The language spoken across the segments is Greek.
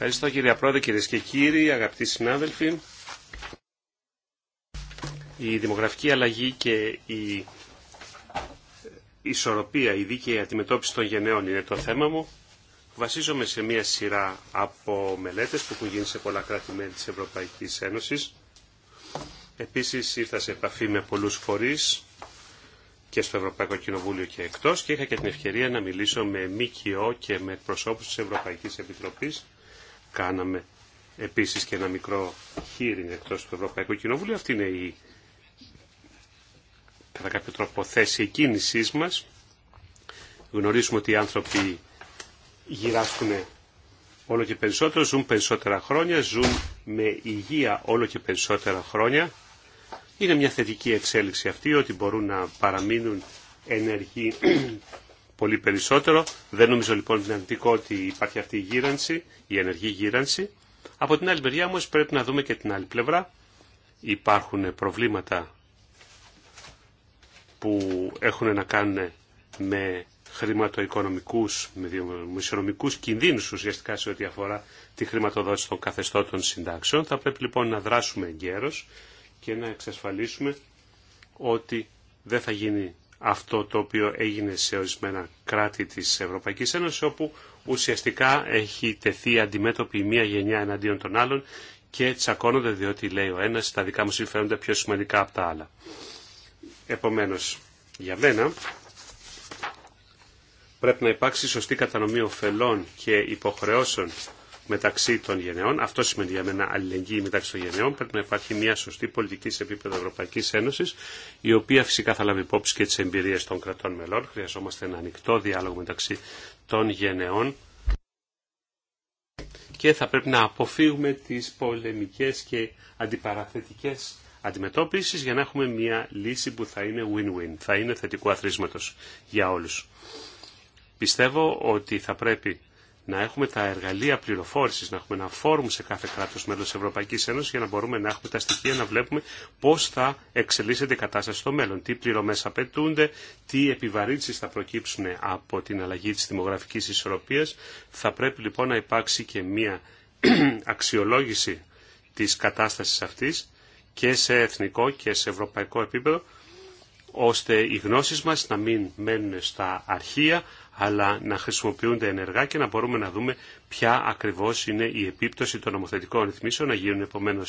Ευχαριστώ κύριε Πρόεδρε, κυρίε και κύριοι, αγαπητοί συνάδελφοι. Η δημογραφική αλλαγή και η ισορροπία, η δίκαιη αντιμετώπιση των γενναίων είναι το θέμα μου. Βασίζομαι σε μία σειρά από μελέτες που έχουν γίνει σε πολλά κράτη-μέλη της Ευρωπαϊκής Ένωσης. Επίσης ήρθα σε επαφή με πολλούς φορείς και στο Ευρωπαϊκό Κοινοβούλιο και εκτός και είχα και την ευκαιρία να μιλήσω με ΜΚΟ και με προσώπους της Ευρωπαϊκής Επιτροπής κάναμε επίσης και ένα μικρό hearing εκτός του Ευρωπαϊκού Κοινοβουλίου. Αυτή είναι η κατά κάποιο τρόπο θέση κίνησής μας. Γνωρίζουμε ότι οι άνθρωποι γυράσκουν όλο και περισσότερο, ζουν περισσότερα χρόνια, ζουν με υγεία όλο και περισσότερα χρόνια. Είναι μια θετική εξέλιξη αυτή ότι μπορούν να παραμείνουν ενεργοί πολύ περισσότερο. Δεν νομίζω λοιπόν δυνατικό ότι υπάρχει αυτή η γύρανση, η ενεργή γύρανση. Από την άλλη μεριά όμως πρέπει να δούμε και την άλλη πλευρά. Υπάρχουν προβλήματα που έχουν να κάνουν με χρηματοοικονομικούς, με δημοσιονομικούς κινδύνους ουσιαστικά σε ό,τι αφορά τη χρηματοδότηση των καθεστώτων συντάξεων. Θα πρέπει λοιπόν να δράσουμε εγκαίρως και να εξασφαλίσουμε ότι δεν θα γίνει αυτό το οποίο έγινε σε ορισμένα κράτη της Ευρωπαϊκής Ένωσης όπου ουσιαστικά έχει τεθεί αντιμέτωπη μία γενιά εναντίον των άλλων και τσακώνονται διότι λέει ο ένας τα δικά μου συμφέροντα πιο σημαντικά από τα άλλα. Επομένως, για μένα πρέπει να υπάρξει σωστή κατανομή ωφελών και υποχρεώσεων μεταξύ των γενεών. Αυτό σημαίνει για μένα αλληλεγγύη μεταξύ των γενεών. Πρέπει να υπάρχει μια σωστή πολιτική σε επίπεδο Ευρωπαϊκή Ένωση, η οποία φυσικά θα λάβει υπόψη και τι εμπειρίε των κρατών μελών. Χρειαζόμαστε ένα ανοιχτό διάλογο μεταξύ των γενεών και θα πρέπει να αποφύγουμε τις πολεμικές και αντιπαραθετικές αντιμετώπισης για να έχουμε μια λύση που θα είναι win-win, θα είναι θετικού αθροίσματος για όλους. Πιστεύω ότι θα πρέπει να έχουμε τα εργαλεία πληροφόρηση, να έχουμε ένα φόρουμ σε κάθε κράτο μέλο τη Ευρωπαϊκή Ένωση για να μπορούμε να έχουμε τα στοιχεία να βλέπουμε πώ θα εξελίσσεται η κατάσταση στο μέλλον. Τι πληρωμέ απαιτούνται, τι επιβαρύνσει θα προκύψουν από την αλλαγή τη δημογραφική ισορροπία. Θα πρέπει λοιπόν να υπάρξει και μία αξιολόγηση τη κατάσταση αυτή και σε εθνικό και σε ευρωπαϊκό επίπεδο ώστε οι γνώσεις μας να μην μένουν στα αρχεία, αλλά να χρησιμοποιούνται ενεργά και να μπορούμε να δούμε ποια ακριβώς είναι η επίπτωση των νομοθετικών ρυθμίσεων, να γίνουν επομένω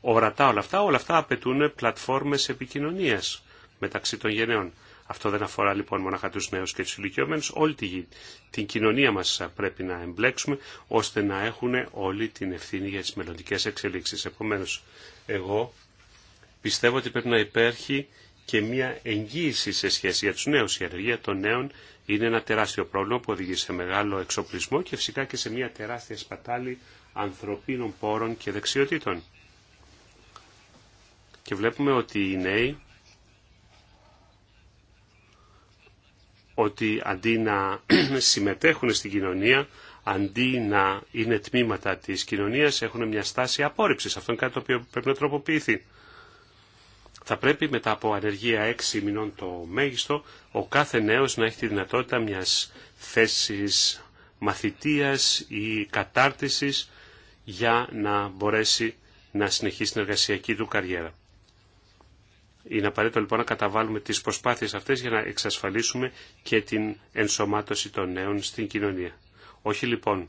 ορατά όλα αυτά. Όλα αυτά απαιτούν πλατφόρμες επικοινωνίας μεταξύ των γενναίων. Αυτό δεν αφορά λοιπόν μοναχα του νέου και του ηλικιωμένου. Όλη τη την κοινωνία μα πρέπει να εμπλέξουμε ώστε να έχουν όλη την ευθύνη για τι μελλοντικέ εξελίξει. Επομένω, εγώ πιστεύω ότι πρέπει να υπέρχει και μια εγγύηση σε σχέση για του νέου, η ενεργία των νέων είναι ένα τεράστιο πρόβλημα που οδηγεί σε μεγάλο εξοπλισμό και φυσικά και σε μια τεράστια σπατάλη ανθρωπίνων πόρων και δεξιοτήτων. Και βλέπουμε ότι οι νέοι ότι αντί να συμμετέχουν στην κοινωνία, αντί να είναι τμήματα της κοινωνίας, έχουν μια στάση απόρριψης. Αυτό είναι κάτι το οποίο πρέπει να τροποποιηθεί θα πρέπει μετά από ανεργία έξι μηνών το μέγιστο, ο κάθε νέος να έχει τη δυνατότητα μιας θέσης μαθητείας ή κατάρτισης για να μπορέσει να συνεχίσει την εργασιακή του καριέρα. Είναι απαραίτητο λοιπόν να καταβάλουμε τις προσπάθειες αυτές για να εξασφαλίσουμε και την ενσωμάτωση των νέων στην κοινωνία. Όχι λοιπόν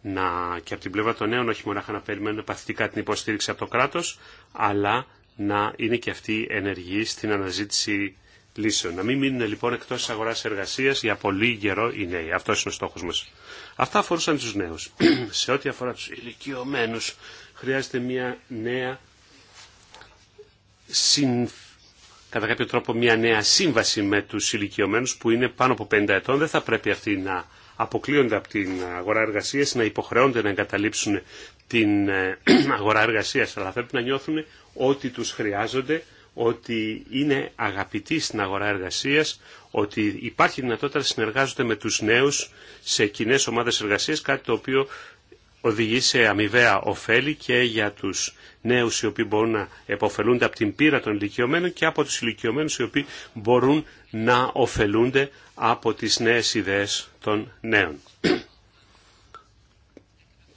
να, και από την πλευρά των νέων όχι μόνο να περιμένουν παθητικά την υποστήριξη από το κράτος, αλλά να είναι και αυτοί ενεργοί στην αναζήτηση λύσεων. Να μην μείνουν λοιπόν εκτός της αγοράς εργασίας για πολύ καιρό οι νέοι. Αυτός είναι ο στόχος μας. Αυτά αφορούσαν τους νέους. Σε ό,τι αφορά τους ηλικιωμένους χρειάζεται μια νέα συν... κατά κάποιο τρόπο μια νέα σύμβαση με τους ηλικιωμένους που είναι πάνω από 50 ετών. Δεν θα πρέπει αυτοί να αποκλείονται από την αγορά εργασία, να υποχρεώνται να εγκαταλείψουν την ε, αγορά εργασία, αλλά πρέπει να νιώθουν ότι του χρειάζονται, ότι είναι αγαπητοί στην αγορά εργασία, ότι υπάρχει δυνατότητα να συνεργάζονται με του νέου σε κοινέ ομάδε εργασία, κάτι το οποίο οδηγεί σε αμοιβαία ωφέλη και για τους νέους οι οποίοι μπορούν να επωφελούνται από την πείρα των ηλικιωμένων και από τους ηλικιωμένους οι οποίοι μπορούν να ωφελούνται από τις νέες ιδέες των νέων.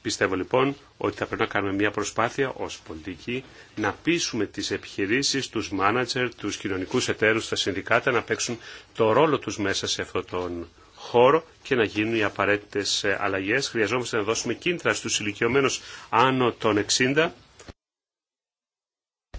Πιστεύω λοιπόν ότι θα πρέπει να κάνουμε μια προσπάθεια ως πολιτικοί να πείσουμε τις επιχειρήσεις, τους μάνατζερ, τους κοινωνικούς εταίρους, τα συνδικάτα να παίξουν το ρόλο τους μέσα σε αυτόν τον χώρο και να γίνουν οι απαραίτητες ε, αλλαγές. Χρειαζόμαστε να δώσουμε κίνητρα στους ηλικιωμένους άνω των 60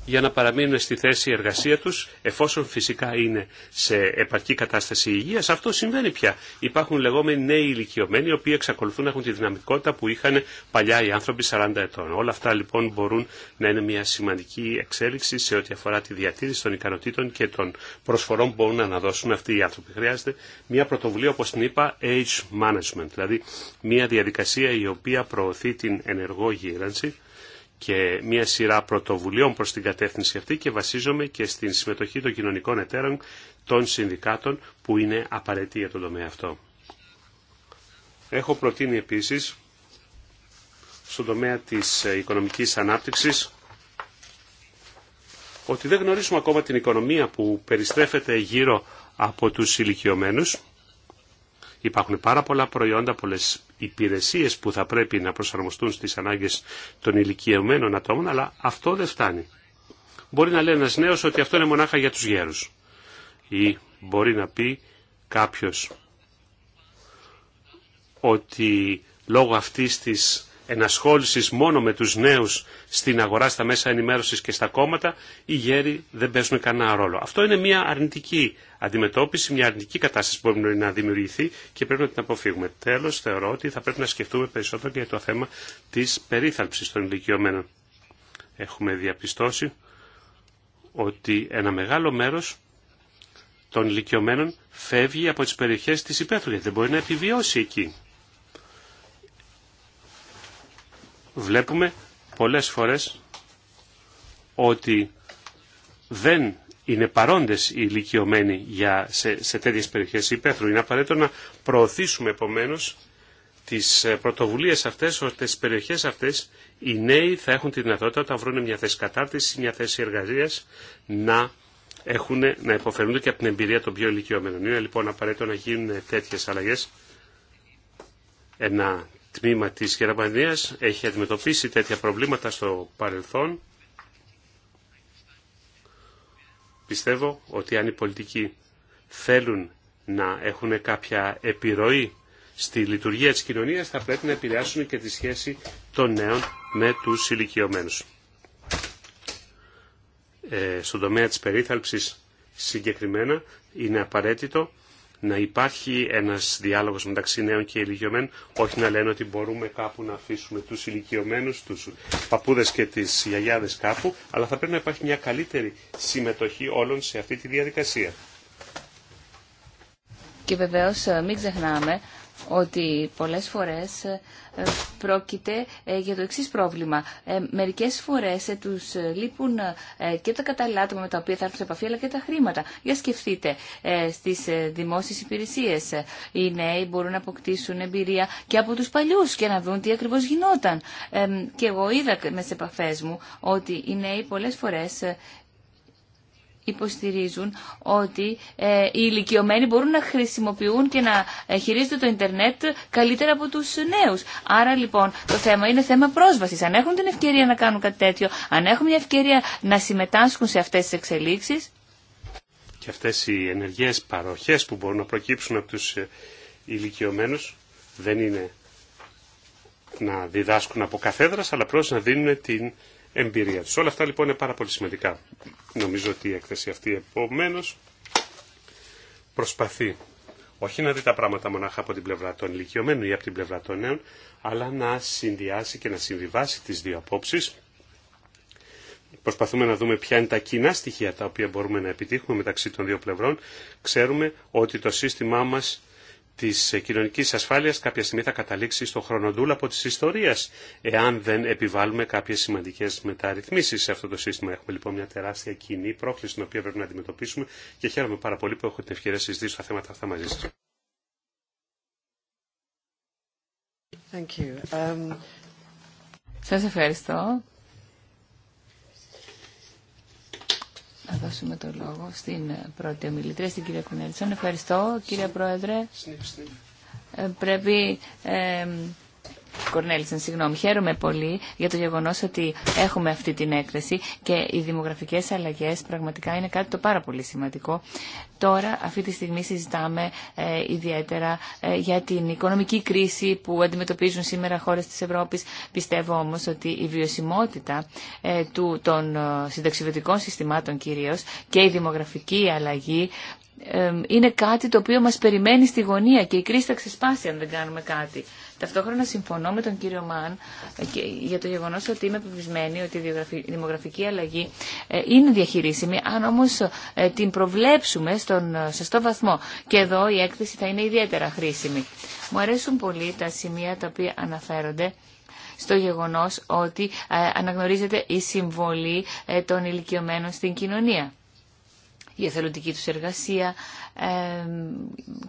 για να παραμείνουν στη θέση εργασία τους, εφόσον φυσικά είναι σε επαρκή κατάσταση υγείας. Αυτό συμβαίνει πια. Υπάρχουν λεγόμενοι νέοι ηλικιωμένοι, οι οποίοι εξακολουθούν να έχουν τη δυναμικότητα που είχαν παλιά οι άνθρωποι 40 ετών. Όλα αυτά λοιπόν μπορούν να είναι μια σημαντική εξέλιξη σε ό,τι αφορά τη διατήρηση των ικανοτήτων και των προσφορών που μπορούν να αναδώσουν αυτοί οι άνθρωποι. Χρειάζεται μια πρωτοβουλία, όπως την είπα, age management, δηλαδή μια διαδικασία η οποία προωθεί την ενεργό γύρανση, και μια σειρά πρωτοβουλίων προς την κατεύθυνση αυτή και βασίζομαι και στην συμμετοχή των κοινωνικών εταίρων των συνδικάτων που είναι απαραίτητη για τον τομέα αυτό. Έχω προτείνει επίσης στον τομέα της ε, οικονομικής ανάπτυξης ότι δεν γνωρίζουμε ακόμα την οικονομία που περιστρέφεται γύρω από τους ηλικιωμένους. Υπάρχουν πάρα πολλά προϊόντα, πολλές υπηρεσίες που θα πρέπει να προσαρμοστούν στις ανάγκες των ηλικιωμένων ατόμων, αλλά αυτό δεν φτάνει. Μπορεί να λέει ένας νέος ότι αυτό είναι μονάχα για τους γέρους. Ή μπορεί να πει κάποιος ότι λόγω αυτής της ενασχόλησης μόνο με τους νέους στην αγορά, στα μέσα ενημέρωσης και στα κόμματα, οι γέροι δεν παίζουν κανένα ρόλο. Αυτό είναι μια αρνητική αντιμετώπιση, μια αρνητική κατάσταση που μπορεί να δημιουργηθεί και πρέπει να την αποφύγουμε. Τέλος, θεωρώ ότι θα πρέπει να σκεφτούμε περισσότερο για το θέμα της περίθαλψης των ηλικιωμένων. Έχουμε διαπιστώσει ότι ένα μεγάλο μέρος των ηλικιωμένων φεύγει από τις περιοχές της υπαίθρου, δεν μπορεί να επιβιώσει εκεί. βλέπουμε πολλές φορές ότι δεν είναι παρόντες οι ηλικιωμένοι για, σε, σε τέτοιες περιοχές υπαίθρου. Είναι απαραίτητο να προωθήσουμε επομένως τις ε, πρωτοβουλίες αυτές, ώστε στις περιοχές αυτές οι νέοι θα έχουν τη δυνατότητα όταν βρουν μια θέση κατάρτιση, μια θέση εργασίας να έχουν, να και από την εμπειρία των πιο ηλικιωμένων. Είναι λοιπόν απαραίτητο να γίνουν τέτοιες αλλαγές. Ένα τμήμα της Γερμανίας έχει αντιμετωπίσει τέτοια προβλήματα στο παρελθόν. Πιστεύω ότι αν οι πολιτικοί θέλουν να έχουν κάποια επιρροή στη λειτουργία της κοινωνίας θα πρέπει να επηρεάσουν και τη σχέση των νέων με τους ηλικιωμένους. Ε, στον τομέα της περίθαλψης συγκεκριμένα είναι απαραίτητο να υπάρχει ένας διάλογος μεταξύ νέων και ηλικιωμένων, όχι να λένε ότι μπορούμε κάπου να αφήσουμε τους ηλικιωμένους, τους παππούδες και τις γιαγιάδες κάπου, αλλά θα πρέπει να υπάρχει μια καλύτερη συμμετοχή όλων σε αυτή τη διαδικασία. Και βεβαίως ε, μην ξεχνάμε ότι πολλές φορές ε, πρόκειται ε, για το εξής πρόβλημα. Ε, μερικές φορές τους λείπουν και τα κατάλληλα με τα οποία θα έρθουν σε επαφή, αλλά και τα χρήματα. Για σκεφτείτε, στις δημόσιες υπηρεσίες οι νέοι μπορούν να αποκτήσουν εμπειρία και από τους παλιούς και να δουν τι ακριβώς γινόταν. Και εγώ είδα με τι επαφές μου ότι οι νέοι πολλές φορές υποστηρίζουν ότι ε, οι ηλικιωμένοι μπορούν να χρησιμοποιούν και να ε, χειρίζονται το ίντερνετ καλύτερα από τους νέους. Άρα λοιπόν το θέμα είναι θέμα πρόσβασης. Αν έχουν την ευκαιρία να κάνουν κάτι τέτοιο, αν έχουν μια ευκαιρία να συμμετάσχουν σε αυτές τις εξελίξεις. Και αυτές οι ενεργές παροχές που μπορούν να προκύψουν από τους ε, ηλικιωμένου δεν είναι να διδάσκουν από καθέδρας, αλλά πρώτα να δίνουν την εμπειρία Όλα αυτά λοιπόν είναι πάρα πολύ σημαντικά. Νομίζω ότι η έκθεση αυτή επομένω προσπαθεί όχι να δει τα πράγματα μονάχα από την πλευρά των ηλικιωμένων ή από την πλευρά των νέων, αλλά να συνδυάσει και να συμβιβάσει τις δύο απόψεις. Προσπαθούμε να δούμε ποια είναι τα κοινά στοιχεία τα οποία μπορούμε να επιτύχουμε μεταξύ των δύο πλευρών. Ξέρουμε ότι το σύστημά μας Τη κοινωνική ασφάλειας κάποια στιγμή θα καταλήξει στο από τη ιστορίας εάν δεν επιβάλλουμε κάποιες σημαντικές μεταρρυθμίσει σε αυτό το σύστημα. Έχουμε λοιπόν μια τεράστια κοινή πρόκληση την οποία πρέπει να αντιμετωπίσουμε και χαίρομαι πάρα πολύ που έχω την ευκαιρία να συζητήσω τα θέματα αυτά μαζί σα. Thank ευχαριστώ. Θα δώσουμε το λόγο στην ε, πρώτη ομιλητρία, στην κυρία Κουνέλσον. Ευχαριστώ, κύριε Πρόεδρε. Ε, Πρέπει ε, Κορνέλισεν, συγγνώμη, χαίρομαι πολύ για το γεγονό ότι έχουμε αυτή την έκθεση και οι δημογραφικέ αλλαγέ πραγματικά είναι κάτι το πάρα πολύ σημαντικό. Τώρα, αυτή τη στιγμή συζητάμε ε, ιδιαίτερα ε, για την οικονομική κρίση που αντιμετωπίζουν σήμερα χώρε τη Ευρώπη. Πιστεύω όμω, ότι η βιωσιμότητα ε, του, των ε, συνταξιβετικών συστημάτων κυρίω και η δημογραφική αλλαγή είναι κάτι το οποίο μα περιμένει στη γωνία και η κρίση θα ξεσπάσει αν δεν κάνουμε κάτι. Ταυτόχρονα συμφωνώ με τον κύριο Μαν ε, για το γεγονό ότι είμαι πεπισμένη ότι η δημογραφική αλλαγή ε, είναι διαχειρίσιμη, αν όμω ε, την προβλέψουμε στον σωστό βαθμό. Και εδώ η έκθεση θα είναι ιδιαίτερα χρήσιμη. Μου αρέσουν πολύ τα σημεία τα οποία αναφέρονται στο γεγονός ότι αναγνωρίζεται η συμβολή των ηλικιωμένων στην κοινωνία η εθελοντική τους εργασία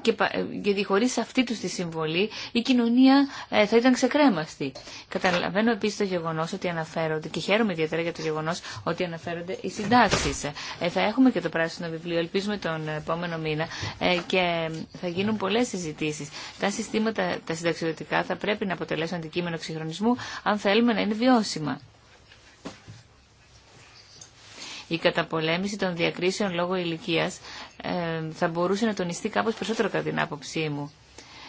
και, ε, γιατί χωρίς αυτή τους τη συμβολή η κοινωνία ε, θα ήταν ξεκρέμαστη. Καταλαβαίνω επίσης το γεγονός ότι αναφέρονται και χαίρομαι ιδιαίτερα για το γεγονός ότι αναφέρονται οι συντάξεις. Ε, θα έχουμε και το πράσινο βιβλίο, ελπίζουμε τον επόμενο μήνα και θα γίνουν πολλές συζητήσεις. Τα συστήματα τα συνταξιδοτικά θα πρέπει να αποτελέσουν αντικείμενο ξεχρονισμού αν θέλουμε να είναι βιώσιμα η καταπολέμηση των διακρίσεων λόγω ηλικίας ε, θα μπορούσε να τονιστεί κάπως περισσότερο κατά την άποψή μου.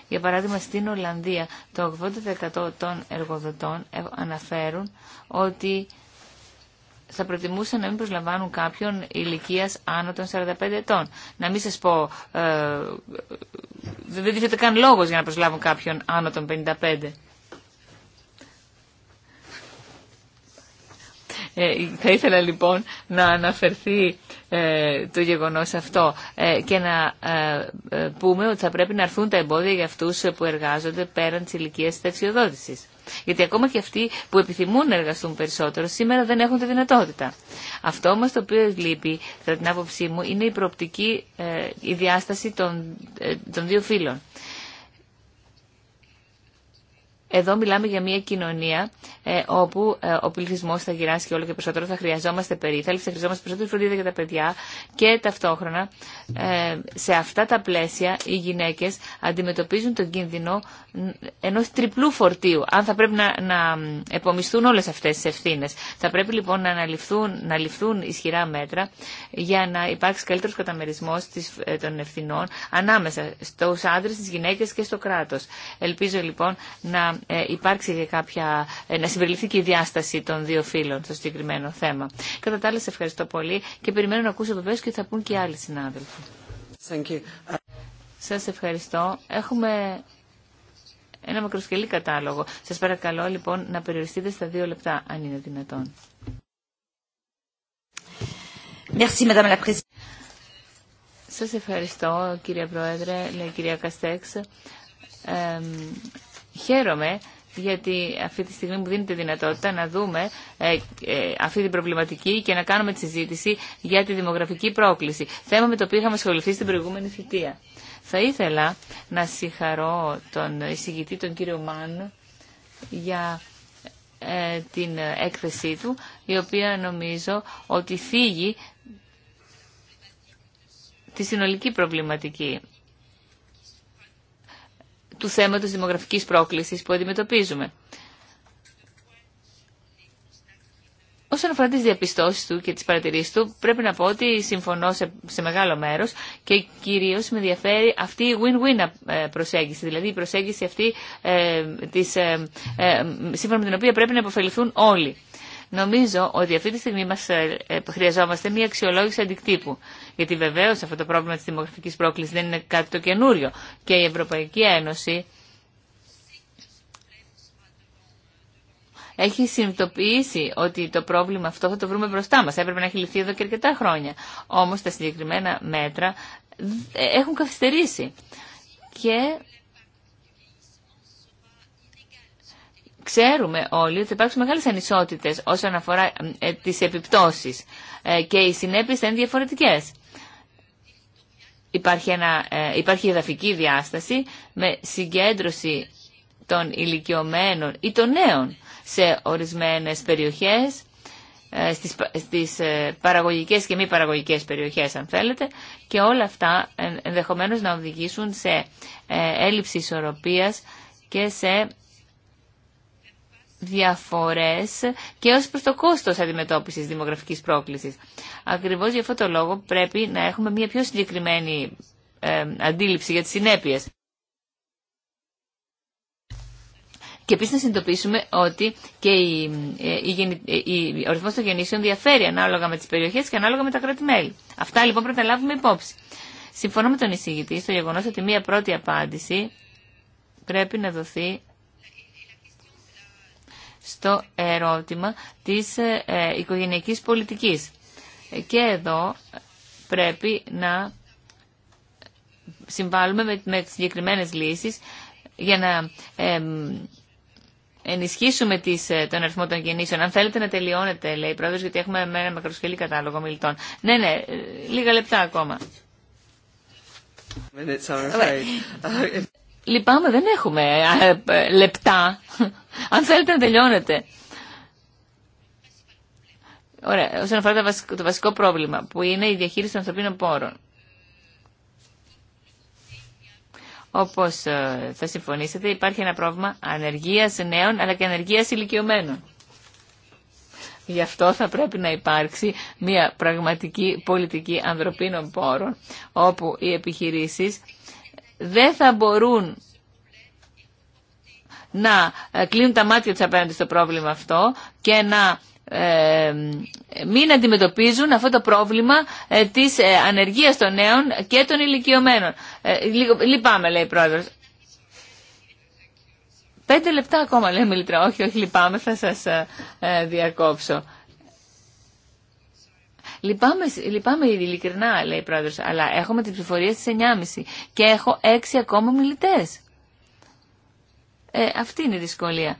Για παράδειγμα, στην Ολλανδία το 80% των εργοδοτών ε, αναφέρουν ότι θα προτιμούσαν να μην προσλαμβάνουν κάποιον ηλικίας άνω των 45 ετών. Να μην σας πω, ε, δεν τίθεται καν λόγος για να προσλάβουν κάποιον άνω των 55. Ε, θα ήθελα λοιπόν να αναφερθεί ε, το γεγονός αυτό ε, και να πούμε ότι θα πρέπει να έρθουν τα εμπόδια για αυτούς που εργάζονται πέραν της ηλικίας της ταξιοδότησης. Γιατί ακόμα και αυτοί που επιθυμούν να εργαστούν περισσότερο σήμερα δεν έχουν τη δυνατότητα. Αυτό όμως το οποίο λείπει, κατά την άποψή μου, είναι η προοπτική, η διάσταση των, των δύο φύλων. Εδώ μιλάμε για μια κοινωνία ε, όπου ε, ο πληθυσμό θα γυράσει και όλο και περισσότερο, θα χρειαζόμαστε περίθαλψη, θα χρειαζόμαστε περισσότερη φροντίδα για τα παιδιά και ταυτόχρονα ε, σε αυτά τα πλαίσια οι γυναίκε αντιμετωπίζουν τον κίνδυνο ενό τριπλού φορτίου. Αν θα πρέπει να, να επομισθούν όλε αυτέ τι ευθύνε, θα πρέπει λοιπόν να, αναλυφθούν, να ληφθούν ισχυρά μέτρα για να υπάρξει καλύτερο καταμερισμό ε, των ευθυνών ανάμεσα στου άντρε, στι γυναίκε και στο κράτο. Ελπίζω λοιπόν να να ε, υπάρξει και κάποια, ε, να συμπεριληφθεί και η διάσταση των δύο φίλων στο συγκεκριμένο θέμα. Κατά τα άλλα, σε ευχαριστώ πολύ και περιμένω να ακούσω βεβαίω και θα πούν και οι άλλοι συνάδελφοι. Σα Σας ευχαριστώ. Έχουμε ένα μακροσκελή κατάλογο. Σας παρακαλώ λοιπόν να περιοριστείτε στα δύο λεπτά, αν είναι δυνατόν. Merci, Madame la Σας ευχαριστώ, κύριε Πρόεδρε, λέει κυρία Καστέξ. Χαίρομαι γιατί αυτή τη στιγμή μου δίνεται δυνατότητα να δούμε ε, ε, αυτή την προβληματική και να κάνουμε τη συζήτηση για τη δημογραφική πρόκληση. Θέμα με το οποίο είχαμε ασχοληθεί στην προηγούμενη θητεία. Θα ήθελα να συγχαρώ τον εισηγητή, τον κύριο Μάν, για ε, την έκθεσή του, η οποία νομίζω ότι φύγει τη συνολική προβληματική του θέματος δημογραφικής πρόκλησης που αντιμετωπίζουμε. Όσον αφορά τι διαπιστώσει του και τι παρατηρήσει του, πρέπει να πω ότι συμφωνώ σε, μεγάλο μέρο και κυρίω με ενδιαφέρει αυτή η win-win ε, προσέγγιση. Δηλαδή η προσέγγιση αυτή ε, της, ε, σύμφωνα με την οποία πρέπει να υποφεληθούν όλοι. Νομίζω ότι αυτή τη στιγμή μας ε, ε, χρειαζόμαστε μια αξιολόγηση αντικτύπου. Γιατί βεβαίω αυτό το πρόβλημα τη δημογραφική πρόκληση δεν είναι κάτι το καινούριο. Και η Ευρωπαϊκή Ένωση έχει συνειδητοποιήσει ότι το πρόβλημα αυτό θα το βρούμε μπροστά μα. Έπρεπε να έχει ληφθεί εδώ και αρκετά χρόνια. Όμω τα συγκεκριμένα μέτρα ε, έχουν καθυστερήσει. Και Ξέρουμε όλοι ότι θα υπάρξουν μεγάλε ανισότητε όσον αφορά ε, τι επιπτώσει ε, και οι συνέπειε θα είναι διαφορετικέ. Υπάρχει, ένα, ε, υπάρχει εδαφική διάσταση με συγκέντρωση των ηλικιωμένων ή των νέων σε ορισμένες περιοχές, στις, στις παραγωγικές και μη παραγωγικές περιοχές αν θέλετε και όλα αυτά ενδεχομένως να οδηγήσουν σε έλλειψη ισορροπίας και σε διαφορές και ως προς το κόστος αντιμετώπισης δημογραφικής πρόκλησης. Ακριβώς για αυτό το λόγο πρέπει να έχουμε μια πιο συγκεκριμένη ε, αντίληψη για τις συνέπειες. Και επίση να συνειδητοποιήσουμε ότι και η, ε, η, ε, η, ο των γεννήσεων διαφέρει ανάλογα με τι περιοχέ και ανάλογα με τα κράτη-μέλη. Αυτά λοιπόν πρέπει να λάβουμε υπόψη. Συμφωνώ με τον εισηγητή στο γεγονό ότι μία πρώτη απάντηση πρέπει να δοθεί στο ερώτημα της ε, ε, οικογενειακής πολιτικής. Και εδώ πρέπει να συμβάλλουμε με, με τις συγκεκριμένες λύσεις για να ενισχύσουμε τις, ε, τον αριθμό των γεννήσεων. Αν θέλετε να τελειώνετε, λέει η πρόεδρος, γιατί έχουμε ένα μακροσκελή κατάλογο μιλητών. Ναι, ναι, λίγα λεπτά ακόμα. Λυπάμαι, δεν έχουμε ε, ε, λεπτά. Αν θέλετε να τελειώνετε. Ωραία, όσον αφορά το βασικό πρόβλημα, που είναι η διαχείριση των ανθρωπίνων πόρων. Όπως ε, θα συμφωνήσετε, υπάρχει ένα πρόβλημα ανεργίας νέων, αλλά και ανεργίας ηλικιωμένων. Γι' αυτό θα πρέπει να υπάρξει μια πραγματική πολιτική ανθρωπίνων πόρων, όπου οι επιχειρήσεις δεν θα μπορούν να ε, κλείνουν τα μάτια τους απέναντι στο πρόβλημα αυτό και να ε, μην αντιμετωπίζουν αυτό το πρόβλημα ε, της ανεργίας των νέων και των ηλικιωμένων. λυπάμαι, λέει η πρόεδρος. Πέντε λεπτά ακόμα, λέει η Όχι, όχι, λυπάμαι, θα σας διακόψω. Λυπάμαι, λυπάμαι ειλικρινά, λέει η πρόεδρο, αλλά έχουμε την ψηφορία στι 9.30 και έχω έξι ακόμα μιλητέ. Ε, αυτή είναι η δυσκολία.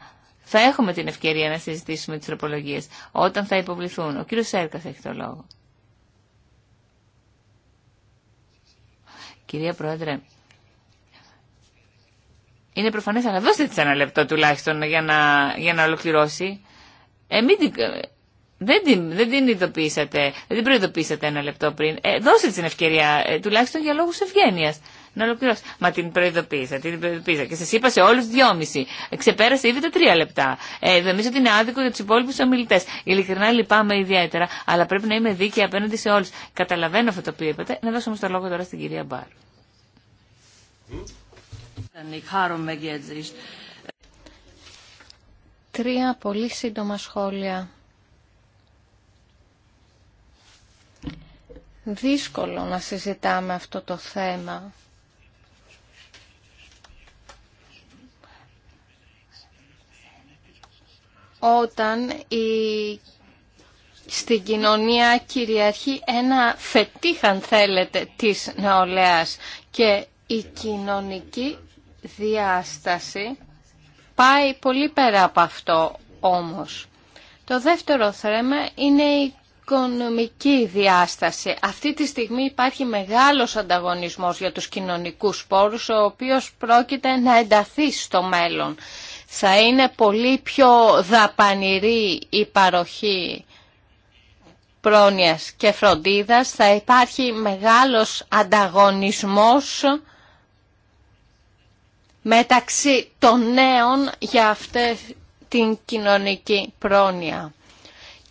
Θα έχουμε την ευκαιρία να συζητήσουμε τις τροπολογίες όταν θα υποβληθούν. Ο κύριος Σέρκας έχει το λόγο. Κυρία Πρόεδρε, είναι προφανές, αλλά δώστε της ένα λεπτό τουλάχιστον για να, για να ολοκληρώσει. Ε, μην, δεν την, δεν την ειδοποίησατε, δεν την προειδοποίησατε ένα λεπτό πριν. Ε, δώσε την ευκαιρία, ε, τουλάχιστον για λόγους ευγένεια. Να ολοκληρώσει. Μα την προειδοποίησα, την προειδοποίησα Και σα είπα σε όλου δυόμιση. Ξεπέρασε ήδη τα τρία λεπτά. Ε, νομίζω ότι είναι άδικο για του υπόλοιπου ομιλητέ. Ειλικρινά λυπάμαι ιδιαίτερα, αλλά πρέπει να είμαι δίκαιη απέναντι σε όλου. Καταλαβαίνω αυτό το οποίο είπατε. Να δώσω όμω το λόγο τώρα στην κυρία Μπάρ. Τρία πολύ σύντομα σχόλια δύσκολο να συζητάμε αυτό το θέμα. Όταν η... στην κοινωνία κυριαρχεί ένα φετίχαν θέλετε της νεολαίας και η κοινωνική διάσταση πάει πολύ πέρα από αυτό όμως. Το δεύτερο θέμα είναι η οικονομική διάσταση. Αυτή τη στιγμή υπάρχει μεγάλος ανταγωνισμός για τους κοινωνικούς πόρους, ο οποίος πρόκειται να ενταθεί στο μέλλον. Θα είναι πολύ πιο δαπανηρή η παροχή πρόνοιας και φροντίδας, θα υπάρχει μεγάλος ανταγωνισμός μεταξύ των νέων για αυτή την κοινωνική πρόνοια.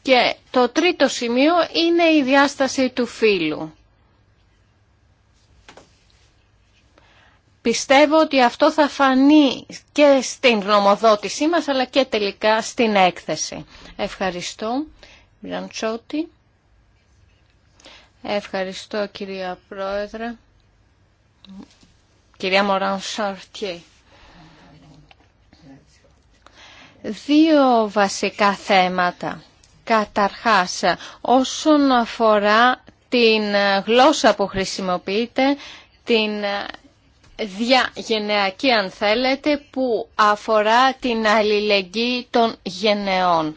Και το τρίτο σημείο είναι η διάσταση του φύλου. Πιστεύω ότι αυτό θα φανεί και στην γνωμοδότησή μας, αλλά και τελικά στην έκθεση. Ευχαριστώ. Μιραντσότη. Ευχαριστώ κυρία Πρόεδρε. Κυρία Μωράν Σαρτιέ. Δύο βασικά θέματα. Καταρχάς, όσον αφορά την γλώσσα που χρησιμοποιείτε, την διαγενειακή αν θέλετε, που αφορά την αλληλεγγύη των γενεών.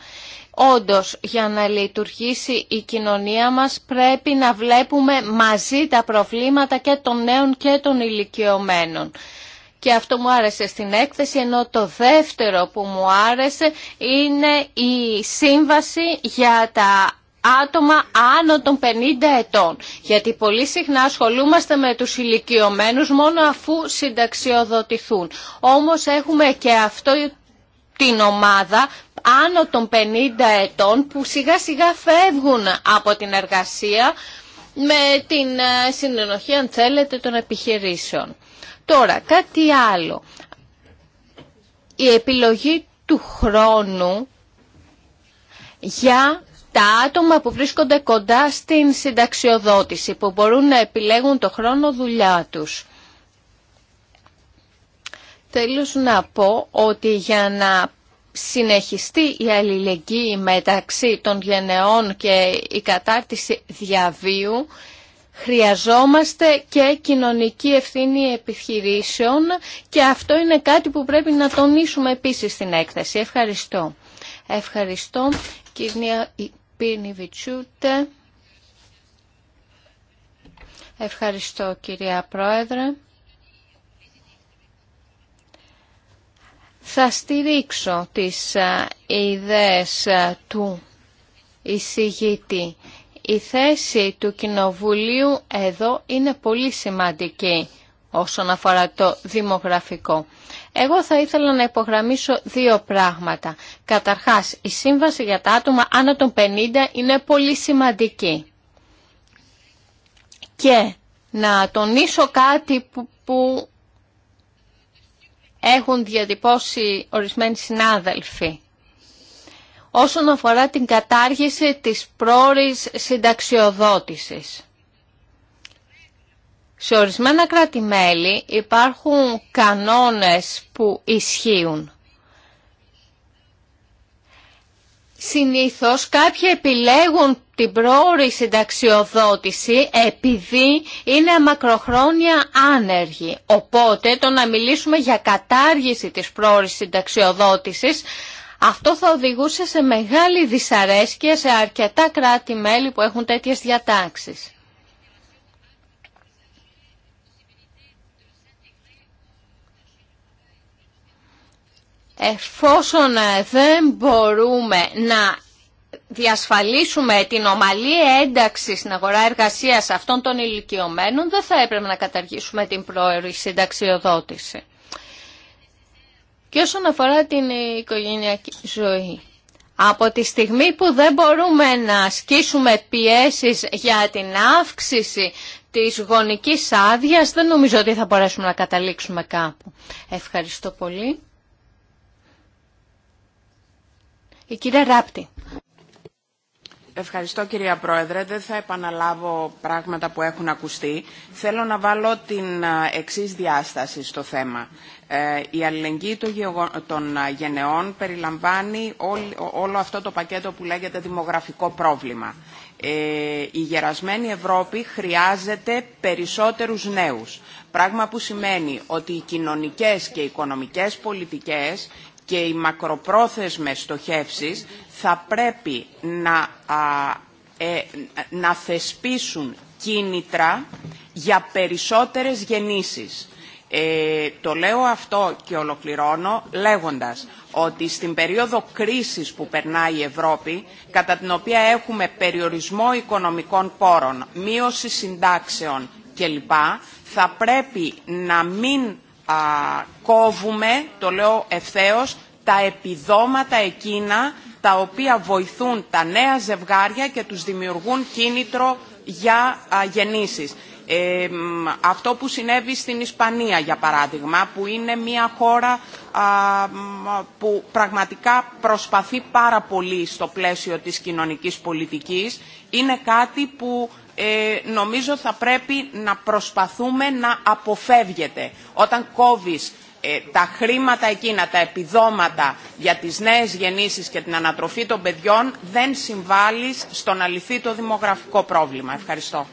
Όντως, για να λειτουργήσει η κοινωνία μας πρέπει να βλέπουμε μαζί τα προβλήματα και των νέων και των ηλικιωμένων και αυτό μου άρεσε στην έκθεση, ενώ το δεύτερο που μου άρεσε είναι η σύμβαση για τα άτομα άνω των 50 ετών. Γιατί πολύ συχνά ασχολούμαστε με τους ηλικιωμένους μόνο αφού συνταξιοδοτηθούν. Όμως έχουμε και αυτό την ομάδα άνω των 50 ετών που σιγά σιγά φεύγουν από την εργασία με την ε, συνενοχή αν θέλετε των επιχειρήσεων. Τώρα, κάτι άλλο. Η επιλογή του χρόνου για τα άτομα που βρίσκονται κοντά στην συνταξιοδότηση, που μπορούν να επιλέγουν το χρόνο δουλειά τους. Θέλω να πω ότι για να συνεχιστεί η αλληλεγγύη μεταξύ των γενεών και η κατάρτιση διαβίου, Χρειαζόμαστε και κοινωνική ευθύνη επιχειρήσεων και αυτό είναι κάτι που πρέπει να τονίσουμε επίσης στην έκθεση. Ευχαριστώ. Ευχαριστώ κυρία Βιτσούτε. Ευχαριστώ κυρία Πρόεδρε. Θα στηρίξω τις ε, ιδέες ε, του εισηγήτη η θέση του Κοινοβουλίου εδώ είναι πολύ σημαντική όσον αφορά το δημογραφικό. Εγώ θα ήθελα να υπογραμμίσω δύο πράγματα. Καταρχάς, η σύμβαση για τα άτομα άνω των 50 είναι πολύ σημαντική. Και να τονίσω κάτι που, που έχουν διατυπώσει ορισμένοι συνάδελφοι όσον αφορά την κατάργηση της πρόορης συνταξιοδότησης. Σε ορισμένα κράτη-μέλη υπάρχουν κανόνες που ισχύουν. Συνήθως κάποιοι επιλέγουν την πρόορη συνταξιοδότηση επειδή είναι μακροχρόνια άνεργοι. Οπότε το να μιλήσουμε για κατάργηση της πρόορης συνταξιοδότησης αυτό θα οδηγούσε σε μεγάλη δυσαρέσκεια σε αρκετά κράτη-μέλη που έχουν τέτοιες διατάξεις. Εφόσον ε, δεν μπορούμε να διασφαλίσουμε την ομαλή ένταξη στην αγορά εργασίας αυτών των ηλικιωμένων, δεν θα έπρεπε να καταργήσουμε την προερή συνταξιοδότηση. Και όσον αφορά την οικογενειακή ζωή. Από τη στιγμή που δεν μπορούμε να ασκήσουμε πιέσεις για την αύξηση της γονικής άδειας, δεν νομίζω ότι θα μπορέσουμε να καταλήξουμε κάπου. Ευχαριστώ πολύ. Η κυρία Ράπτη. Ευχαριστώ κυρία Πρόεδρε. Δεν θα επαναλάβω πράγματα που έχουν ακουστεί. Θέλω να βάλω την ε, εξής διάσταση στο θέμα. Ε, η αλληλεγγύη των ε, γενεών περιλαμβάνει όλο αυτό το πακέτο που λέγεται δημογραφικό πρόβλημα. Ε, η γερασμένη Ευρώπη χρειάζεται περισσότερους νέους. Πράγμα που σημαίνει ότι οι κοινωνικές και οι οικονομικές πολιτικές και οι μακροπρόθεσμες στοχεύσεις θα πρέπει να, να θεσπίσουν κίνητρα για περισσότερες γεννήσεις ε, το λέω αυτό και ολοκληρώνω λέγοντας ότι στην περίοδο κρίσης που περνάει η Ευρώπη, κατά την οποία έχουμε περιορισμό οικονομικών πόρων, μείωση συντάξεων κλπ, θα πρέπει να μην κόβουμε, το λέω ευθέως, τα επιδόματα εκείνα τα οποία βοηθούν τα νέα ζευγάρια και τους δημιουργούν κίνητρο για α, γεννήσεις αυτό που συνέβη στην Ισπανία, για παράδειγμα, που είναι μια χώρα που πραγματικά προσπαθεί πάρα πολύ στο πλαίσιο της κοινωνικής πολιτικής, είναι κάτι που ε, νομίζω θα πρέπει να προσπαθούμε να αποφεύγεται. Όταν κόβεις ε, τα χρήματα εκείνα, τα επιδόματα για τις νέες γεννήσεις και την ανατροφή των παιδιών, δεν συμβάλλεις στο να λυθεί το δημογραφικό πρόβλημα. Ευχαριστώ.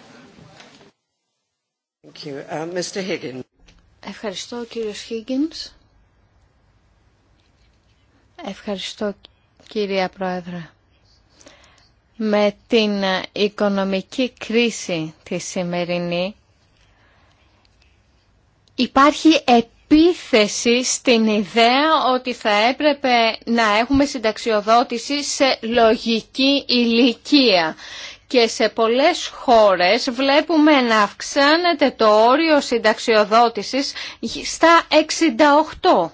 Uh, Ευχαριστώ κύριος Higgins. Ευχαριστώ κυρία Πρόεδρε. Με την οικονομική κρίση τη σημερινή υπάρχει επίθεση στην ιδέα ότι θα έπρεπε να έχουμε συνταξιοδότηση σε λογική ηλικία και σε πολλές χώρες βλέπουμε να αυξάνεται το όριο συνταξιοδότησης στα 68.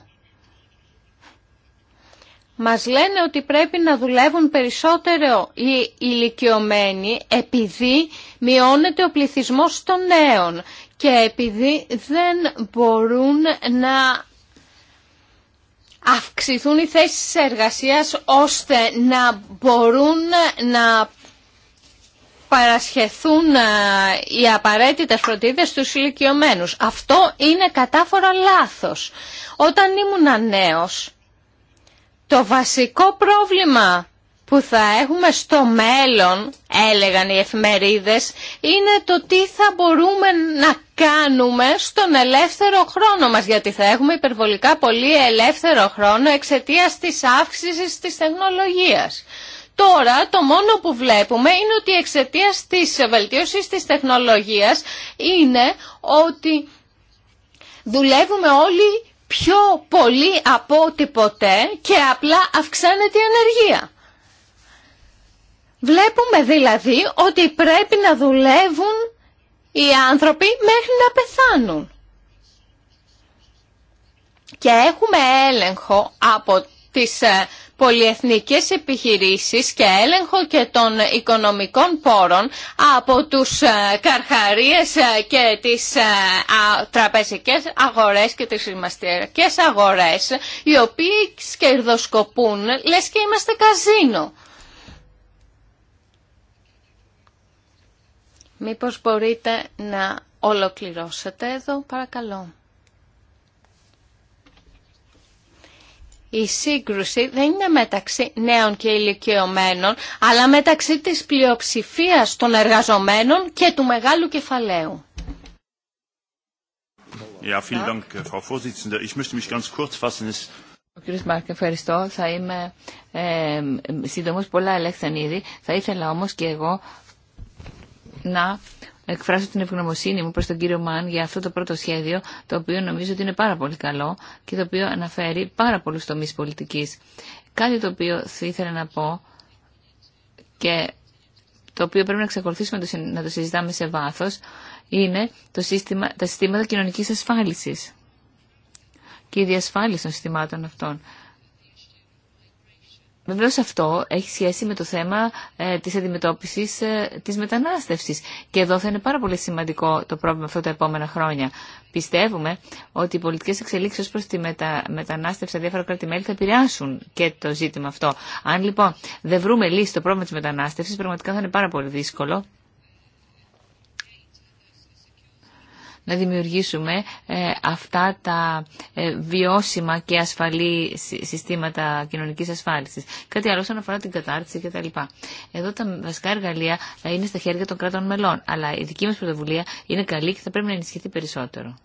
Μας λένε ότι πρέπει να δουλεύουν περισσότερο οι ηλικιωμένοι επειδή μειώνεται ο πληθυσμός των νέων και επειδή δεν μπορούν να αυξηθούν οι θέσεις εργασίας ώστε να μπορούν να παρασχεθούν ε, οι απαραίτητες φροντίδες στους ηλικιωμένους. Αυτό είναι κατάφορα λάθος. Όταν ήμουν νέος, το βασικό πρόβλημα που θα έχουμε στο μέλλον, έλεγαν οι εφημερίδες, είναι το τι θα μπορούμε να κάνουμε στον ελεύθερο χρόνο μας, γιατί θα έχουμε υπερβολικά πολύ ελεύθερο χρόνο εξαιτίας της αύξησης της τεχνολογίας. Τώρα το μόνο που βλέπουμε είναι ότι εξαιτία της βελτίωσης της τεχνολογίας είναι ότι δουλεύουμε όλοι πιο πολύ από ό,τι ποτέ και απλά αυξάνεται η ανεργία. Βλέπουμε δηλαδή ότι πρέπει να δουλεύουν οι άνθρωποι μέχρι να πεθάνουν. Και έχουμε έλεγχο από τις ε, πολυεθνικές επιχειρήσεις και έλεγχο και των οικονομικών πόρων από τους ε, καρχαρίες ε, και τις ε, τραπεζικές αγορές και τις καις αγορές οι οποίοι σκερδοσκοπούν λες και είμαστε καζίνο. Μήπως μπορείτε να ολοκληρώσετε εδώ, παρακαλώ. η σύγκρουση δεν είναι μεταξύ νέων και ηλικιωμένων, αλλά μεταξύ της πλειοψηφίας των εργαζομένων και του μεγάλου κεφαλαίου. Ο κ. Μάρκ, ευχαριστώ. Θα είμαι ε, σύντομος. Πολλά ελεύθερη. ήδη. Θα ήθελα όμως και εγώ να εκφράσω την ευγνωμοσύνη μου προς τον κύριο Μαν για αυτό το πρώτο σχέδιο, το οποίο νομίζω ότι είναι πάρα πολύ καλό και το οποίο αναφέρει πάρα πολλούς τομείς πολιτικής. Κάτι το οποίο θα ήθελα να πω και το οποίο πρέπει να εξακολουθήσουμε να το συζητάμε σε βάθος, είναι το σύστημα, τα συστήματα κοινωνικής ασφάλισης και η διασφάλιση των συστημάτων αυτών. Βεβαίως αυτό έχει σχέση με το θέμα ε, της αντιμετώπισης ε, της μετανάστευσης και εδώ θα είναι πάρα πολύ σημαντικό το πρόβλημα αυτό τα επόμενα χρόνια. Πιστεύουμε ότι οι πολιτικές εξελίξεις προς τη μετα... μετανάστευση στα διάφορα κράτη-μέλη θα επηρεάσουν και το ζήτημα αυτό. Αν λοιπόν δεν βρούμε λύση στο πρόβλημα της μετανάστευσης, πραγματικά θα είναι πάρα πολύ δύσκολο να δημιουργήσουμε ε, αυτά τα ε, βιώσιμα και ασφαλή συστήματα κοινωνικής ασφάλισης. Κάτι άλλο σαν αφορά την κατάρτιση κτλ. Εδώ τα βασικά εργαλεία ε, είναι στα χέρια των κράτων μελών, αλλά η δική μας πρωτοβουλία είναι καλή και θα πρέπει να ενισχυθεί περισσότερο.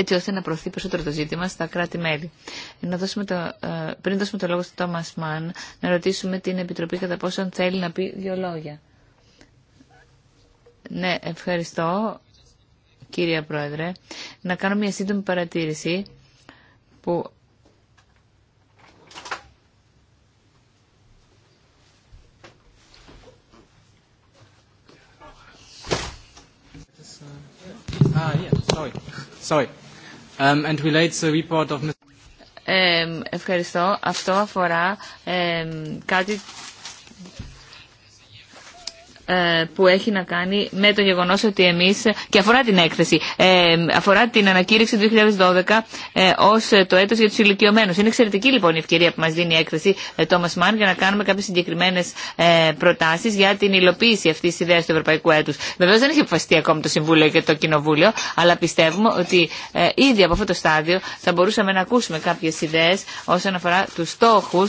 έτσι ώστε να προωθεί περισσότερο το ζήτημα στα κράτη-μέλη. Ε, πριν δώσουμε το λόγο στον Τόμας Μαν, να ρωτήσουμε την Επιτροπή κατά πόσον θέλει να πει δύο λόγια. Ναι, ευχαριστώ, κύριε Πρόεδρε. Να κάνω μια σύντομη παρατήρηση που Ah, yeah. Sorry. Sorry. Um, ευχαριστώ. Αυτό αφορά κάτι ε, που έχει να κάνει με το γεγονό ότι εμεί, και αφορά την έκθεση, ε, αφορά την ανακήρυξη του 2012 ε, ω το έτο για του ηλικιωμένου. Είναι εξαιρετική λοιπόν η ευκαιρία που μα δίνει η έκθεση Thomas Mann για να κάνουμε κάποιε συγκεκριμένε προτάσει για την υλοποίηση αυτή τη ιδέα του Ευρωπαϊκού Έτου. Βεβαίω δεν έχει αποφασιστεί ακόμα το Συμβούλιο και το Κοινοβούλιο, αλλά πιστεύουμε ότι ήδη από αυτό το στάδιο θα μπορούσαμε να ακούσουμε κάποιε ιδέε όσον αφορά του στόχου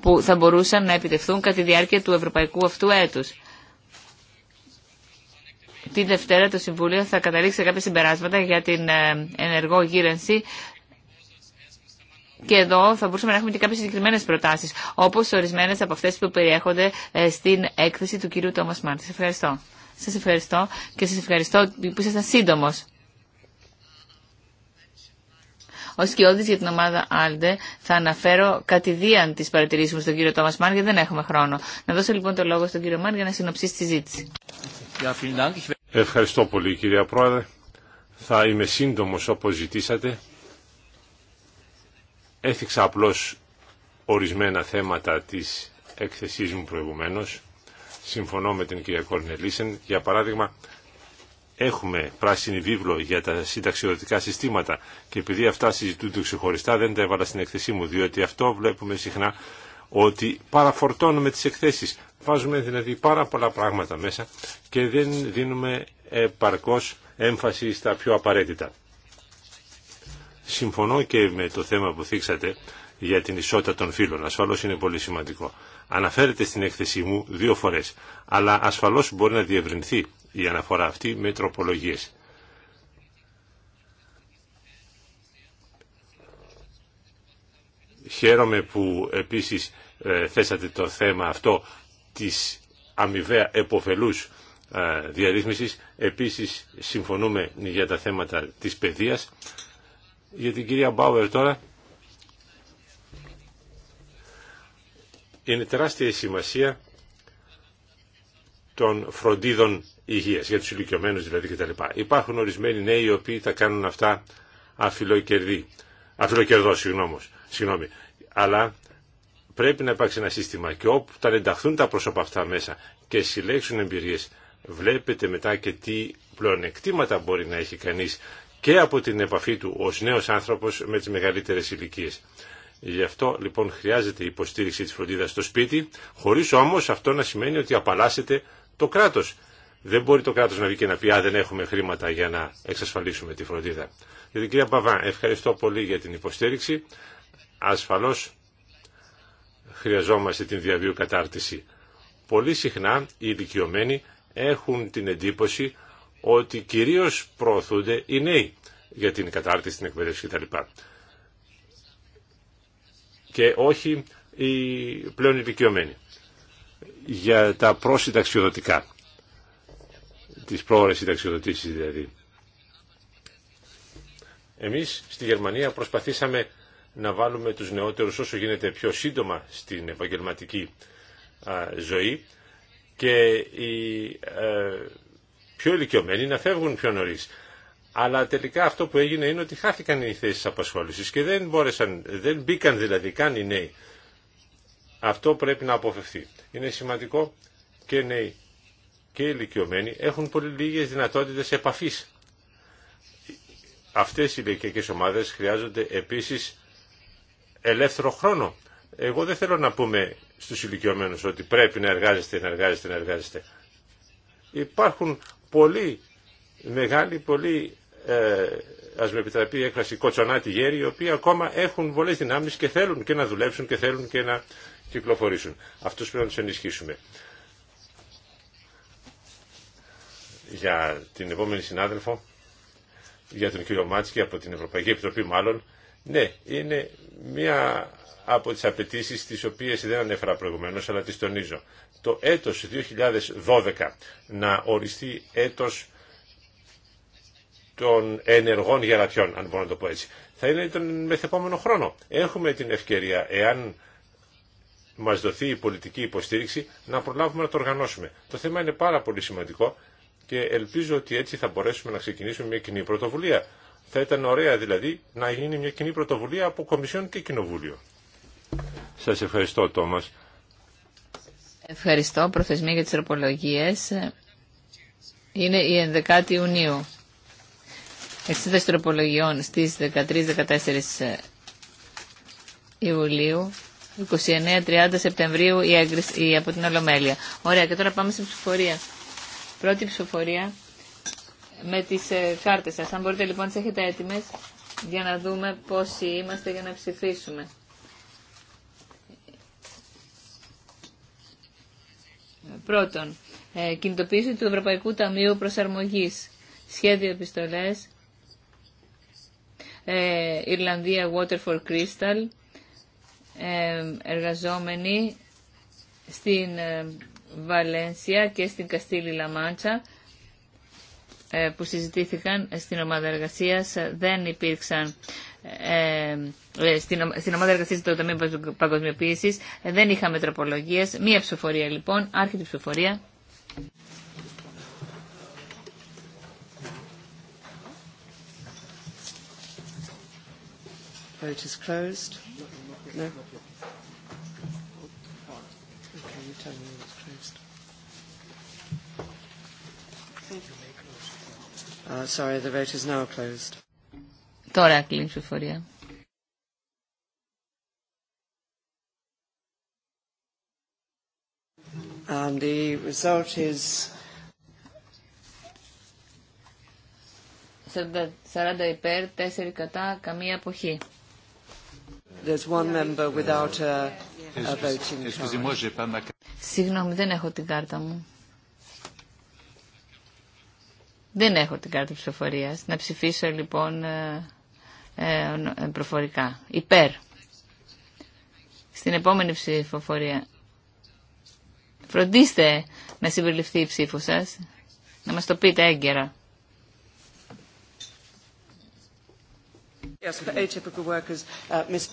που θα μπορούσαν να επιτευχθούν κατά τη διάρκεια του ευρωπαϊκού αυτού έτους. Την Δευτέρα το Συμβούλιο θα καταλήξει σε κάποια συμπεράσματα για την ε, ενεργό γύρενση και εδώ θα μπορούσαμε να έχουμε και κάποιε συγκεκριμένε προτάσει, όπω ορισμένε από αυτέ που περιέχονται ε, στην έκθεση του κυρίου Τόμα Μάρτη. Ευχαριστώ. Σα ευχαριστώ και σα ευχαριστώ που ήσασταν σύντομο. Ω κοιόδη για την ομάδα Άλντε θα αναφέρω κατηδίαν τι παρατηρήσει μου στον κύριο Τόμα Μάν γιατί δεν έχουμε χρόνο. Να δώσω λοιπόν το λόγο στον κύριο Μάν για να συνοψίσει τη συζήτηση. Ευχαριστώ πολύ κυρία Πρόεδρε. Θα είμαι σύντομο όπω ζητήσατε. Έθιξα απλώ ορισμένα θέματα τη έκθεσή μου προηγουμένω. Συμφωνώ με την κυρία Κόρνελίσεν. Για παράδειγμα, έχουμε πράσινη βίβλο για τα συνταξιοδοτικά συστήματα και επειδή αυτά συζητούνται ξεχωριστά δεν τα έβαλα στην εκθεσή μου διότι αυτό βλέπουμε συχνά ότι παραφορτώνουμε τις εκθέσεις. Βάζουμε δηλαδή πάρα πολλά πράγματα μέσα και δεν δίνουμε επαρκώς έμφαση στα πιο απαραίτητα. Συμφωνώ και με το θέμα που θίξατε για την ισότητα των φύλων. Ασφαλώς είναι πολύ σημαντικό. Αναφέρεται στην έκθεσή μου δύο φορές, αλλά ασφαλώς μπορεί να διευρυνθεί η αναφορά αυτή με τροπολογίες. Χαίρομαι που επίσης ε, θέσατε το θέμα αυτό της αμοιβαία εποφελούς ε, διαρρύθμισης. Επίσης συμφωνούμε για τα θέματα της παιδείας. Για την κυρία Μπάουερ τώρα είναι τεράστια η σημασία των φροντίδων για του ηλικιωμένους δηλαδή κτλ. Υπάρχουν ορισμένοι νέοι οι οποίοι τα κάνουν αυτά αφιλοκερδί, αφιλοκερδό συγγνώμη, Αλλά πρέπει να υπάρξει ένα σύστημα και όπου θα ενταχθούν τα πρόσωπα αυτά μέσα και συλλέξουν εμπειρίε, βλέπετε μετά και τι πλεονεκτήματα μπορεί να έχει κανεί και από την επαφή του ως νέος άνθρωπος με τις μεγαλύτερες ηλικίε. Γι' αυτό λοιπόν χρειάζεται η υποστήριξη της φροντίδας στο σπίτι, χωρίς όμως αυτό να σημαίνει ότι απαλλάσσεται το κράτος. Δεν μπορεί το κράτος να βγει και να πει «Α, δεν έχουμε χρήματα για να εξασφαλίσουμε τη φροντίδα». Δηλαδή, κυρία Παβά, ευχαριστώ πολύ για την υποστήριξη. Ασφαλώς χρειαζόμαστε την διαβίου κατάρτιση. Πολύ συχνά οι ηλικιωμένοι έχουν την εντύπωση ότι κυρίως προωθούνται οι νέοι για την κατάρτιση, την εκπαίδευση κτλ. Και όχι οι πλέον ηλικιωμένοι. Για τα προσυνταξιοδοτικά τις πρόορες συνταξιοδοτήσεις δηλαδή. Εμείς στη Γερμανία προσπαθήσαμε να βάλουμε τους νεότερους όσο γίνεται πιο σύντομα στην επαγγελματική ζωή και οι ε, πιο ηλικιωμένοι να φεύγουν πιο νωρίς. Αλλά τελικά αυτό που έγινε είναι ότι χάθηκαν οι θέσεις απασχόλησης και δεν, μπόρεσαν, δεν μπήκαν δηλαδή καν οι νέοι. Αυτό πρέπει να αποφευθεί. Είναι σημαντικό και νέοι και οι ηλικιωμένοι έχουν πολύ λίγες δυνατότητες επαφής. Αυτές οι ηλικιακές ομάδες χρειάζονται επίσης ελεύθερο χρόνο. Εγώ δεν θέλω να πούμε στους ηλικιωμένους ότι πρέπει να εργάζεστε, να εργάζεστε, να εργάζεστε. Υπάρχουν πολλοί μεγάλοι, πολύ ε, ας με επιτραπεί η έκφραση, κοτσονάτι γέροι, οι οποίοι ακόμα έχουν πολλέ δυνάμει και θέλουν και να δουλέψουν και θέλουν και να κυκλοφορήσουν. Αυτού πρέπει να του ενισχύσουμε. για την επόμενη συνάδελφο, για τον κύριο Μάτσκι από την Ευρωπαϊκή Επιτροπή μάλλον, ναι, είναι μία από τις απαιτήσει τις οποίες δεν ανέφερα προηγουμένως, αλλά τις τονίζω. Το έτος 2012 να οριστεί έτος των ενεργών γερατιών, αν μπορώ να το πω έτσι. Θα είναι τον μεθεπόμενο χρόνο. Έχουμε την ευκαιρία, εάν μας δοθεί η πολιτική υποστήριξη, να προλάβουμε να το οργανώσουμε. Το θέμα είναι πάρα πολύ σημαντικό και ελπίζω ότι έτσι θα μπορέσουμε να ξεκινήσουμε μια κοινή πρωτοβουλία. Θα ήταν ωραία δηλαδή να γίνει μια κοινή πρωτοβουλία από Κομισιόν και Κοινοβούλιο. Σας ευχαριστώ Τόμας. Ευχαριστώ. Προθεσμία για τις τροπολογίες είναι η 11η Ιουνίου. Εξέταση τροπολογιών στις 13-14 Ιουλίου. 29-30 Σεπτεμβρίου η, έγκριση, η απο την Ολομέλεια. Ωραία και τώρα πάμε στην ψηφορία. Πρώτη ψηφοφορία με τις ε, κάρτες σας. Αν μπορείτε λοιπόν τις έχετε έτοιμες για να δούμε πόσοι είμαστε για να ψηφίσουμε. Πρώτον, ε, κινητοποίηση του Ευρωπαϊκού Ταμείου Προσαρμογής. Σχέδιο επιστολές. Ε, Ιρλανδία Water for Crystal. Ε, εργαζόμενοι στην ε, Βαλένσια και στην Καστήλη Λαμάντσα ε, που συζητήθηκαν στην ομάδα εργασία. δεν υπήρξαν ε, ε στην, ομάδα εργασία του Ταμείου Παγκοσμιοποίηση ε, δεν είχαμε τροπολογίε. Μία ψηφοφορία λοιπόν, άρχεται ψηφοφορία. Uh, sorry, the vote is now closed. Τώρα κλείνει η ψηφορία. And the result is 40 υπέρ, 4 κατά, καμία αποχή. There's one member without a, a voting card. Συγγνώμη, δεν έχω την κάρτα μου. Δεν έχω την κάρτα ψηφοφορία. Να ψηφίσω λοιπόν ε, ε, ε, προφορικά. Υπέρ. Στην επόμενη ψηφοφορία. Φροντίστε να συμπεριληφθεί η ψήφο σα. Να μας το πείτε έγκαιρα. Yes,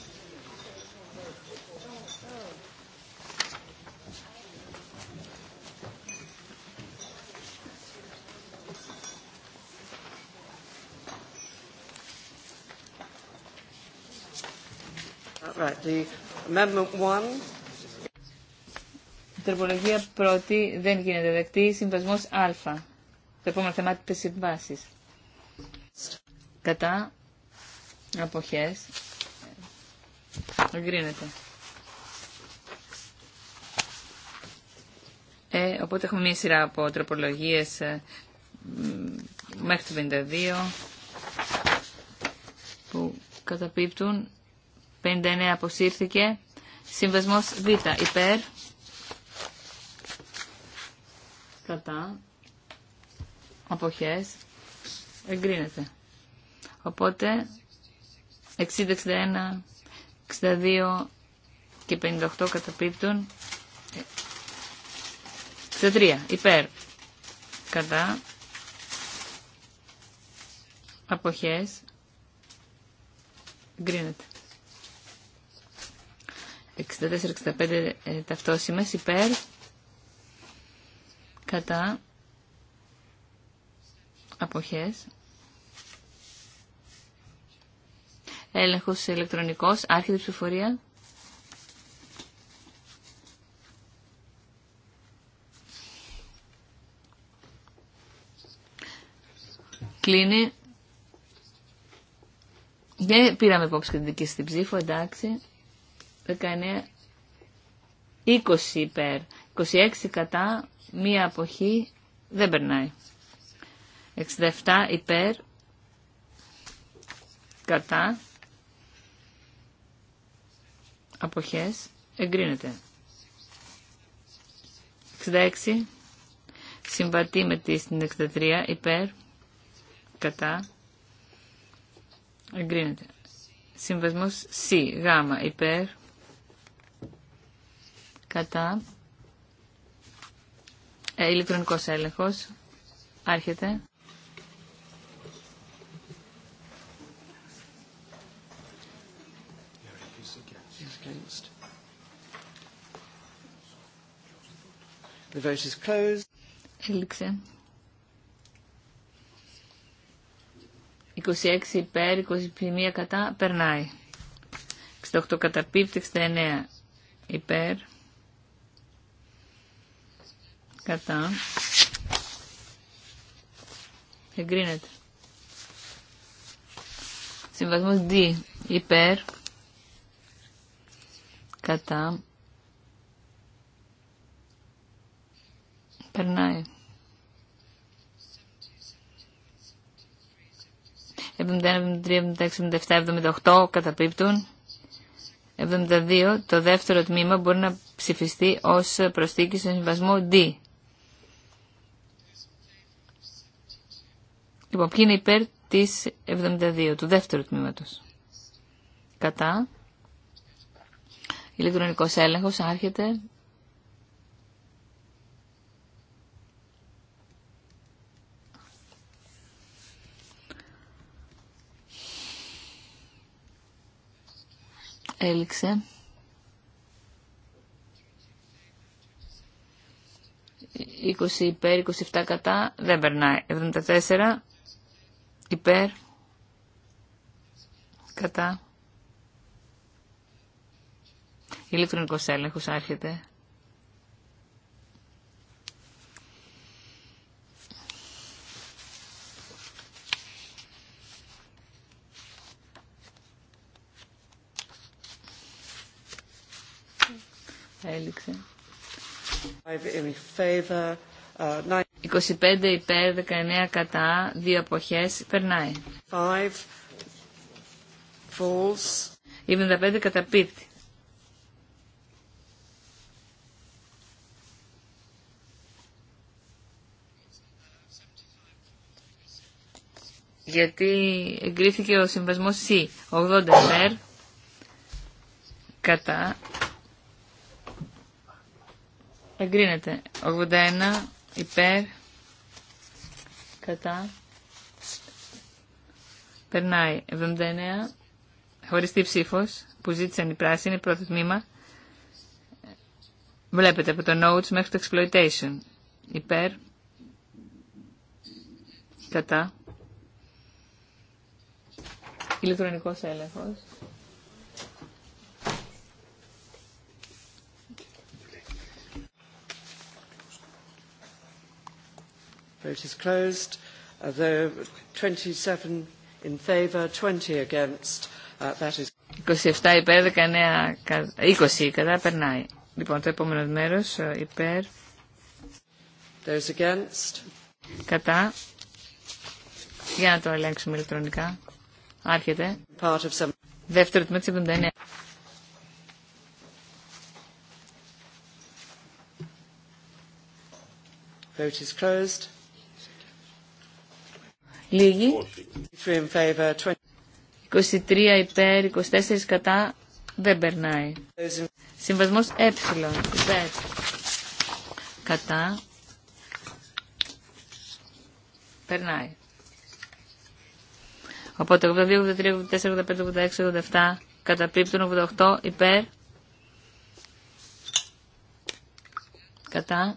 Η τροπολογία πρώτη δεν γίνεται δεκτή. Συμβασμό Α. Το επόμενο θέμα τη συμβάση. Κατά αποχέ. Εγκρίνεται. Ε, οπότε έχουμε μία σειρά από τροπολογίε ε, μέχρι το 52 που καταπίπτουν 59 αποσύρθηκε. Συμβασμός Β υπέρ. Κατά. Αποχές. Εγκρίνεται. Οπότε 60, 61, 62 και 58 καταπίπτουν. 63 υπέρ. Κατά. Αποχές. Εγκρίνεται. 64-65 ε, ταυτόσημες υπέρ κατά αποχές έλεγχος ηλεκτρονικός άρχιτη ψηφοφορία κλείνει δεν πήραμε υπόψη και την δική στην ψήφο εντάξει 19, 20 υπέρ, 26 κατά, μία αποχή, δεν περνάει. 67 υπέρ, κατά, αποχές, εγκρίνεται. 66 συμβατεί με τη στην 63 υπέρ, κατά, εγκρίνεται. Συμβασμός C, γάμα, υπέρ, κατά ε, ηλεκτρονικός έλεγχος. Άρχεται. The vote is closed. 26 υπέρ, 21 κατά, περνάει. 68 κατά πίπτη, 69 υπέρ, κατά εγκρίνεται. Συμβασμό D υπέρ κατά περνάει. 71, 73, 76, 77, 78 καταπίπτουν. 72 το δεύτερο τμήμα μπορεί να ψηφιστεί ως προσθήκη στον συμβασμό D. Λοιπόν, ποιοι είναι υπέρ της 72, του δεύτερου τμήματος. Κατά. Ηλεκτρονικός έλεγχος άρχεται. Έληξε. 20 υπέρ, 27 κατά, δεν περνάει. 74 υπέρ, κατά, ηλεκτρονικός έλεγχος άρχεται. Έληξε. In favor. 25 υπέρ, 19 κατά, δύο αποχές, περνάει. 5 falls. 75 Γιατί εγκρίθηκε ο συμβασμός C, 80 υπέρ, κατά, εγκρίνεται, 81 υπέρ, κατά, περνάει 79, χωριστή ψήφος που ζήτησαν οι πράσινοι, πρώτο τμήμα, βλέπετε από το notes μέχρι το exploitation, υπέρ, κατά, ηλεκτρονικός έλεγχος. Vote is closed. Although uh, 27 in favour, 20 against. Uh, that is. 27 υπέρ, 19 20 κατά περνάει. Λοιπόν, το επόμενο μέρος ε, υπέρ. Those against. Κατά. Για να το ελέγξουμε ηλεκτρονικά. Άρχεται. Part of some... Δεύτερο τμήμα της 79. Vote is closed. Λίγοι. 23 υπέρ, 24 κατά, δεν περνάει. Συμβασμός ε, υπέρ, κατά, περνάει. Οπότε 82, 83, 84, 85, 86, 87, καταπίπτουν 88 υπέρ, κατά,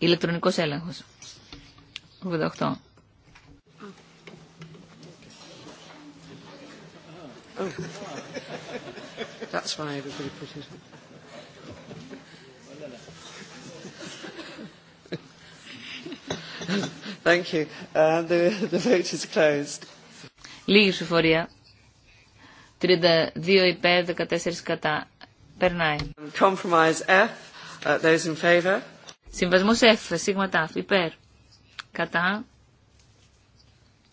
Ηλεκτρονικός έλεγχος. 88. Oh. That's why everybody put it Thank you. Uh, the, the vote is closed. Λίγη ψηφορία. 32 υπέρ, 14 κατά. Περνάει. Compromise F. Uh, those in favor. Συμβασμό F, σίγμα τάφ, υπέρ. Κατά.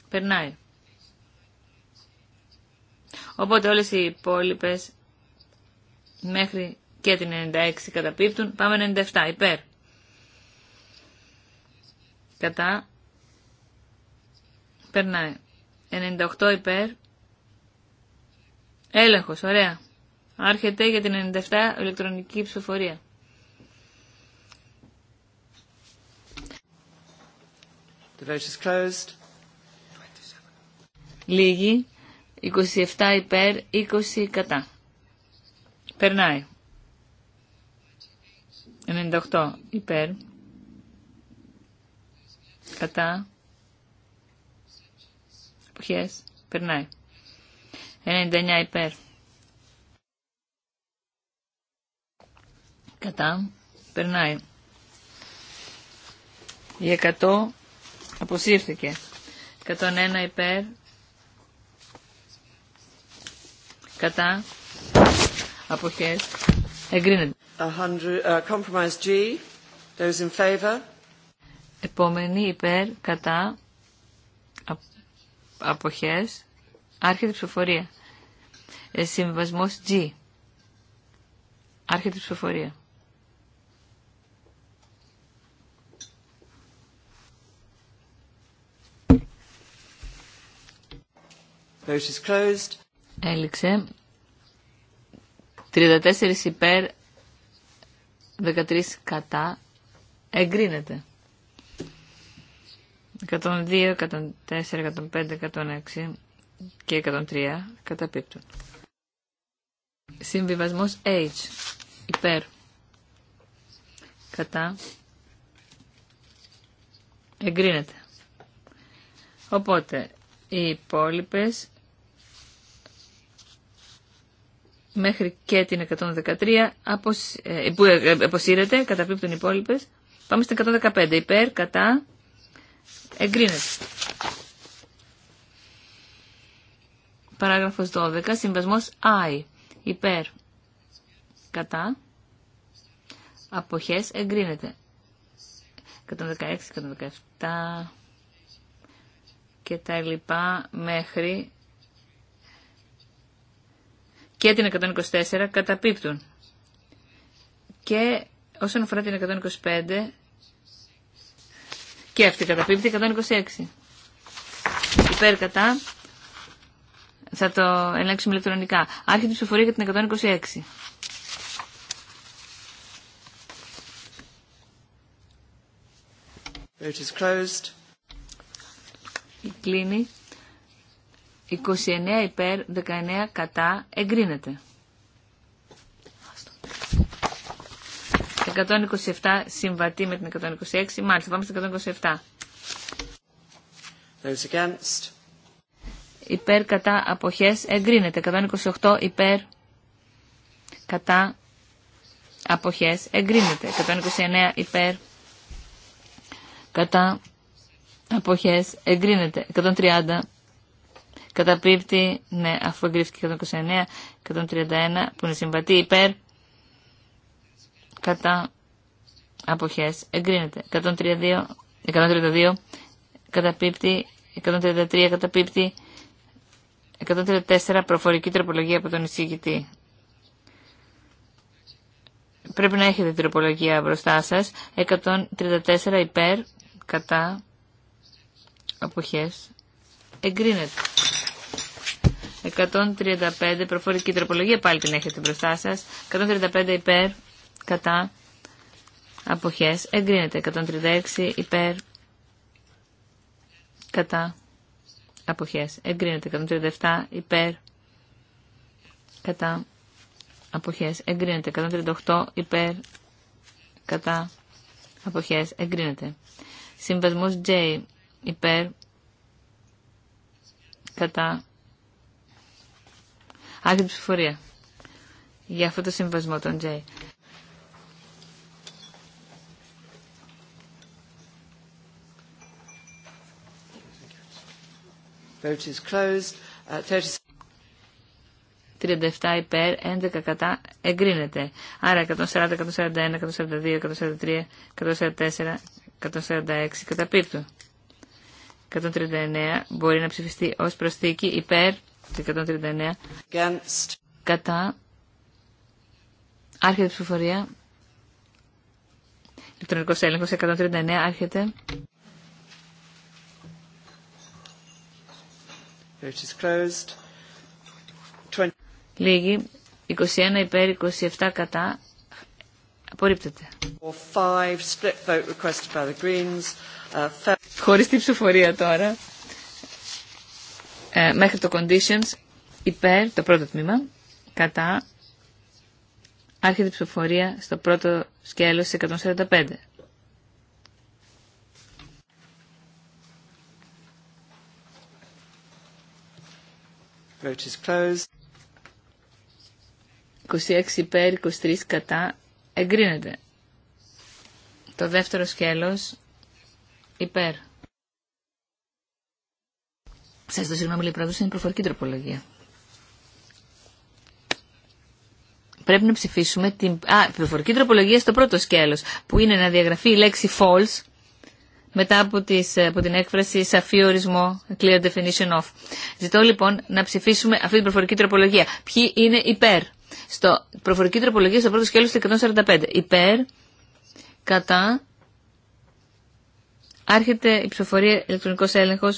Περνάει. Οπότε όλες οι υπόλοιπε μέχρι και την 96 καταπίπτουν. Πάμε 97, υπέρ. Κατά. Περνάει. 98 υπέρ. Έλεγχος, ωραία. Άρχεται για την 97 ηλεκτρονική ψηφοφορία. The Λίγοι. 27 υπέρ, 20 κατά. Περνάει. 98 υπέρ. Κατά. Ποιες; Περνάει. 99 υπέρ. Κατά. Περνάει. Η 100 Αποσύρθηκε. 101 υπέρ. Κατά. Αποχές. Εγκρίνεται. 100, uh, compromise G. Those in favor. Επόμενη υπέρ. Κατά. Αποχές. Άρχεται η ψηφοφορία. Ε, συμβασμός G. Άρχεται η ψηφοφορία. Έληξε. 34 υπέρ, 13 κατά. Εγκρίνεται. 102, 104, 105, 106 και 103 καταπίπτουν. Συμβιβασμό H. Υπέρ. Κατά. Εγκρίνεται. Οπότε, οι υπόλοιπε μέχρι και την 113 ε, που ε, ε, αποσύρεται, καταπίπτουν οι υπόλοιπε. Πάμε στην 115. Υπέρ, κατά, εγκρίνεται. Παράγραφος 12. Συμβασμός I. Υπέρ, κατά, αποχές, εγκρίνεται. 116, 117 και τα λοιπά μέχρι και την 124 καταπίπτουν. Και όσον αφορά την 125 και αυτή καταπίπτει 126. Υπέρ κατά θα το ελέγξουμε ηλεκτρονικά. Άρχεται η ψηφοφορία για την 126. It is closed. Κλείνει. 29 υπέρ, 19 κατά, εγκρίνεται. 127 συμβατή με την 126, μάλιστα πάμε στην 127. Υπέρ κατά αποχές εγκρίνεται. 128 υπέρ κατά αποχές εγκρίνεται. 129 υπέρ κατά αποχές εγκρίνεται. 130 Καταπίπτει, ναι, αφού εγκρίθηκε 129, 131 που είναι συμβατή υπέρ. Κατά αποχές εγκρίνεται. 132, 132 καταπίπτει, 133 καταπίπτει, 134 προφορική τροπολογία από τον εισηγητή. Πρέπει να έχετε τροπολογία μπροστά σας. 134 υπέρ, κατά, αποχές, εγκρίνεται. 135, προφορική τροπολογία, πάλι την έχετε μπροστά σα, 135 υπέρ, κατά, απόχέ. εγκρίνεται. 136 υπέρ, κατά, απόχέ. εγκρίνεται. 137 υπέρ, κατά, αποχές, εγκρίνεται. 138 υπέρ, κατά, αποχές, εγκρίνεται. Συμβασμό J, υπέρ, κατά, Άλλη ψηφορία για αυτό το συμβασμό των Τζέι. Vote is closed. 37 uh, υπέρ, 11 κατά, εγκρίνεται. Άρα 140, 141, 142, 143, 144, 146 καταπίπτουν. 139 μπορεί να ψηφιστεί ως προσθήκη υπέρ 139. Κατά. Άρχεται η ψηφοφορία. Ηλεκτρονικός έλεγχος 139. Άρχεται. Vote Λίγη. 21 υπέρ, 27 κατά. Απορρίπτεται. Uh, Χωρίς την ψηφοφορία τώρα. Ε, μέχρι το conditions υπέρ, το πρώτο τμήμα, κατά, άρχεται η ψηφοφορία στο πρώτο σκέλος 145. is 26 υπέρ, 23 κατά, εγκρίνεται. Το δεύτερο σκέλος, υπέρ. Σα δώσω συγγνώμη, λέει πρόεδρο, είναι προφορική τροπολογία. Πρέπει να ψηφίσουμε την. Α, προφορική τροπολογία στο πρώτο σκέλος, που είναι να διαγραφεί η λέξη false μετά από, τις, ε, από την έκφραση σαφή ορισμό, clear definition of. Ζητώ λοιπόν να ψηφίσουμε αυτή την προφορική τροπολογία. Ποιοι είναι υπέρ. Στο προφορική τροπολογία στο πρώτο σκέλος του 145. Υπέρ, κατά, άρχεται η ψηφοφορία ηλεκτρονικό έλεγχο.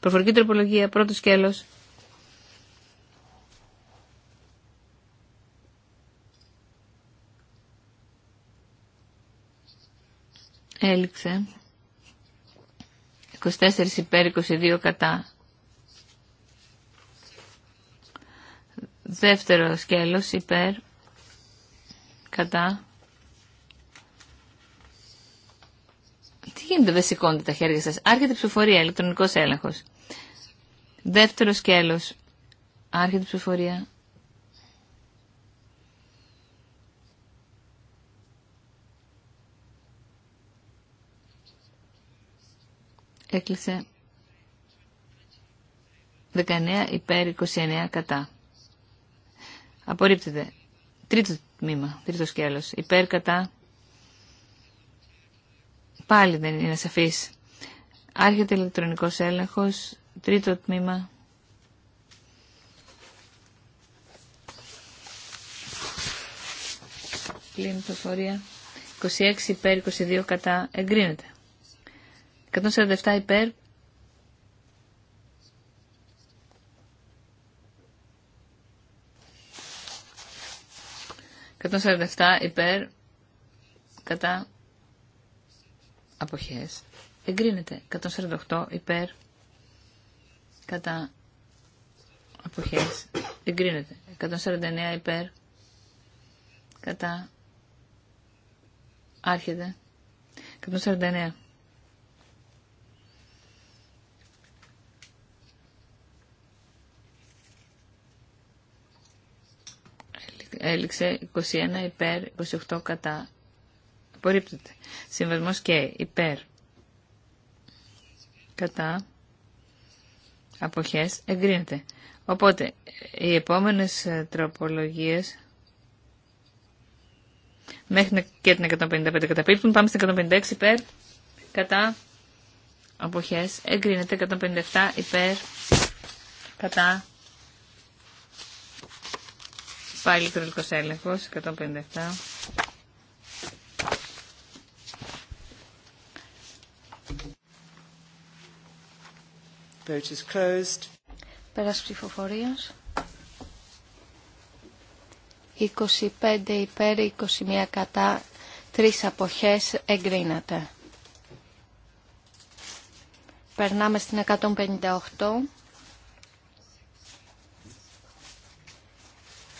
Προφορική τροπολογία, πρώτο σκέλο. Έληξε. 24 υπέρ, 22 κατά. Δεύτερο σκέλος υπέρ, κατά. γίνεται, δεν σηκώνετε τα χέρια σας. Άρχεται ψηφοφορία, ηλεκτρονικός έλεγχος. Δεύτερο σκέλος. Άρχεται ψηφορία. Έκλεισε 19 υπέρ 29 κατά. Απορρίπτεται. Τρίτο τμήμα, τρίτο σκέλος. Υπέρ κατά Πάλι δεν είναι σαφής. Άρχεται ηλεκτρονικός έλεγχος, τρίτο τμήμα. το 26 υπέρ, 22 κατά. Εγκρίνεται. 147 υπέρ. Κατά υπέρ, κατά αποχές εγκρίνεται 148 υπέρ κατά αποχές εγκρίνεται 149 υπέρ κατά άρχεται 149 έληξε 21 υπέρ 28 κατά Απορρίπτεται. Συμβασμός και υπέρ. Κατά. Αποχές. Εγκρίνεται. Οπότε, οι επόμενες ε, τροπολογίε μέχρι και την 155 καταπίπτουν. Πάμε στην 156 υπέρ. Κατά. Αποχές. Εγκρίνεται. 157 υπέρ. Κατά. Πάλι ηλεκτρονικό έλεγχο, 157. Vote Πέρας ψηφοφορίας. 25 υπέρ, 21 κατά, 3 αποχές εγκρίνατε. Περνάμε στην 158.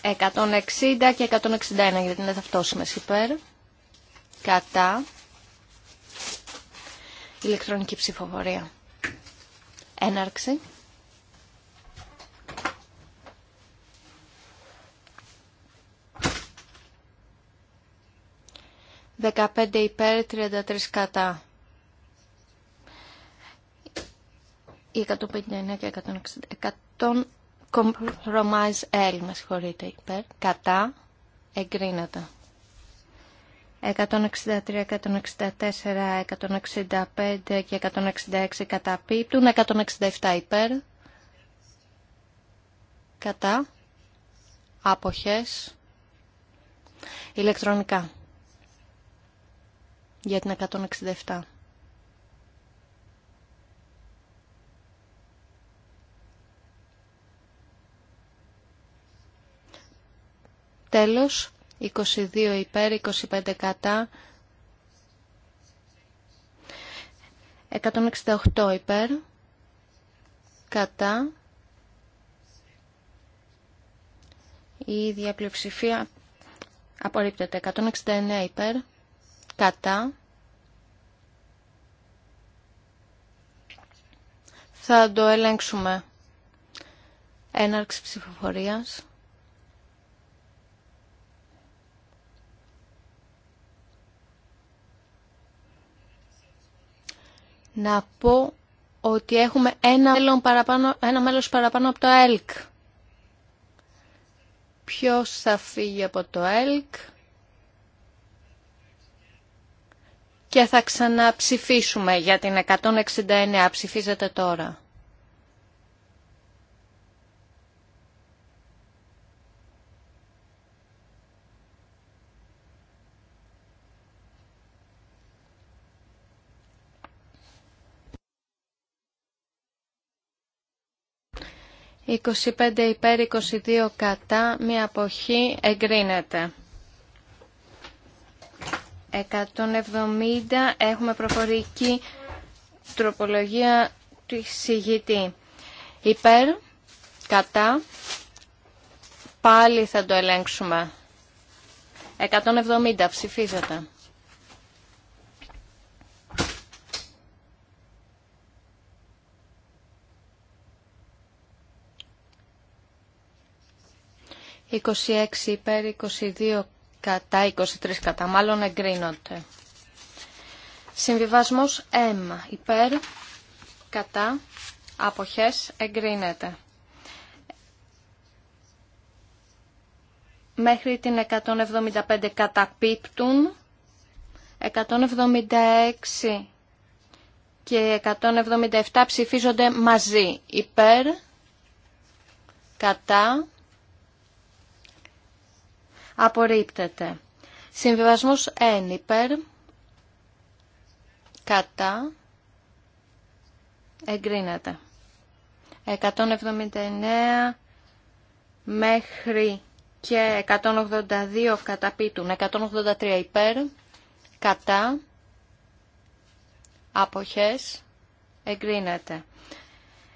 160 και 161 γιατί είναι ταυτόσιμες υπέρ. Κατά. Ηλεκτρονική ψηφοφορία έναρξη Δεκαπέντε υπέρ, τριάντα τρεις κατά. Η εκατοπέντε και εκατόν Εκατόν κομπρομάζ έλ, με συγχωρείτε, υπέρ. Κατά, εγκρίνατα. 163, 164, 165 και 166 καταπίπτουν. 167 υπέρ. Κατά. Άποχες. Ηλεκτρονικά. Για την 167. Τέλος. 22 υπέρ, 25 κατά, 168 υπέρ, κατά, η ίδια πλειοψηφία απορρίπτεται, 169 υπέρ, κατά, θα το ελέγξουμε έναρξη ψηφοφορίας. να πω ότι έχουμε ένα, μέλλον παραπάνω, ένα μέλος παραπάνω από το ΕΛΚ. Ποιος θα φύγει από το ΕΛΚ και θα ξαναψηφίσουμε για την 169. Ψηφίζετε τώρα. 25 υπέρ 22 κατά, μία αποχή εγκρίνεται. 170 έχουμε προφορική τροπολογία του εισηγητή. Υπέρ, κατά, πάλι θα το ελέγξουμε. 170 ψηφίζεται. 26 υπέρ 22 κατά 23 κατά. Μάλλον εγκρίνονται. Συμβιβασμός M υπέρ κατά αποχές εγκρίνεται. Μέχρι την 175 καταπίπτουν. 176 και 177 ψηφίζονται μαζί. Υπέρ, κατά, απορρίπτεται. Συμβιβασμός εν υπέρ, κατά, εγκρίνεται. 179 μέχρι και 182 καταπίτουν. 183 υπέρ, κατά, αποχές, εγκρίνεται.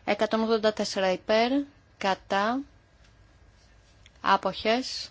184 υπέρ, κατά, αποχές,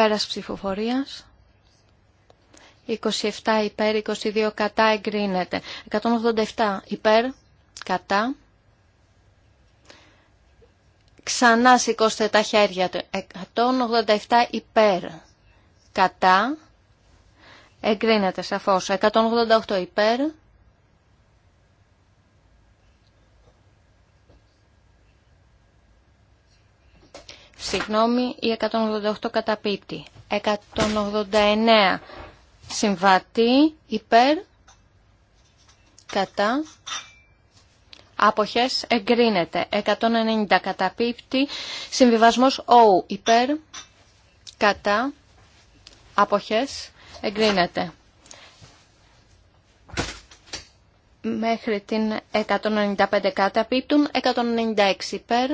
Πέρας ψηφοφορίας. 27 υπέρ, 22 κατά εγκρίνεται. 187 υπέρ, κατά. Ξανά σηκώστε τα χέρια του. 187 υπέρ, κατά. Εγκρίνεται σαφώς. 188 υπέρ, Συγγνώμη, η 188 καταπίπτει. 189 συμβατή υπέρ κατά αποχές εγκρίνεται. 190 καταπίπτει. Συμβιβασμός όου υπέρ κατά αποχές εγκρίνεται. Μέχρι την 195 καταπίπτουν, 196 υπέρ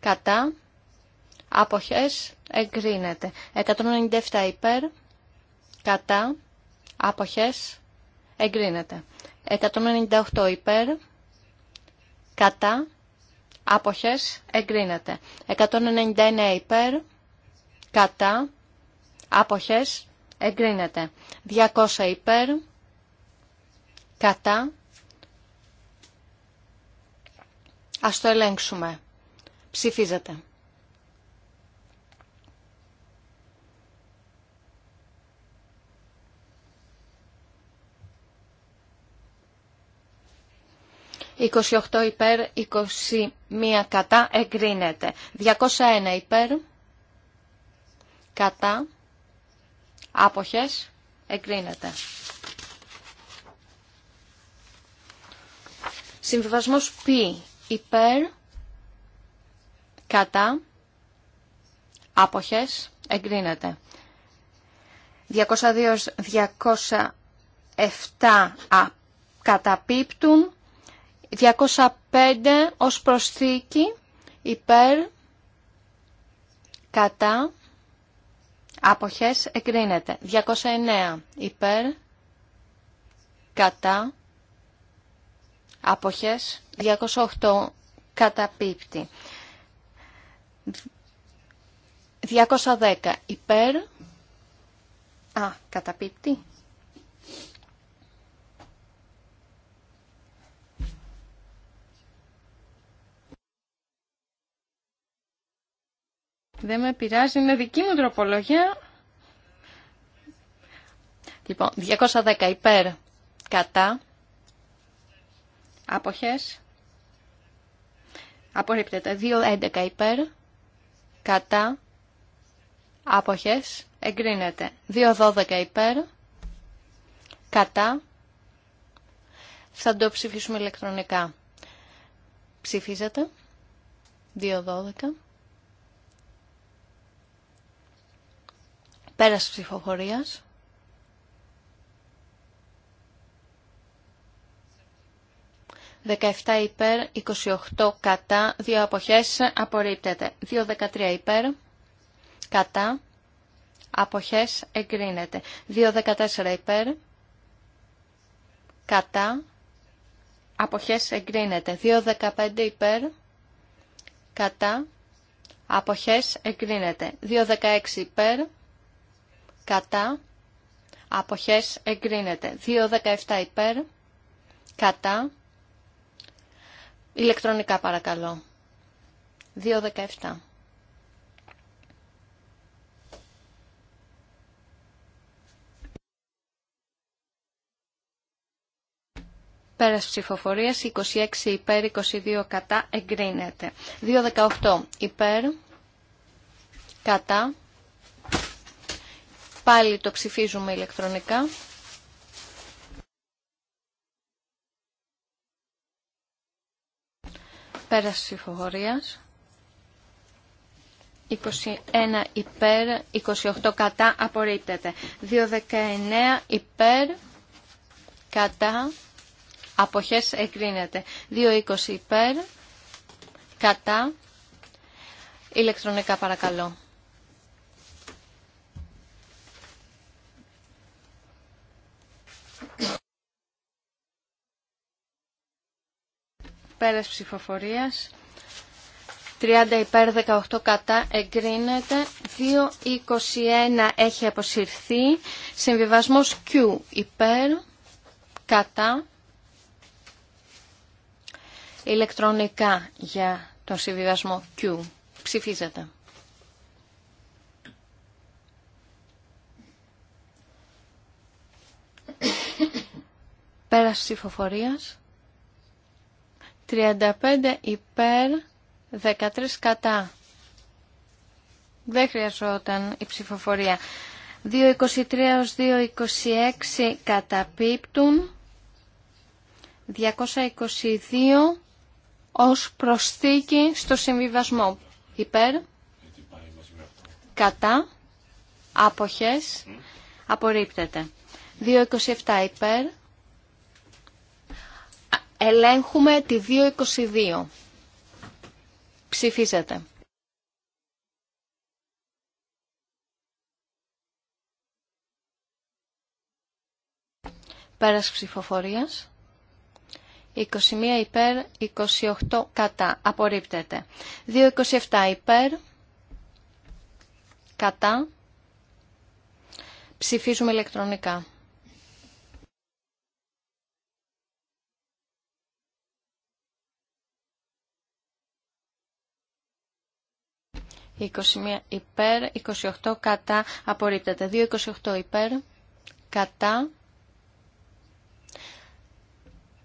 κατά, άποχες, εγκρίνεται. 197 υπέρ, κατά, άποχες, εγκρίνεται. 198 υπέρ, κατά, άποχες, εγκρίνεται. 199 υπέρ, κατά, άποχες, εγκρίνεται. 200 υπέρ, κατά, ας το ελέγξουμε. Ψηφίζεται. «28 υπέρ, 21 κατά, εγκρίνεται. 201 υπέρ, κατά, άποχες, εγκρίνεται». Συμβιβασμός π υπέρ, κατά, άποχες, εγκρίνεται. 202-207 καταπίπτουν, 205 ως προσθήκη, υπέρ, κατά, άποχες, εγκρίνεται. 209 υπέρ, κατά, άποχες, 208 καταπίπτει. 210 υπέρ. Α, καταπίπτει. Δεν με πειράζει, είναι δική μου τροπολογία. Λοιπόν, 210 υπέρ, κατά, άποχες, απορρίπτεται, 211 υπέρ, κατά, άποχες, εγκρίνεται. 2-12 υπέρ, κατά, θα το ψηφίσουμε ηλεκτρονικά. ψηφίζεται 2-12, Πέρας ψηφοφορίας. 17 υπέρ, 28 κατά, 2 αποχές, απορρίπτεται. 2.13 υπέρ, κατά, αποχές, εγκρίνεται. 2.14 υπέρ, κατά, αποχές, εγκρίνεται. 2.15 υπέρ, κατά, αποχές, εγκρίνεται. 2.16 υπέρ, κατά, αποχές, εγκρίνεται. 2.17 υπέρ, κατά, Ηλεκτρονικά παρακαλώ. 2.17. Πέρας ψηφοφορίας 26 υπέρ 22 κατά εγκρίνεται. 2.18 υπέρ κατά. Πάλι το ψηφίζουμε ηλεκτρονικά. Πέρας ψηφοφορίας. 21 υπέρ, 28 κατά, απορρίπτεται. 2,19 υπέρ, κατά, αποχές εγκρίνεται. 2,20 υπέρ, κατά, ηλεκτρονικά παρακαλώ. Πέρας ψηφοφορίας. 30 υπέρ 18 κατά εγκρίνεται. 2.21 έχει αποσυρθεί. Συμβιβασμός Q υπέρ κατά ηλεκτρονικά για τον συμβιβασμό Q. Ψηφίζεται. Πέρας ψηφοφορίας. 35 υπέρ, 13 κατά. Δεν χρειαζόταν η ψηφοφορία. 2.23 ως 2.26 καταπίπτουν. 222 ως προσθήκη στο συμβιβασμό. Υπέρ, κατά, άποχες, απορρίπτεται. 2.27 υπέρ, Ελέγχουμε τη 222. Ψηφίζεται. Πέρας ψηφοφορίας. 21 υπέρ, 28 κατά. Απορρίπτεται. 227 υπέρ, κατά. Ψηφίζουμε ηλεκτρονικά. 21 υπέρ, 28 κατά, απορρίπτεται. 2,28 υπέρ, κατά.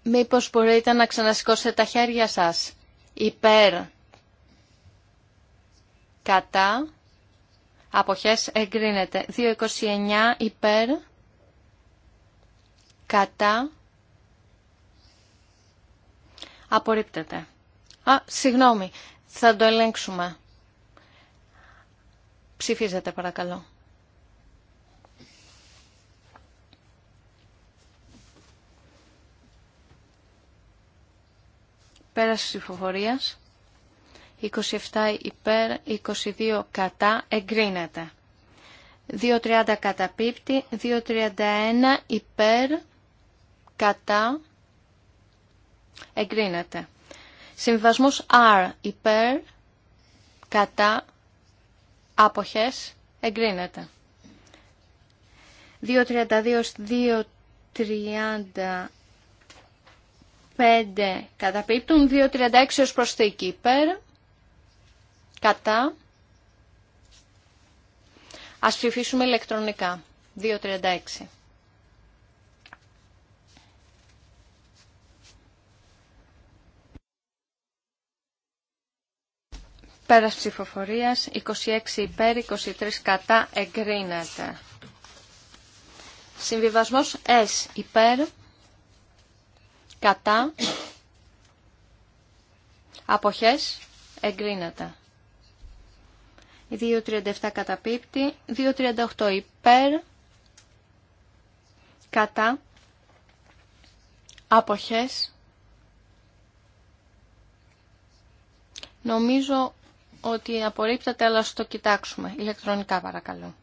Μήπως μπορείτε να ξανασηκώσετε τα χέρια σας. Υπέρ, κατά, αποχές εγκρίνεται. 2,29 υπέρ, κατά, απορρίπτεται. Α, συγγνώμη, θα το ελέγξουμε. Ψηφίζετε παρακαλώ. Πέραση ψηφοφορία. 27 υπέρ, 22 κατά, εγκρίνεται. 2.30 καταπίπτει, 2.31 υπέρ, κατά, εγκρίνεται. Συμβασμός R υπέρ, κατά, Άποχες. Εγκρίνεται. 2.32 2.35 καταπίπτουν. 2.36 ως προσθήκη. Υπέρ. Κατά. Ας ψηφίσουμε ηλεκτρονικά. 2.36. Πέρας ψηφοφορίας, 26 υπέρ, 23 κατά, εγκρίνεται. Συμβιβασμός S υπέρ, κατά, αποχές, εγκρίνεται. 2.37 καταπίπτει, 2.38 υπέρ, κατά, αποχές. Νομίζω ότι απορρίπτεται, αλλά στο κοιτάξουμε. Ηλεκτρονικά παρακαλώ.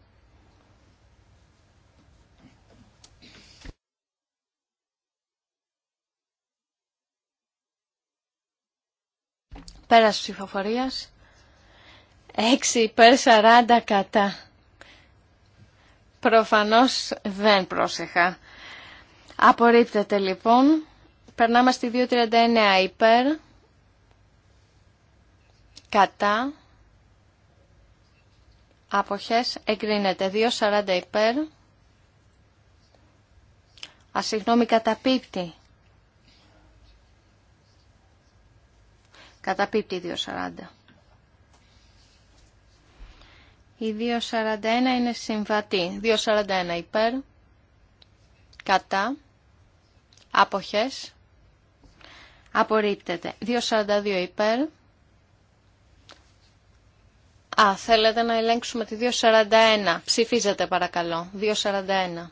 Πέρας ψηφοφορίας. 6 υπέρ 40 κατά. Προφανώς δεν πρόσεχα. Απορρίπτεται λοιπόν. Περνάμε στη 2.39 υπέρ κατά, αποχές εγκρίνεται. 2.40 υπέρ, α, συγγνώμη, καταπίπτει. Καταπίπτει 2.40. Η 2.41 είναι συμβατή. 2.41 υπέρ, κατά, αποχές, απορρίπτεται. 2.42 υπέρ, Α, θέλετε να ελέγξουμε τη 241. Ψηφίζετε παρακαλώ. 241.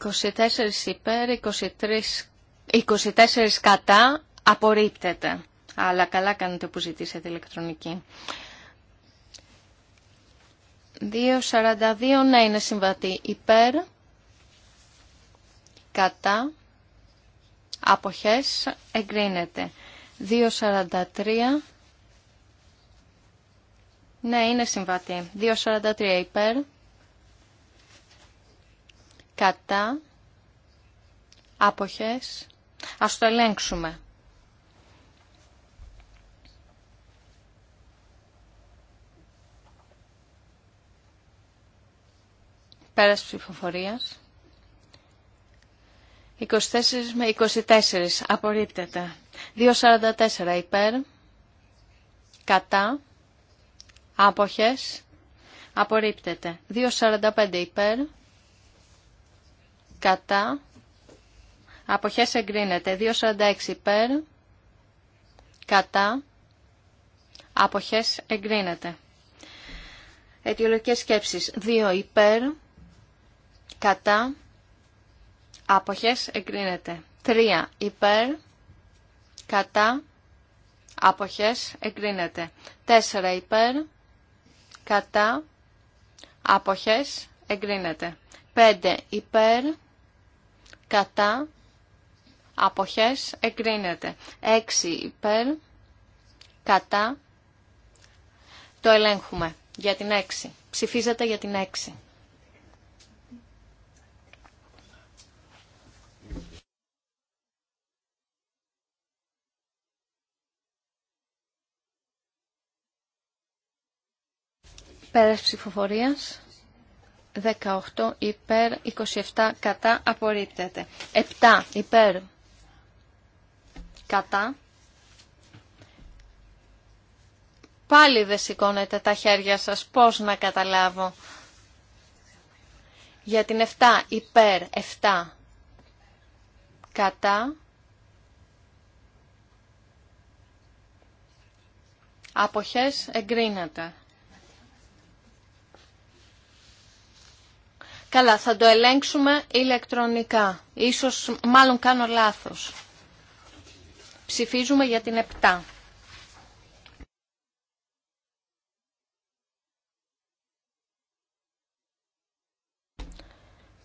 «24 υπέρ, 23, 24 κατά, απορρίπτεται». Αλλά καλά κάνετε που ζητήσετε ηλεκτρονική. 2.42 να είναι συμβατή υπέρ, κατά, αποχές, εγκρίνεται. 2.43 ναι, είναι συμβατή. 2.43 υπέρ. Κατά. Άποχες. Ας το ελέγξουμε. Πέρας ψηφοφορίας. 24 με 24. Απορρίπτεται. 2.44 υπέρ. Κατά. Άποχες. Απορρίπτεται. 2.45 υπέρ. Κατά. Αποχές εγκρίνεται. 2.46 υπέρ. Κατά. Αποχές εγκρίνεται. Αιτιολογικές σκέψεις. 2 υπέρ κατά, άποχες, εγκρίνεται. 3 υπέρ, κατά, άποχες, εγκρίνεται. 4 υπέρ, κατά, άποχες, εγκρίνεται. 5 υπέρ, κατά, αποχές, εγκρίνεται. 6 υπέρ, κατά, το ελέγχουμε για την 6. Ψηφίζεται για την 6. Πέρας ψηφοφορίας. 18 υπέρ, 27 κατά, απορρίπτεται. 7 υπέρ, κατά. Πάλι δεν σηκώνετε τα χέρια σας, πώς να καταλάβω. Για την 7 υπέρ, 7 κατά. Αποχές εγκρίνεται. Καλά, θα το ελέγξουμε ηλεκτρονικά. Ίσως, μάλλον κάνω λάθος. Ψηφίζουμε για την 7.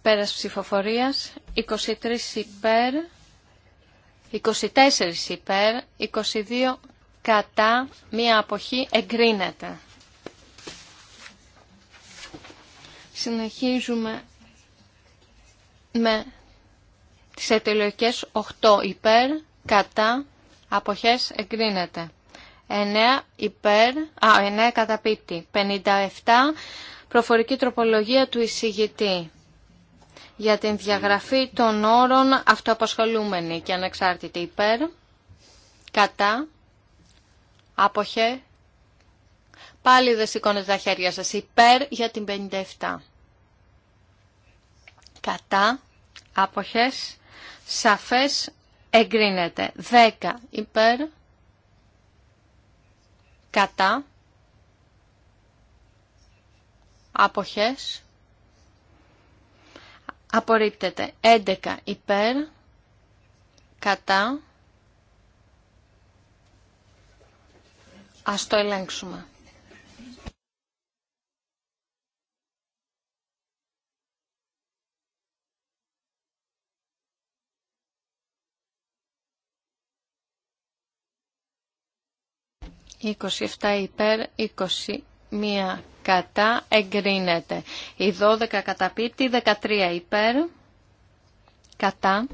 Πέρας ψηφοφορίας, 23 υπέρ, 24 υπέρ, 22 κατά, μία αποχή εγκρίνεται. Συνεχίζουμε με τις αιτιολογικές 8 υπέρ, κατά, αποχές εγκρίνεται. 9 υπέρ, α, 9 καταπίτη. 57 προφορική τροπολογία του εισηγητή για την διαγραφή των όρων αυτοαπασχολούμενη και ανεξάρτητη υπέρ, κατά, άποχε, πάλι δεν σηκώνετε τα χέρια σας, υπέρ για την 57 κατά, άποχες, σαφές, εγκρίνεται. 10 υπέρ, κατά, άποχες, απορρίπτεται. 11 υπέρ, κατά, ας το ελέγξουμε. 27 υπέρ, 21 κατά, εγκρίνεται. Η 12 καταπίπτει, 13 υπέρ, κατά,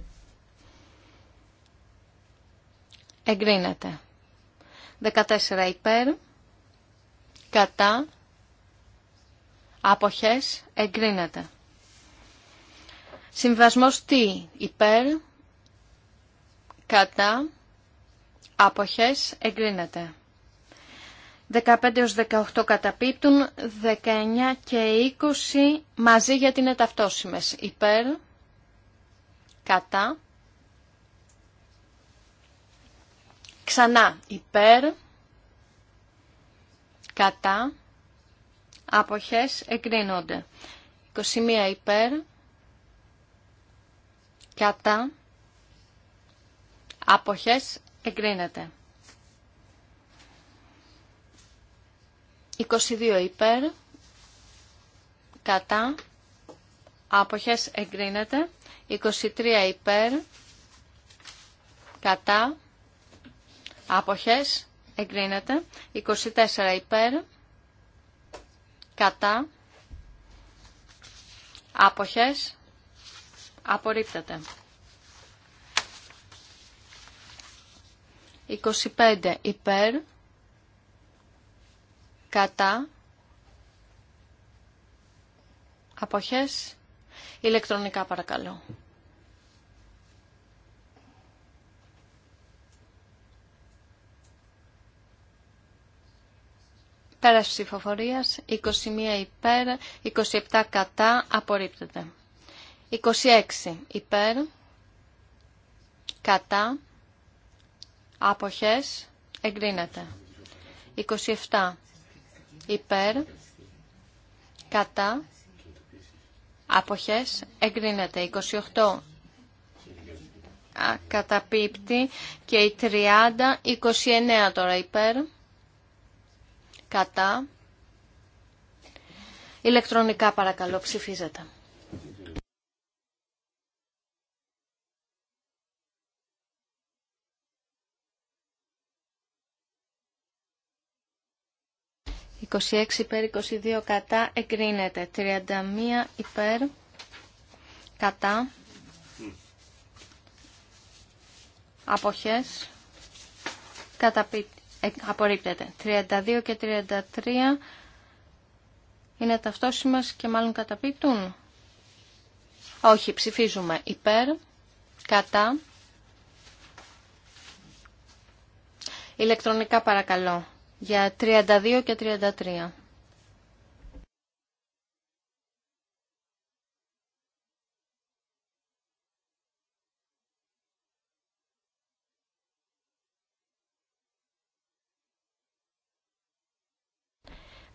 εγκρίνεται. 14 υπέρ, κατά, αποχές, εγκρίνεται. Συμβασμός τι, υπέρ, κατά, αποχές, εγκρίνεται. 15 18 καταπίπτουν, 19 και 20 μαζί γιατί είναι ταυτόσιμες. Υπέρ, κατά, ξανά υπέρ, κατά, άποχες εγκρίνονται. 21 υπέρ, κατά, άποχες εγκρίνεται. 22 υπέρ, κατά, άποχες εγκρίνεται, 23 υπέρ, κατά, άποχες εγκρίνεται, 24 υπέρ, κατά, άποχες απορρίπτεται. 25 υπέρ, κατά αποχές ηλεκτρονικά παρακαλώ. Πέρας ψηφοφορίας, 21 υπέρ, 27 κατά, απορρίπτεται. 26 υπέρ, κατά, αποχές, εγκρίνεται. 27 υπέρ, κατά, αποχές, εγκρίνεται. 28 καταπίπτει και η 30, 29 τώρα υπέρ, κατά. Ηλεκτρονικά παρακαλώ ψηφίζεται. 26 υπέρ 22 κατά εγκρίνεται. 31 υπέρ κατά αποχές καταπι... Ε, απορρίπτεται. 32 και 33 είναι ταυτόσιμες και μάλλον καταπίπτουν. Όχι, ψηφίζουμε υπέρ, κατά. Ηλεκτρονικά παρακαλώ για 32 και 33.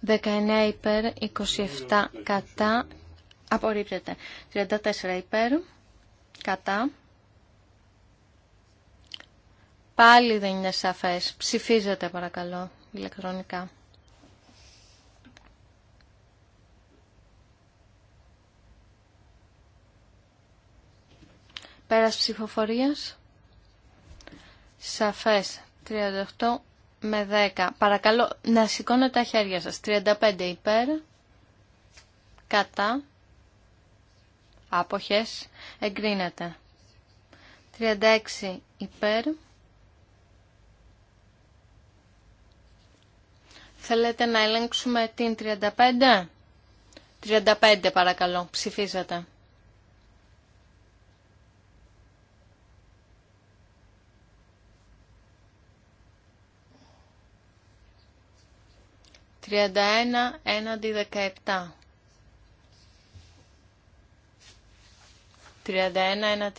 Δεκαεννέα υπέρ, 27 κατά, απορρίπτεται. 34 υπέρ, κατά. Πάλι δεν είναι σαφές. Ψηφίζετε παρακαλώ ηλεκτρονικά. Πέρας ψηφοφορίας. Σαφές. 38 με 10. Παρακαλώ να σηκώνετε τα χέρια σας. 35 υπέρ. Κατά. Άποχες. Εγκρίνεται. 36 υπέρ. Θέλετε να ελέγξουμε την 35? 35 παρακαλώ, Ψηφίσατε. 31 έναντι 17. 31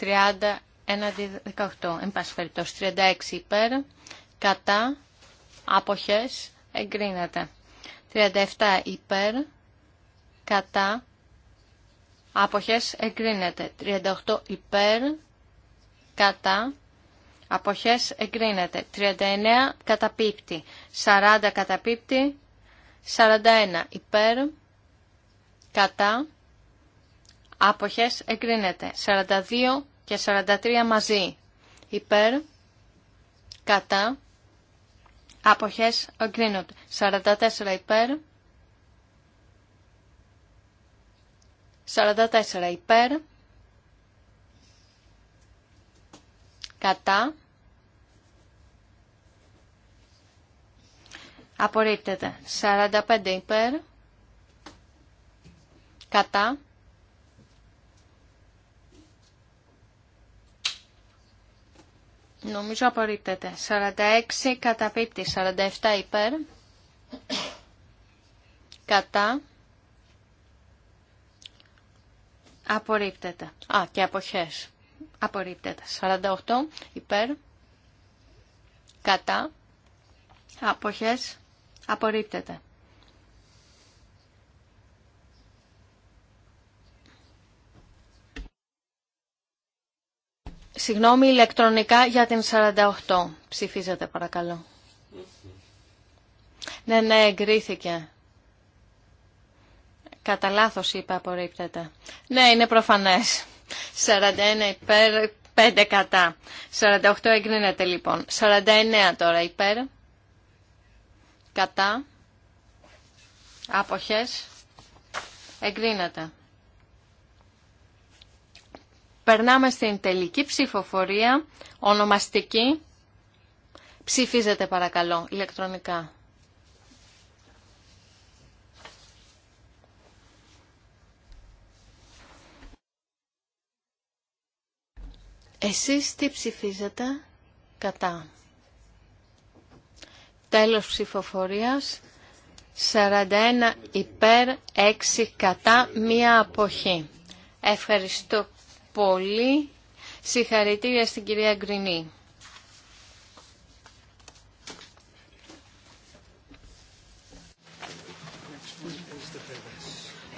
31 18, εν πάση 36 υπέρ, κατά. Αποχές εγκρίνεται. 37 υπέρ. Κατά. Αποχές εγκρίνεται. 38 υπέρ. Κατά. Αποχές εγκρίνεται. 39 καταπίπτει. 40 καταπίπτει. 41 υπέρ. Κατά. Άποχες εγκρίνεται. 42 και 43 μαζί. Υπέρ. Κατά. Αποχές εγκρίνονται. 44 υπέρ. 44 υπέρ. Κατά. Απορρίπτεται. 45 υπέρ. Κατά. Νομίζω απορρίπτεται. 46 καταπίπτει. 47 υπέρ. Κατά. Απορρίπτεται. Α, και αποχές. Απορρίπτεται. 48 υπέρ. Κατά. Αποχές. Απορρίπτεται. Συγγνώμη, ηλεκτρονικά για την 48. Ψηφίζετε παρακαλώ. Ναι, ναι, εγκρίθηκε. Κατά λάθο είπα απορρίπτεται. Ναι, είναι προφανές. 41 υπέρ, 5 κατά. 48 εγκρίνεται λοιπόν. 49 τώρα υπέρ. Κατά. Άποχες. Εγκρίνεται. Περνάμε στην τελική ψηφοφορία, ονομαστική. Ψηφίζετε παρακαλώ, ηλεκτρονικά. Εσείς τι ψηφίζετε κατά. Τέλος ψηφοφορίας. 41 υπέρ, 6 κατά, μία αποχή. Ευχαριστώ πολύ. Συγχαρητήρια στην κυρία Γκρινή.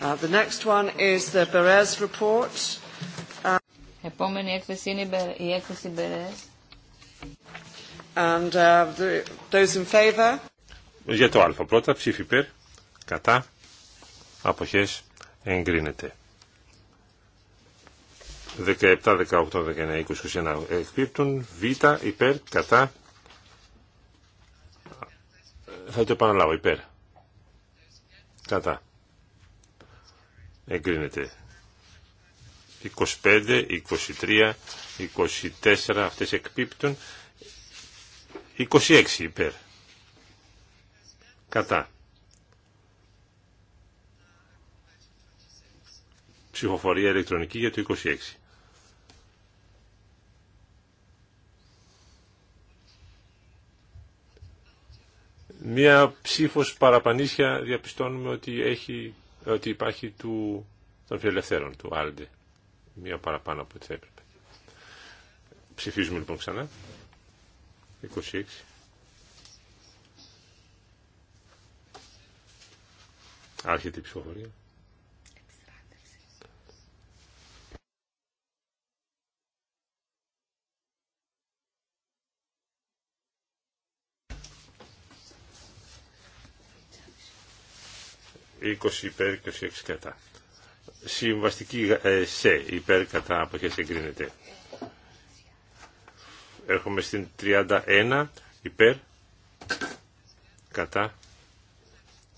Uh, the next one is the Beres report. Uh, Επόμενη έκθεση είναι η έκθεση Μπερές. And uh, the, those in favor. Για το αλφά πρώτα, ψήφι υπέρ, κατά, αποχές, εγκρίνεται. 17, 18, 19, 20, 21 εκπίπτουν. Β, υπέρ, κατά. Θα το επαναλάβω, υπέρ. Κατά. Εγκρίνεται. 25, 23, 24, αυτές εκπίπτουν. 26 υπέρ. Κατά. Ψηφοφορία ηλεκτρονική για το 26. Μία ψήφος παραπανίσια διαπιστώνουμε ότι, έχει, ότι υπάρχει του, των φιλελευθέρων του Άλντε. Μία παραπάνω από ό,τι θα έπρεπε. Ψηφίζουμε λοιπόν ξανά. 26. Άρχεται η ψηφοφορία. 20 υπέρ, 26 κατά. Συμβαστική ε, σε υπέρ κατά αποχές εγκρίνεται. Έρχομαι στην 31 υπέρ κατά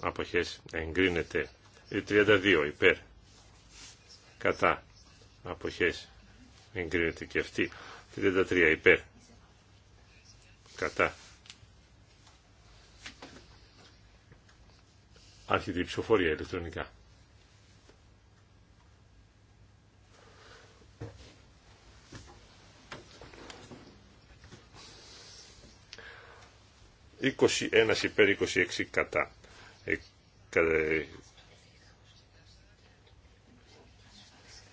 αποχές εγκρίνεται. 32 υπέρ κατά αποχές εγκρίνεται και αυτή. 33 υπέρ κατά Άρχεται η ψηφοφορία ηλεκτρονικά. ένας υπέρ 26 κατά. Ε, κατά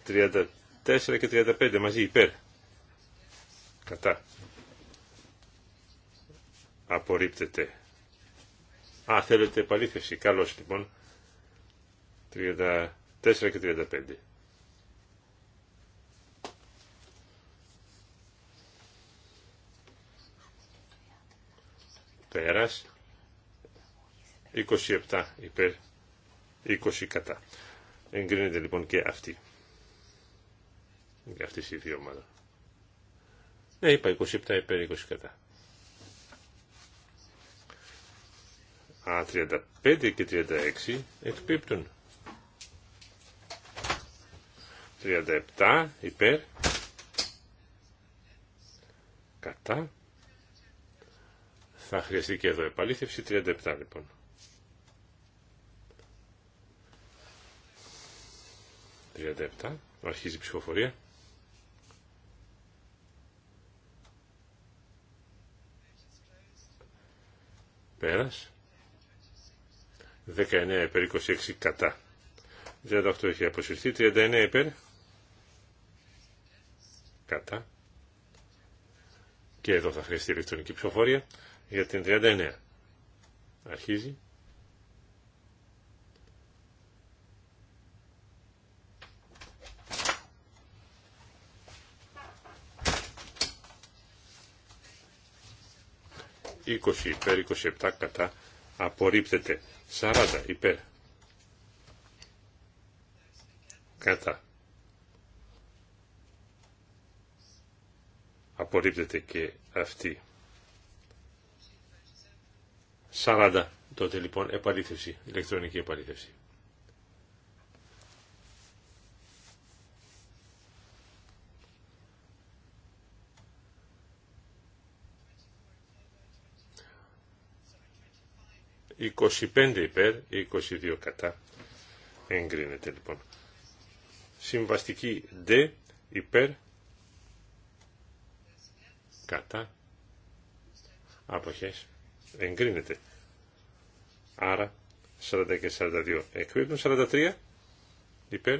34 και 35 μαζί υπέρ. Κατά. Απορρίπτεται. Α, θέλετε επαλήθευση. Καλώς λοιπόν. 34 και 35. Πέρας. 27 υπέρ 20 κατά. Εγκρίνεται λοιπόν και αυτή. Και αυτή η δύο ομάδα. Ναι, ε, είπα 27 υπέρ 20 κατά. Α, 35 και 36 εκπίπτουν. 37 υπέρ. Κατά. Θα χρειαστεί και εδώ επαλήθευση 37 λοιπόν. ...37, αρχίζει η ψηφοφορία. Πέρας. 19 υπέρ 26 κατά. 38 έχει αποσυρθεί. 39 υπέρ. Κατά. Και εδώ θα χρειαστεί ηλεκτρονική ψηφοφορία για την 39. Αρχίζει. «20 υπέρ 27 κατά απορρίπτεται». 40 υπέρ. Κατά. Απορρίπτεται και αυτή. 40 τότε λοιπόν επαλήθευση, ηλεκτρονική επαλήθευση. 25 υπέρ, 22 κατά. Εγκρίνεται λοιπόν. Συμβαστική D υπέρ, κατά, αποχές, εγκρίνεται. Άρα 40 και 42 εκπίπτουν, 43 υπέρ,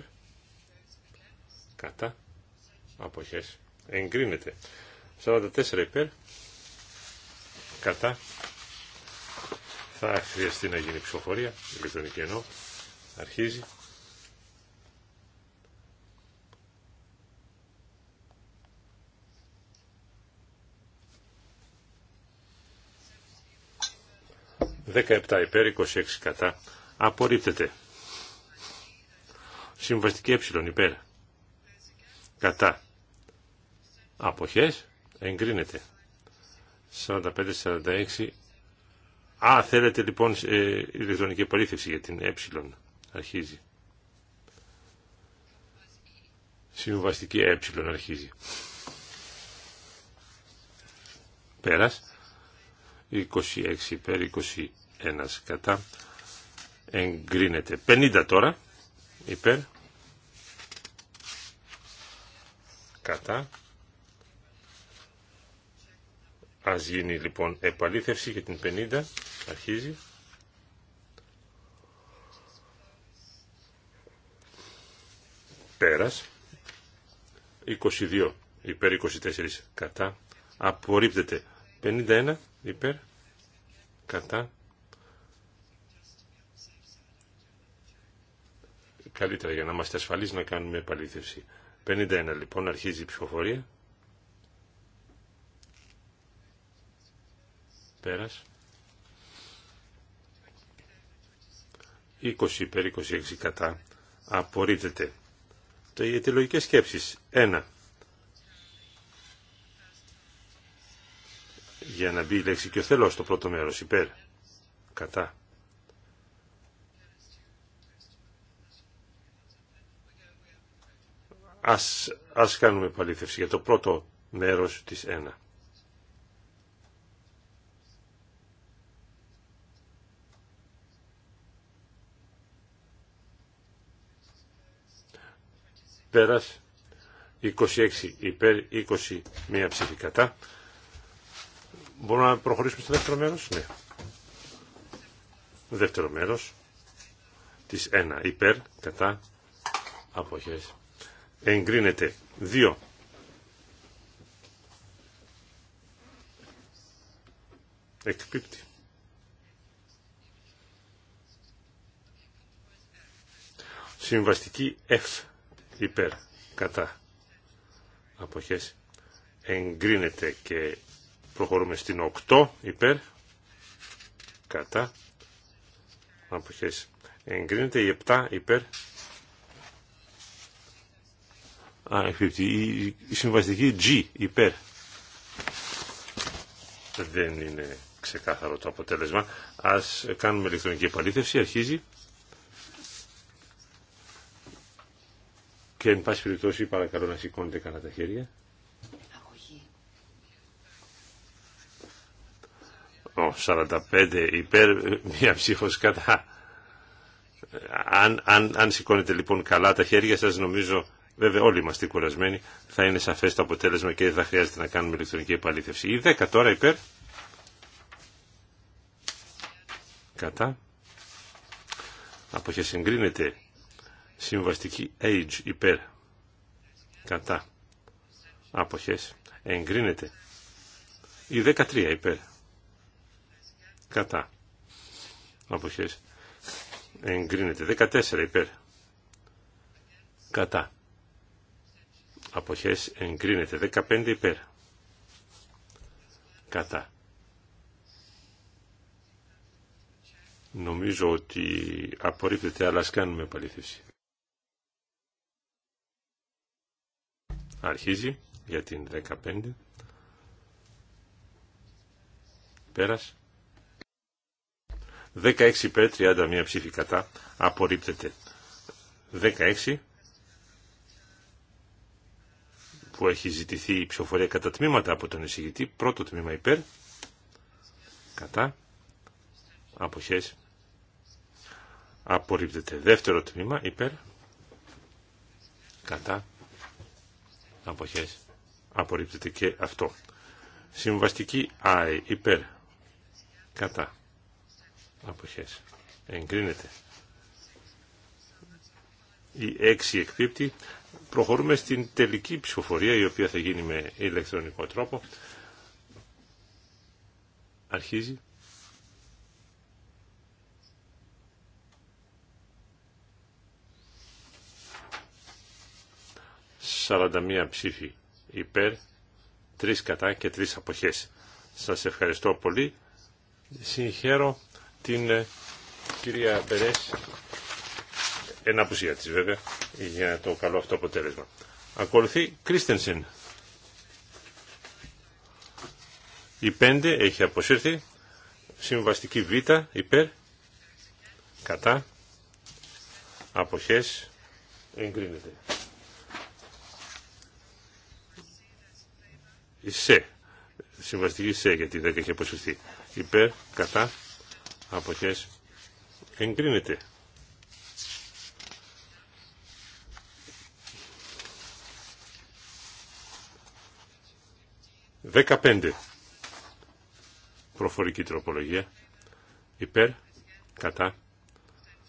κατά, αποχές, εγκρίνεται. 44 υπέρ, κατά, θα χρειαστεί να γίνει ψηφοφορία, ηλεκτρονική ενώ, αρχίζει. 17 υπέρ, 26 κατά, απορρίπτεται. Συμβαστική Συμβαστική ε υπέρ, κατά, αποχές, εγκρίνεται. 45-46 Α, θέλετε λοιπόν ε, ηλεκτρονική επαλήθευση για την ε. Αρχίζει. Συμβαστική ε αρχίζει. Πέρας. 26 υπέρ 21 κατά. Εγκρίνεται. 50 τώρα. Υπέρ. Κατά. Ας γίνει λοιπόν επαλήθευση για την 50. Αρχίζει. Πέρας. 22 υπέρ 24 κατά. Απορρίπτεται. 51 υπέρ κατά. Καλύτερα για να είμαστε ασφαλείς να κάνουμε επαλήθευση. 51 λοιπόν αρχίζει η ψηφοφορία. Πέρας. 20 περί 26 κατά απορρίπτεται. Το αιτιολογικές σκέψεις. 1. Για να μπει η λέξη και ο θελός στο πρώτο μέρος υπέρ κατά. Ας, ας κάνουμε παλήθευση για το πρώτο μέρος της 1. Πέρας. 26 υπέρ, 20 μία ψήφι κατά. Μπορούμε να προχωρήσουμε στο δεύτερο μέρος. Ναι. Δεύτερο μέρος της 1 υπέρ, κατά, αποχές. Εγκρίνεται 2 εκπίπτει. Συμβαστική F υπέρ, κατά, αποχές, εγκρίνεται και προχωρούμε στην 8, υπέρ, κατά, αποχές, εγκρίνεται η 7, υπέρ, Α, η συμβαστική G, υπέρ. Δεν είναι ξεκάθαρο το αποτέλεσμα. Ας κάνουμε ηλεκτρονική επαλήθευση. Αρχίζει. Και εν πάση περιπτώσει παρακαλώ να σηκώνετε καλά τα χέρια. Ο 45 υπέρ, μία ψυχός κατά. Αν, αν, αν σηκώνετε λοιπόν καλά τα χέρια σας νομίζω Βέβαια όλοι είμαστε κουρασμένοι, θα είναι σαφές το αποτέλεσμα και δεν θα χρειάζεται να κάνουμε ηλεκτρονική επαλήθευση. Η 10 τώρα υπέρ. Κατά. Αποχέ συγκρίνεται... Συμβαστική age υπέρ. Κατά. Αποχές. Εγκρίνεται. Η 13 υπέρ. Κατά. Αποχές. Εγκρίνεται. 14 υπέρ. Κατά. Αποχές. Εγκρίνεται. 15 υπέρ. Κατά. Νομίζω ότι απορρίπτεται, αλλά ας κάνουμε παλήθευση Αρχίζει για την 15. Πέρας. 16 υπέρ, 31 ψήφι κατά. Απορρίπτεται. 16 που έχει ζητηθεί η ψηφοφορία κατά τμήματα από τον εισηγητή. Πρώτο τμήμα υπέρ. Κατά. Αποχές. Απορρίπτεται. Δεύτερο τμήμα υπέρ. Κατά αποχές απορρίπτεται και αυτό. Συμβαστική ΑΕ υπέρ κατά αποχές εγκρίνεται. Η έξι εκπίπτει. Προχωρούμε στην τελική ψηφοφορία η οποία θα γίνει με ηλεκτρονικό τρόπο. Αρχίζει. 41 ψήφοι υπέρ, 3 κατά και 3 αποχές. Σας ευχαριστώ πολύ. Συγχαίρω την ε, κυρία Περές, εν απουσία της βέβαια, για το καλό αυτό αποτέλεσμα. Ακολουθεί Κρίστενσεν. Η 5 έχει αποσύρθει. Συμβαστική Β υπέρ, κατά, αποχές, εγκρίνεται. σε. Συμβαστική σε γιατί δεν έχει αποσυρθεί. Υπέρ, κατά, αποχές, εγκρίνεται. πέντε. Προφορική τροπολογία. Υπέρ, κατά,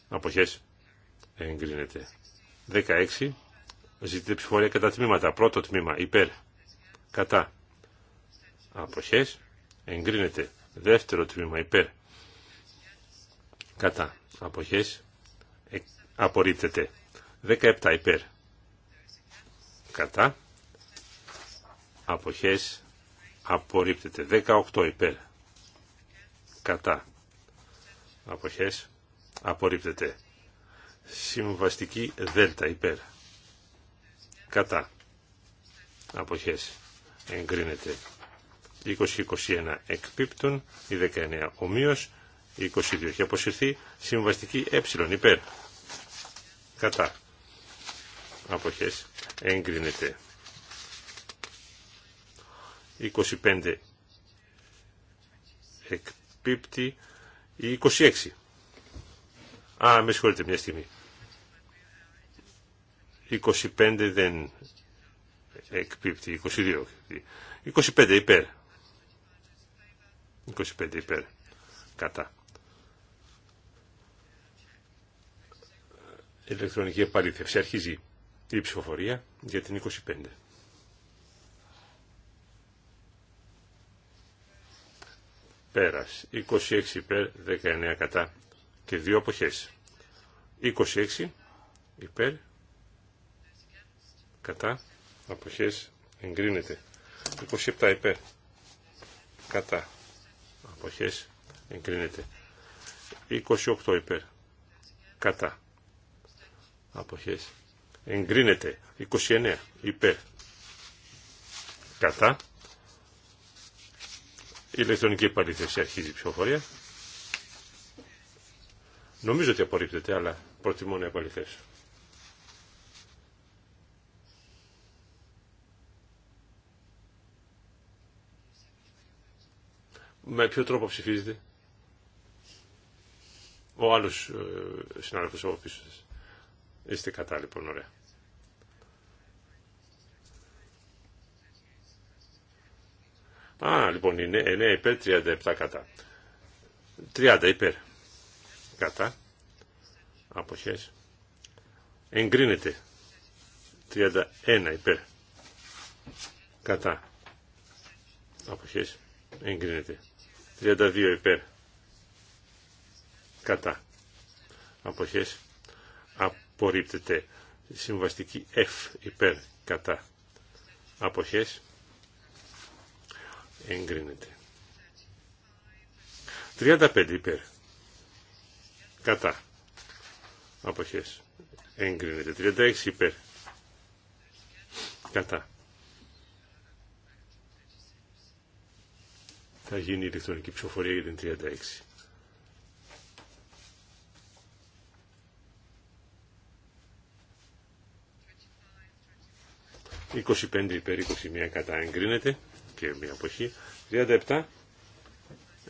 αποχές, εγκρίνεται. 16. Ζητείτε ψηφορία κατά τμήματα. Πρώτο τμήμα, υπέρ, κατά, αποχές εγκρίνεται δεύτερο τμήμα υπέρ κατά αποχές ε, απορρίπτεται 17 υπέρ κατά αποχές απορρίπτεται 18 υπέρ κατά αποχές απορρίπτεται συμβαστική δέλτα υπέρ κατά αποχές εγκρίνεται 20-21 εκπίπτουν, η 19 ομοίως, η 22 έχει αποσυρθεί, συμβαστική ε υπέρ. Κατά. Αποχές εγκρίνεται. 25 εκπίπτει, η 26. Α, με συγχωρείτε μια στιγμή. 25 δεν εκπίπτει, 22. 25 υπέρ. 25 υπέρ. Κατά. Ηλεκτρονική επαλήθευση. Αρχίζει η ψηφοφορία για την 25. Πέρας. 26 υπέρ, 19 κατά και δύο αποχές. 26 υπέρ, κατά, αποχές εγκρίνεται. 27 υπέρ, κατά, αποχές εγκρίνεται 28 υπέρ κατά αποχές εγκρίνεται 29 υπέρ κατά ηλεκτρονική επαλήθευση αρχίζει η ψηφοφορία νομίζω ότι απορρίπτεται αλλά προτιμώ να επαληθεύσω Με ποιο τρόπο ψηφίζετε. Ο άλλο ε, συνάδελφος από πίσω σα. Είστε κατά λοιπόν, ωραία. Α, λοιπόν είναι 9 υπέρ, 37 κατά. 30 υπέρ. Κατά. Αποχές. Εγκρίνεται. 31 υπέρ. Κατά. Αποχές. Εγκρίνεται. 32 υπέρ. Κατά. Αποχές. Απορρίπτεται. Συμβαστική F υπέρ. Κατά. Αποχές. Εγκρίνεται. 35 υπέρ. Κατά. Αποχές. Εγκρίνεται. 36 υπέρ. Κατά. θα γίνει η ηλεκτρονική ψηφοφορία για την 36. ...25 υπέρ 21 κατά εγκρίνεται και μια αποχή. 37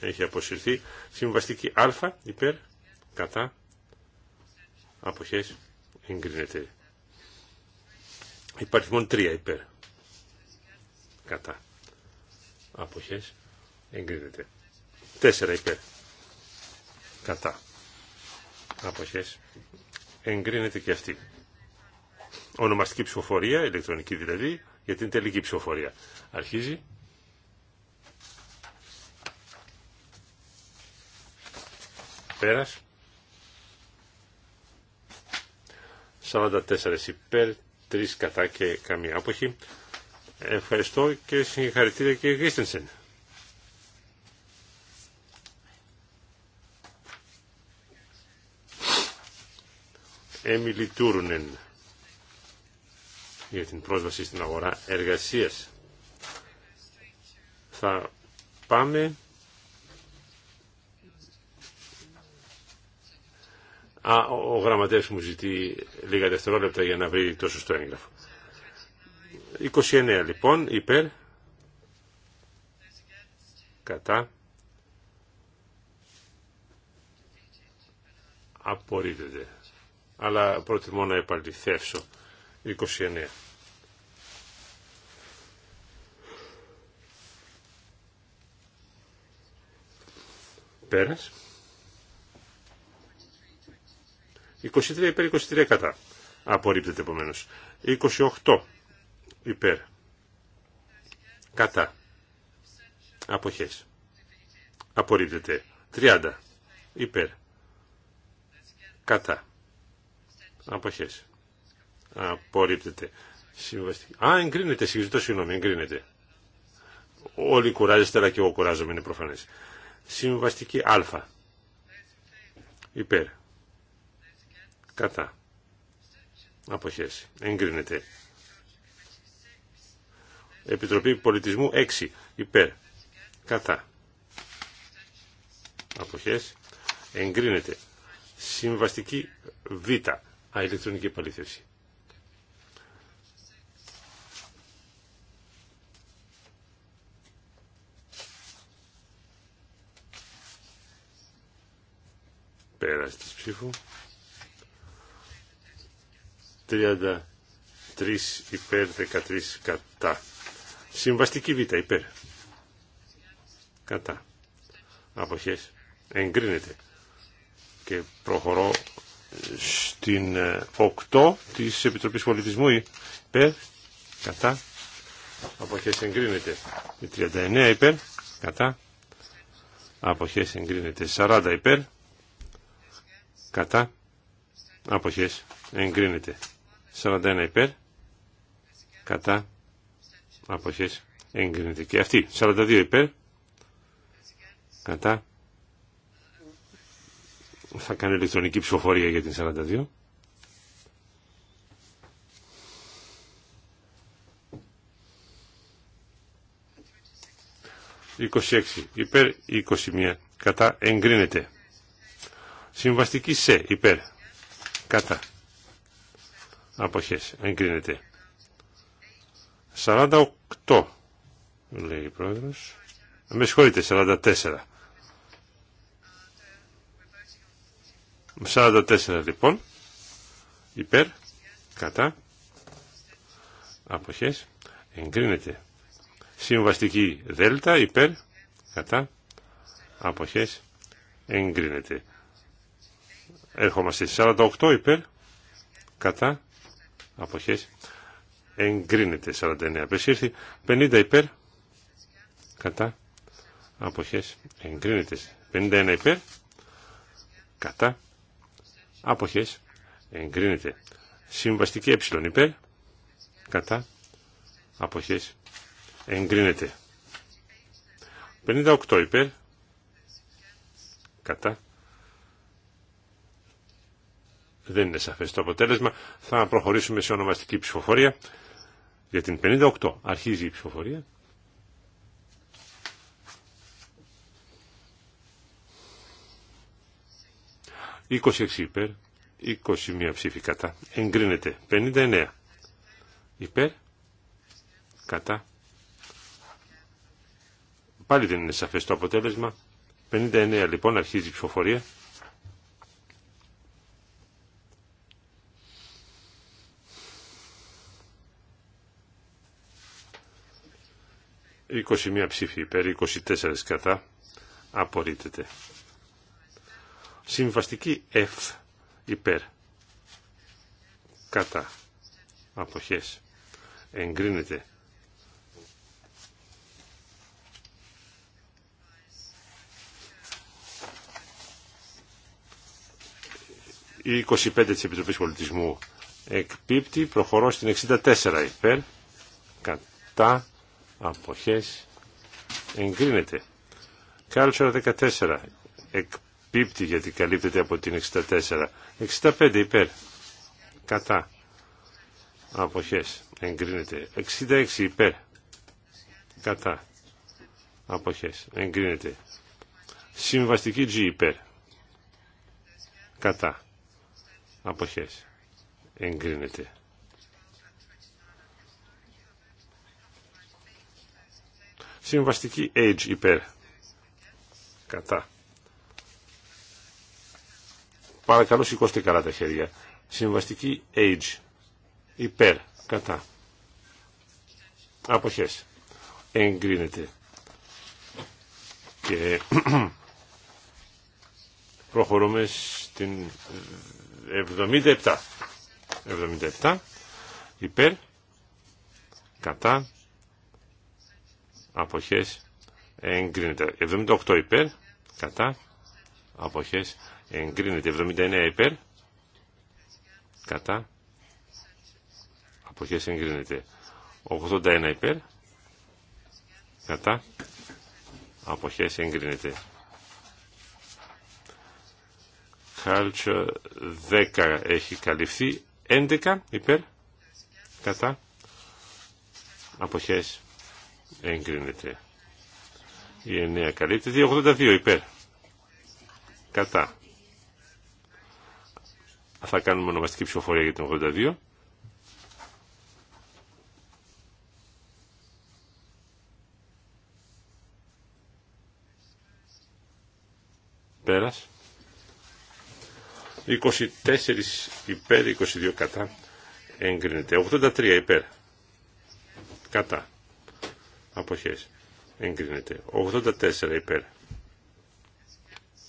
έχει αποσυρθεί. Συμβαστική α υπέρ κατά αποχές εγκρίνεται. Υπάρχει μόνο 3 υπέρ κατά αποχές εγκρίνεται. Τέσσερα υπέρ. Κατά. Αποχές. Εγκρίνεται και αυτή. Ονομαστική ψηφοφορία, ηλεκτρονική δηλαδή, για την τελική ψηφοφορία. Αρχίζει. Πέρας. 44 υπέρ, 3 κατά και καμία άποχη. Ευχαριστώ και συγχαρητήρια και γκρίστενσεν. Έμιλι Τούρνεν για την πρόσβαση στην αγορά εργασίας. Θα πάμε Α, ο γραμματέας μου ζητεί λίγα δευτερόλεπτα για να βρει το σωστό έγγραφο. 29 λοιπόν, υπέρ, κατά, απορρίπτεται αλλά προτιμώ να επαληθεύσω 29. Πέρας. 23 υπέρ 23 κατά. Απορρίπτεται επομένω. 28 υπέρ. Κατά. Αποχές. Απορρίπτεται. 30 υπέρ. Κατά. Αποχές. Απορρίπτεται. Συμβαστική. Α, εγκρίνεται. Συγγνώμη, συγγνώμη, εγκρίνεται. Όλοι κουράζεστε, αλλά και εγώ κουράζομαι, είναι προφανές. Συμβαστική Α. Υπέρ. Κατά. Αποχές. Εγκρίνεται. Επιτροπή Πολιτισμού 6. Υπέρ. Κατά. Αποχές. Εγκρίνεται. Συμβαστική Β. Α, ηλεκτρονική επαλήθευση. Πέρα τη ψήφου. 33 υπέρ, 13 κατά. Συμβαστική β υπέρ. Κατά. Αποχές. Εγκρίνεται. Και προχωρώ στην 8 ε, της Επιτροπής Πολιτισμού υπέρ κατά αποχές εγκρίνεται 39 υπέρ κατά αποχές εγκρίνεται 40 υπέρ κατά αποχές εγκρίνεται 41 υπέρ κατά αποχές εγκρίνεται και αυτή 42 υπέρ κατά θα κάνει ηλεκτρονική ψηφοφορία για την 42. ...26 υπέρ 21 κατά εγκρίνεται. Συμβαστική σε υπέρ κατά αποχές εγκρίνεται. 48 λέει η πρόεδρος. Με συγχωρείτε 44. 44 λοιπόν, υπέρ, κατά, αποχές, εγκρίνεται. Συμβαστική δέλτα, υπέρ, κατά, αποχές, εγκρίνεται. Έρχομαστε 48 υπέρ, κατά, αποχές, εγκρίνεται 49. απεσύρθη 50 υπέρ, κατά, αποχές, εγκρίνεται 51 υπέρ, κατά, Άποχες. Εγκρίνεται. Συμβαστική ε υπέρ. Κατά. Αποχές. Εγκρίνεται. 58 υπέρ. Κατά. Δεν είναι σαφές το αποτέλεσμα. Θα προχωρήσουμε σε ονομαστική ψηφοφορία. Για την 58 αρχίζει η ψηφοφορία. 26 υπέρ, 21 ψήφι κατά. Εγκρίνεται. 59 υπέρ, κατά. Πάλι δεν είναι σαφές το αποτέλεσμα. 59 λοιπόν αρχίζει η ψηφοφορία. «21 ψήφι υπέρ, 24 κατά, απορρίτεται». Συμβαστική F υπέρ κατά αποχές εγκρίνεται η 25 της Επιτροπής Πολιτισμού εκπίπτει, προχωρώ στην 64 υπέρ, κατά, αποχές, εγκρίνεται. Κάλτσορα 14 εκπίπτει γιατί καλύπτεται από την 64. 65 υπέρ. Κατά. Αποχές. Εγκρίνεται. 66 υπέρ. Κατά. Αποχές. Εγκρίνεται. Συμβαστική G υπέρ. Κατά. Αποχές. Εγκρίνεται. συμβαστική age υπέρ. Κατά. Παρακαλώ σηκώστε καλά τα χέρια. Συμβαστική age. Υπέρ. Κατά. Αποχές. Εγκρίνεται. Και προχωρούμε στην 77. Ε, 77. Υπέρ. Κατά. Αποχές. Εγκρίνεται. 78 υπέρ. Κατά. Αποχές εγκρίνεται 79 υπέρ κατά αποχές εγκρίνεται 81 υπέρ κατά αποχές εγκρίνεται Χάλτσο 10 έχει καλυφθεί 11 υπέρ κατά αποχές εγκρίνεται η 9 καλύπτεται 82 υπέρ κατά θα κάνουμε ονομαστική ψηφοφορία για την 82. Πέρας. 24 υπέρ, 22 κατά. Εγκρίνεται. 83 υπέρ. Κατά. Αποχές. Εγκρίνεται. 84 υπέρ.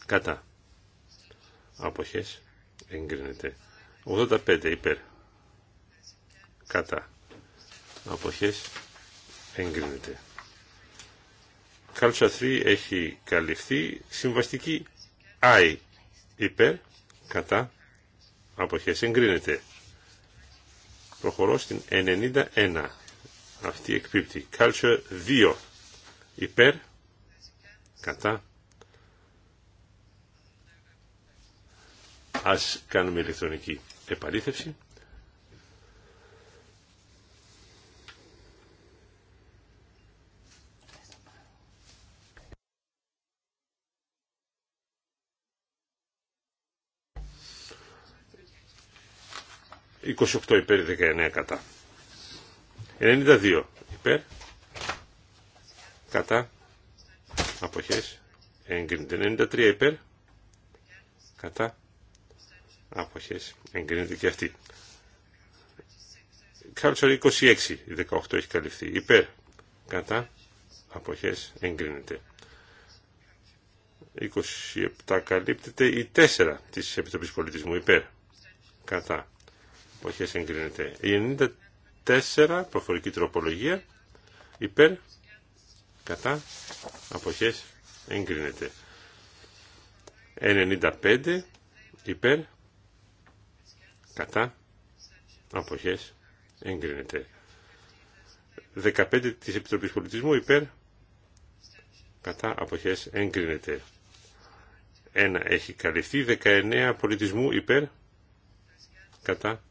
Κατά. Αποχές εγκρίνεται. 85 υπέρ κατά αποχές εγκρίνεται. Κάλτσα 3 έχει καλυφθεί. Συμβαστική I υπέρ κατά αποχές εγκρίνεται. Προχωρώ στην 91. Αυτή εκπίπτει. Κάλτσα 2 υπέρ κατά Ας κάνουμε ηλεκτρονική επαλήθευση. «28 υπέρ 19 κατά». «92 υπέρ κατά αποχές». «93 υπέρ κατά Αποχές. Εγκρίνεται και αυτή. Κάλτσορ 26. Η 18 έχει καλυφθεί. Υπέρ. Κατά. Αποχές. Εγκρίνεται. 27 καλύπτεται. Η 4 της Επιτροπής Πολιτισμού. Υπέρ. Κατά. Αποχές. Εγκρίνεται. Η 94. Προφορική τροπολογία. Υπέρ. Κατά. Αποχές. Εγκρίνεται. 95. Υπέρ κατά αποχές εγκρίνεται 15 της Επιτροπής Πολιτισμού υπέρ κατά αποχές εγκρίνεται 1 έχει καλυφθεί 19 πολιτισμού υπέρ κατά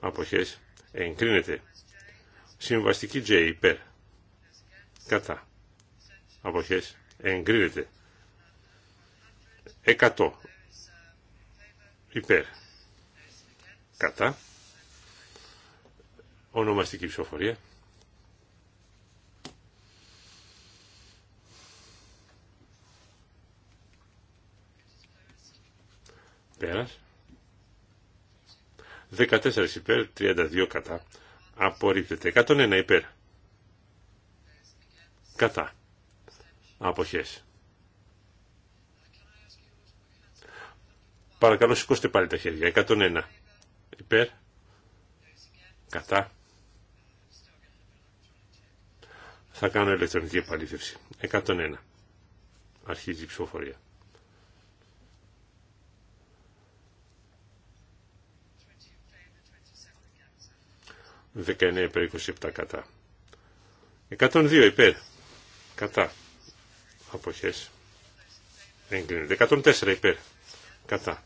αποχές εγκρίνεται συμβαστική J υπέρ κατά αποχές εγκρίνεται 100 υπέρ κατά ονομαστική ψηφοφορία. Πέρας. 14 υπέρ, 32 κατά. Απορρίπτεται. 101 υπέρ. Κατά. Αποχές. Παρακαλώ σηκώστε πάλι τα χέρια. 101 υπέρ, κατά. Θα κάνω ηλεκτρονική επαλήθευση. 101. Αρχίζει η ψηφοφορία. Δεκαεννέα υπέρ 27 κατά. 102 υπέρ. Κατά. Αποχές. Εγκρίνεται. 104 υπέρ. Κατά.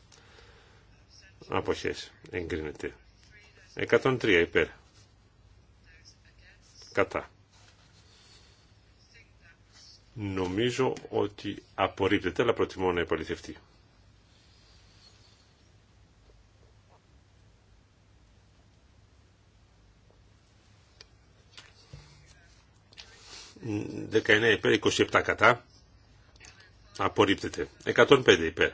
Αποχές. Εγκρίνεται. 103 υπέρ. Κατά. Νομίζω ότι απορρίπτεται, αλλά προτιμώ να επαληθευτεί. «19 υπέρ, 27 κατά». Απορρίπτεται. «105 υπέρ»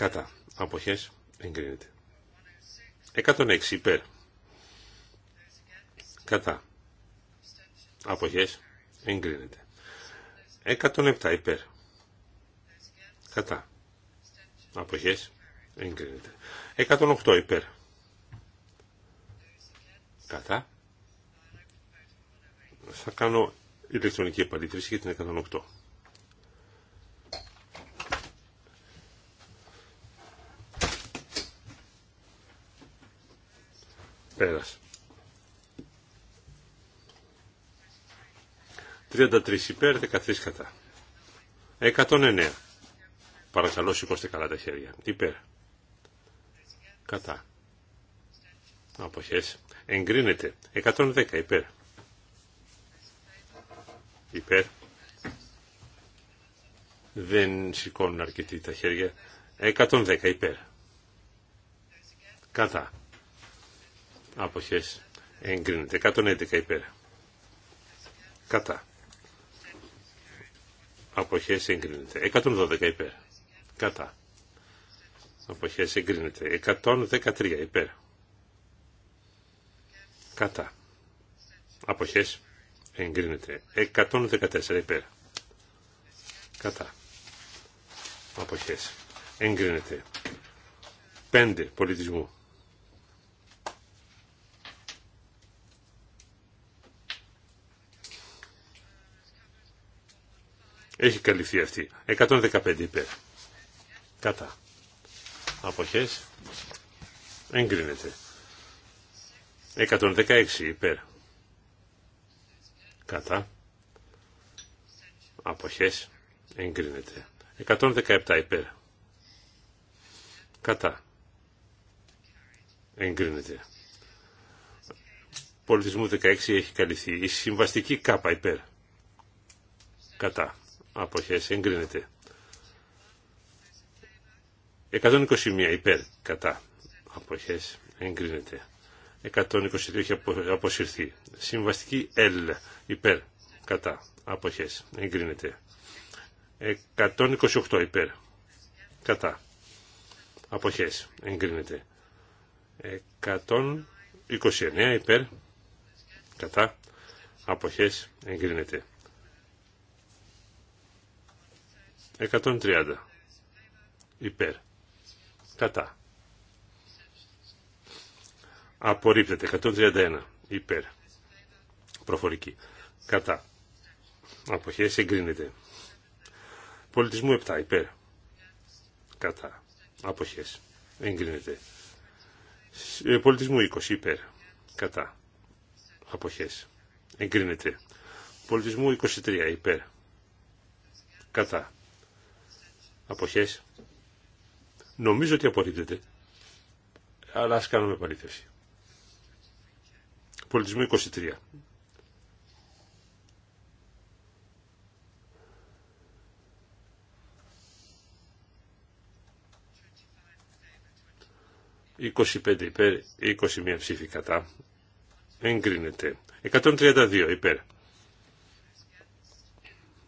κατά αποχές εγκρίνεται 106 υπέρ κατά αποχές εγκρίνεται 107 υπέρ κατά αποχές εγκρίνεται 108 υπέρ κατά θα κάνω ηλεκτρονική επαλήθευση για την 108 33 υπέρ, 13 κατά. 109. Παρακαλώ σηκώστε καλά τα χέρια. Υπέρ. Κατά. Αποχές. Εγκρίνεται. 110 υπέρ. Υπέρ. Δεν σηκώνουν αρκετοί τα χέρια. 110 υπέρ. Κατά αποχές εγκρίνεται 111 υπέρ κατά αποχές εγκρίνεται 112 υπέρ κατά αποχές εγκρίνεται 113 υπέρ κατά αποχές εγκρίνεται 114 υπέρ κατά αποχές εγκρίνεται 5 πολιτισμού Έχει καλυφθεί αυτή. 115 υπέρ. Κατά. Αποχές. Εγκρίνεται. 116 υπέρ. Κατά. Αποχές. Εγκρίνεται. 117 υπέρ. Κατά. Εγκρίνεται. Πολιτισμού 16 έχει καλυφθεί. Η συμβαστική κάπα υπέρ. Κατά αποχές εγκρίνεται. 121 υπέρ κατά αποχές εγκρίνεται. 122 έχει αποσυρθεί. Συμβαστική L υπέρ κατά αποχές εγκρίνεται. 128 υπέρ κατά αποχές εγκρίνεται. 129 υπέρ κατά αποχές εγκρίνεται. 130 υπέρ κατά απορρίπτεται 131 υπέρ προφορική κατά αποχές εγκρίνεται πολιτισμού 7 ε, υπέρ κατά αποχές εγκρίνεται πολιτισμού 20 υπέρ κατά αποχές εγκρίνεται πολιτισμού 23 υπέρ κατά Αποχές. Νομίζω ότι απορρίπτεται. Αλλά ας κάνουμε παρήθευση. Πολιτισμό 23. «25 υπέρ, 21 ψήφοι κατά, εγκρίνεται. 132 υπέρ,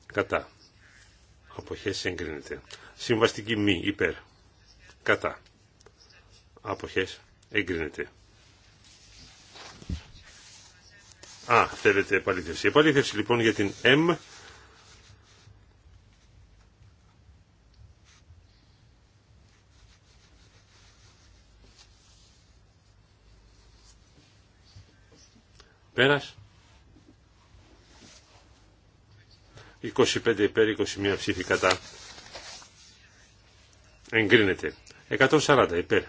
κατά, αποχές εγκρίνεται. Συμβαστική μη υπέρ κατά αποχές εγκρίνεται. Α, θέλετε επαλήθευση. Επαλήθευση λοιπόν για την M. Πέρας. 25 υπέρ 21 ψήφι κατά. Εγκρίνεται. 140 υπέρ.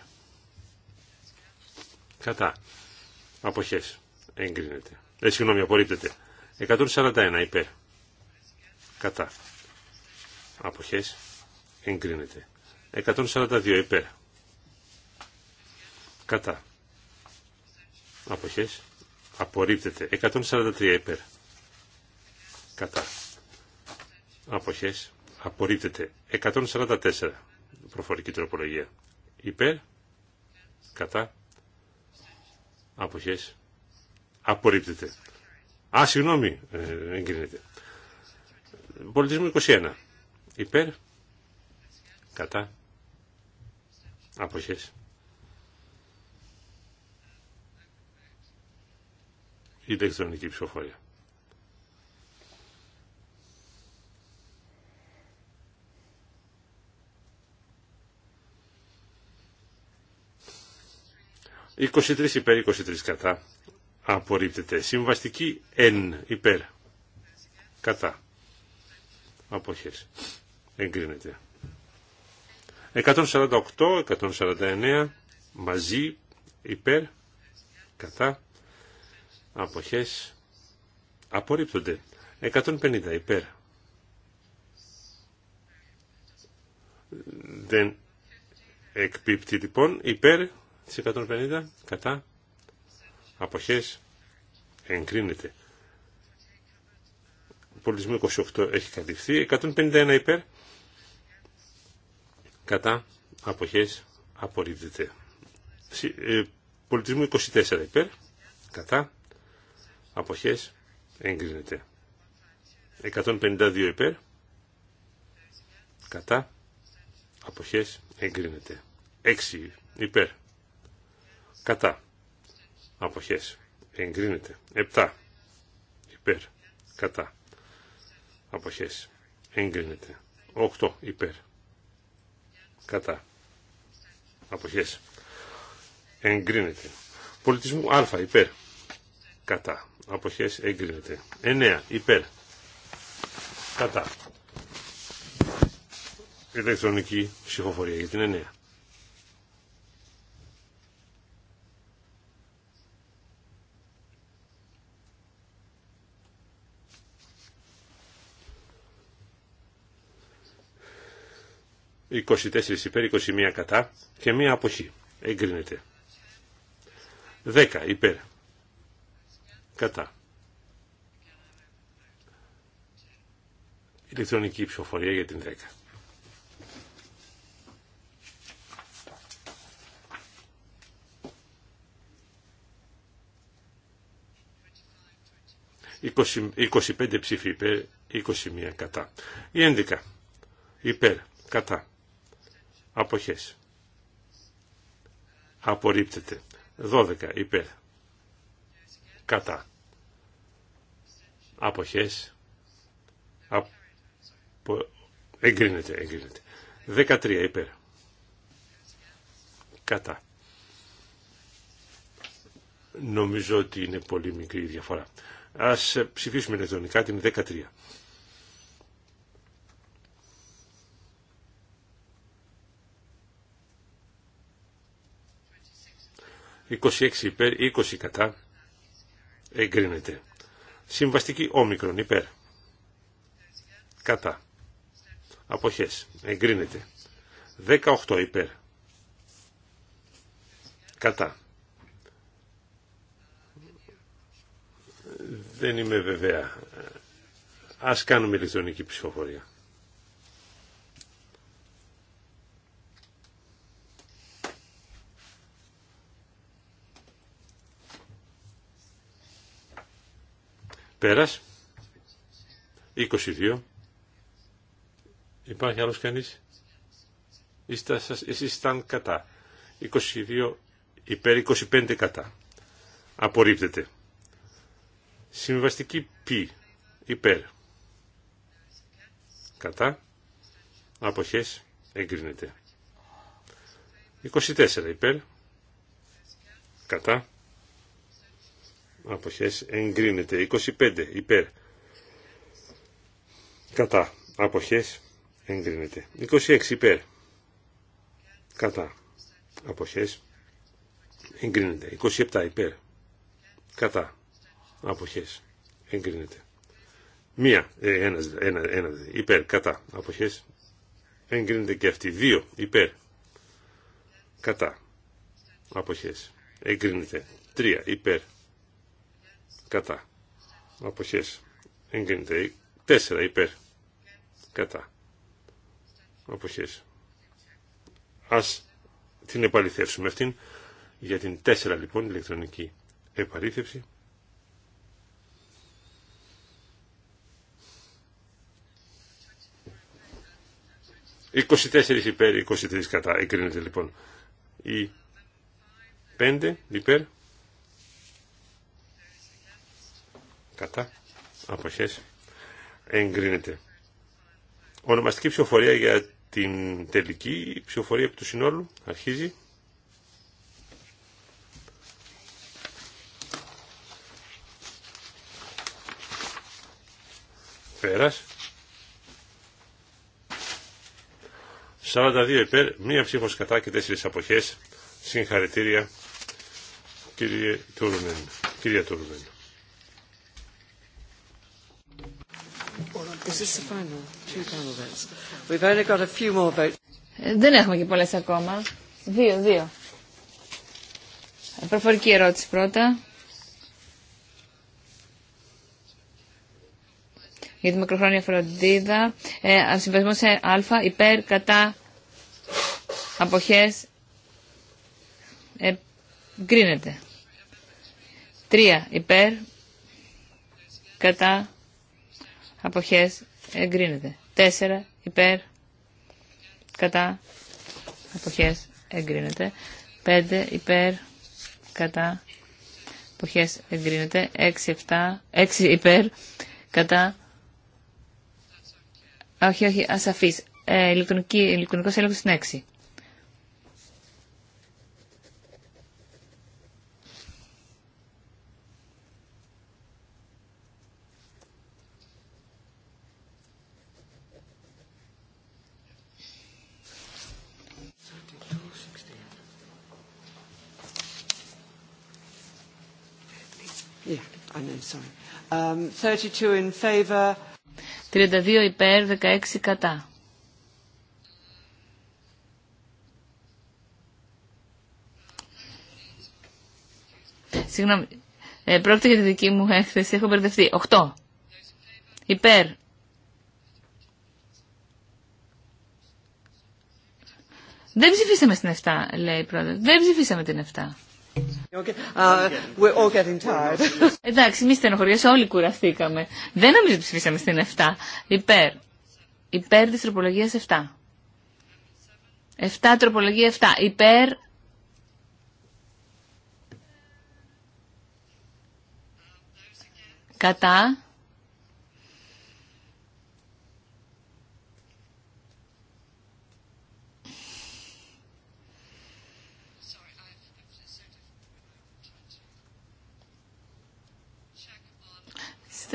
Κατά. Αποχές. Εγκρίνεται. Ε, συγγνώμη, απορρίπτεται. 141 υπέρ. Κατά. Αποχές. Εγκρίνεται. 142 υπέρ. Κατά. Αποχές. Απορρίπτεται. 143 υπέρ. Κατά αποχές απορρίπτεται 144 προφορική τροπολογία υπέρ κατά αποχές απορρίπτεται α συγγνώμη ε, εγκρίνεται πολιτισμό 21 υπέρ κατά αποχές ηλεκτρονική ψηφοφορία 23 υπέρ, 23 κατά. Απορρίπτεται. Συμβαστική εν υπέρ. Κατά. Αποχές. Εγκρίνεται. 148, 149 μαζί υπέρ, κατά. Αποχές. Απορρίπτονται. 150 υπέρ. Δεν εκπίπτει λοιπόν υπέρ Τις 150 κατά αποχές εγκρίνεται. Πολιτισμό 28 έχει καλυφθεί. 151 υπέρ κατά αποχές απορρίπτεται. Ε, Πολιτισμό 24 υπέρ κατά αποχές εγκρίνεται. 152 υπέρ κατά αποχές εγκρίνεται. 6 υπέρ Κατά. Αποχές. Εγκρίνεται. 7. Υπέρ. Κατά. Αποχές. Εγκρίνεται. 8. Υπέρ. Κατά. Αποχές. Εγκρίνεται. Πολιτισμού α. Υπέρ. Κατά. Αποχές. Εγκρίνεται. 9. Υπέρ. Κατά. Ηλεκτρονική ψηφοφορία για την 9. 24 υπέρ, 21 κατά και μία αποχή. Εγκρίνεται. 10 υπέρ. Κατά. Ηλεκτρονική ψηφοφορία για την 10. 25 ψηφί υπέρ, 21 κατά. Η 11 υπέρ, κατά Αποχές. Απορρίπτεται. 12 υπέρ. Κατά. Αποχές. Απο... Εγκρίνεται, εγκρίνεται. 13 υπέρ. Κατά. Νομίζω ότι είναι πολύ μικρή η διαφορά. Ας ψηφίσουμε ηλεκτρονικά την 13. 26 υπέρ, 20 κατά. Εγκρίνεται. Συμβαστική όμικρον υπέρ. Κατά. Αποχές. Εγκρίνεται. 18 υπέρ. Κατά. Δεν είμαι βεβαία. Ας κάνουμε ηλεκτρονική ψηφοφορία. Πέρας. 22. Υπάρχει άλλος κανείς. Εσείς ήταν κατά. 22 υπέρ 25 κατά. Απορρίπτεται. Συμβαστική π υπέρ. Κατά. Αποχές εγκρίνεται. 24 υπέρ. Κατά αποχές εγκρίνεται. 25 υπέρ κατά αποχές εγκρίνεται. 26 υπέρ κατά αποχές εγκρίνεται. 27 υπέρ κατά αποχές εγκρίνεται. Μία, ε, ένα, ένα, ένα, υπέρ, κατά, αποχές, εγκρίνεται και αυτή. Δύο, υπέρ, κατά, αποχές, εγκρίνεται. Τρία, υπέρ, κατά αποχές εγκρίνεται 4 υπέρ κατά αποχές ας την επαληθεύσουμε αυτήν για την 4 λοιπόν ηλεκτρονική επαλήθευση «24 υπέρ, 23 κατά». Εγκρίνεται λοιπόν η 5 υπέρ, κατά αποχές εγκρίνεται. Ονομαστική ψηφοφορία για την τελική ψηφοφορία του συνόλου αρχίζει. Πέρας. 42 υπέρ, μία ψήφος κατά και τέσσερις αποχές. Συγχαρητήρια κύριε Τούρμεν. Κυρία Τούρμεν. Δεν έχουμε και πολλές ακόμα. Δύο, δύο. Προφορική ερώτηση πρώτα. Για τη μικροχρόνια φροντίδα. Ε, Συμβασμό σε α, υπέρ, κατά, αποχές. Ε, γκρίνεται. Τρία, υπέρ, κατά, αποχές εγκρίνεται. 4 υπέρ κατά αποχές εγκρίνεται. 5 υπέρ κατά αποχές εγκρίνεται. 6, 7, 6 υπέρ κατά όχι, όχι, ασαφής. Ε, ηλεκτρονικός έλεγχος στην 6. 32 um, υπέρ, 16 κατά. Συγγνώμη, ε, πρόκειται για τη δική μου έκθεση, έχω μπερδευτεί. 8 υπέρ. Δεν ψηφίσαμε στην 7, λέει η πρόεδρο. Δεν ψηφίσαμε την 7. Εντάξει, εμεί στενοχωριέσαι, όλοι κουραστήκαμε. Δεν νομίζω ότι ψηφίσαμε στην 7. Υπέρ. Υπέρ τη τροπολογία 7. 7 τροπολογία 7. Υπέρ. Κατά.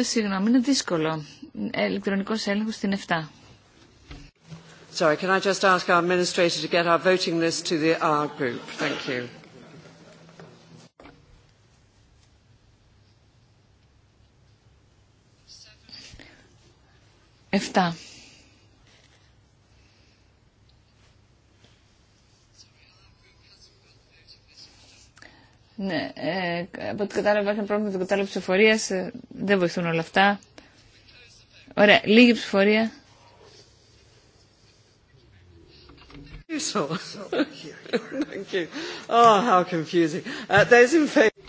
συγγνώμη, είναι δύσκολο. Ελεκτρονικό έλεγχος στην 7. Sorry, can I just ask our administrator to get our voting list to the R group? Thank you. Εφτά. Ναι, ε, από ό,τι κατάλαβα ένα πρόβλημα με το κατάλληλο ψηφορία. Ε, δεν βοηθούν όλα αυτά. Ωραία, λίγη ψηφορία.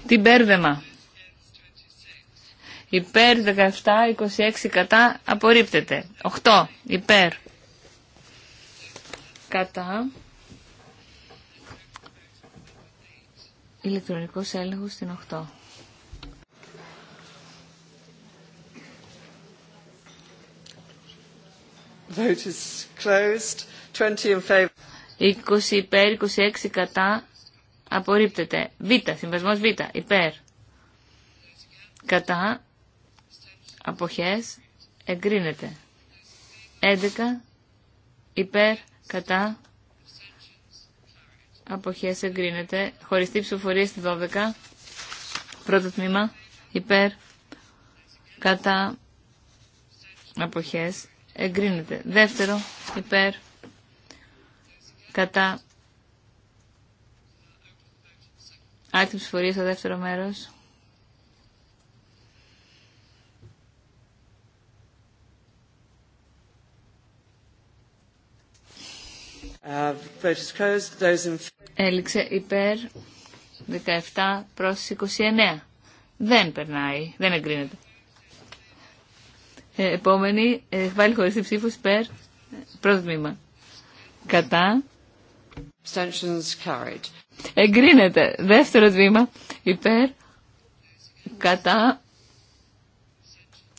Τι μπέρδεμα. Υπέρ 17, 26 κατά απορρίπτεται. 8 υπέρ. Κατά. Ηλεκτρονικό έλεγχος στην 8. Vote closed. 20 in favor. υπέρ, 26 κατά. Απορρίπτεται. Β, συμβασμός Β, υπέρ. Κατά. Αποχές. Εγκρίνεται. 11 υπέρ, κατά αποχές εγκρίνεται. Χωριστή ψηφοφορία στη 12. Πρώτο τμήμα υπέρ κατά απόχέ. εγκρίνεται. Δεύτερο υπέρ κατά άκρη ψηφοφορία στο δεύτερο μέρος. Uh, vote Έληξε υπέρ 17 προς 29. Δεν περνάει, δεν εγκρίνεται. Ε, επόμενη, ε, βάλει χωρίς τη ψήφος υπέρ προς τμήμα. Κατά. Εγκρίνεται. Δεύτερο τμήμα υπέρ κατά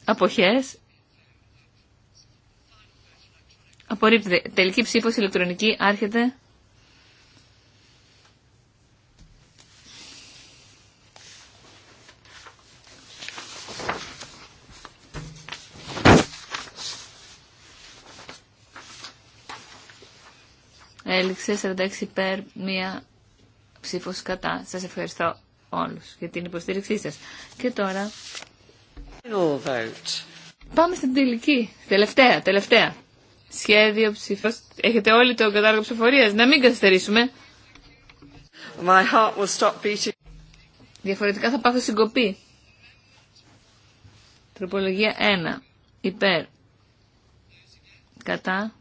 αποχές απορρίπτεται. Τελική ψήφος ηλεκτρονική άρχεται. έληξε 46 υπέρ, μία ψήφος κατά. Σας ευχαριστώ όλους για την υποστήριξή σας. Και τώρα... Πάμε στην τελική. Τελευταία, τελευταία. Σχέδιο ψήφος. Έχετε όλοι το κατάργο ψηφορία, Να μην καθυστερήσουμε. My heart will stop beating. Διαφορετικά θα πάθω συγκοπή. Τροπολογία 1. Υπέρ. Κατά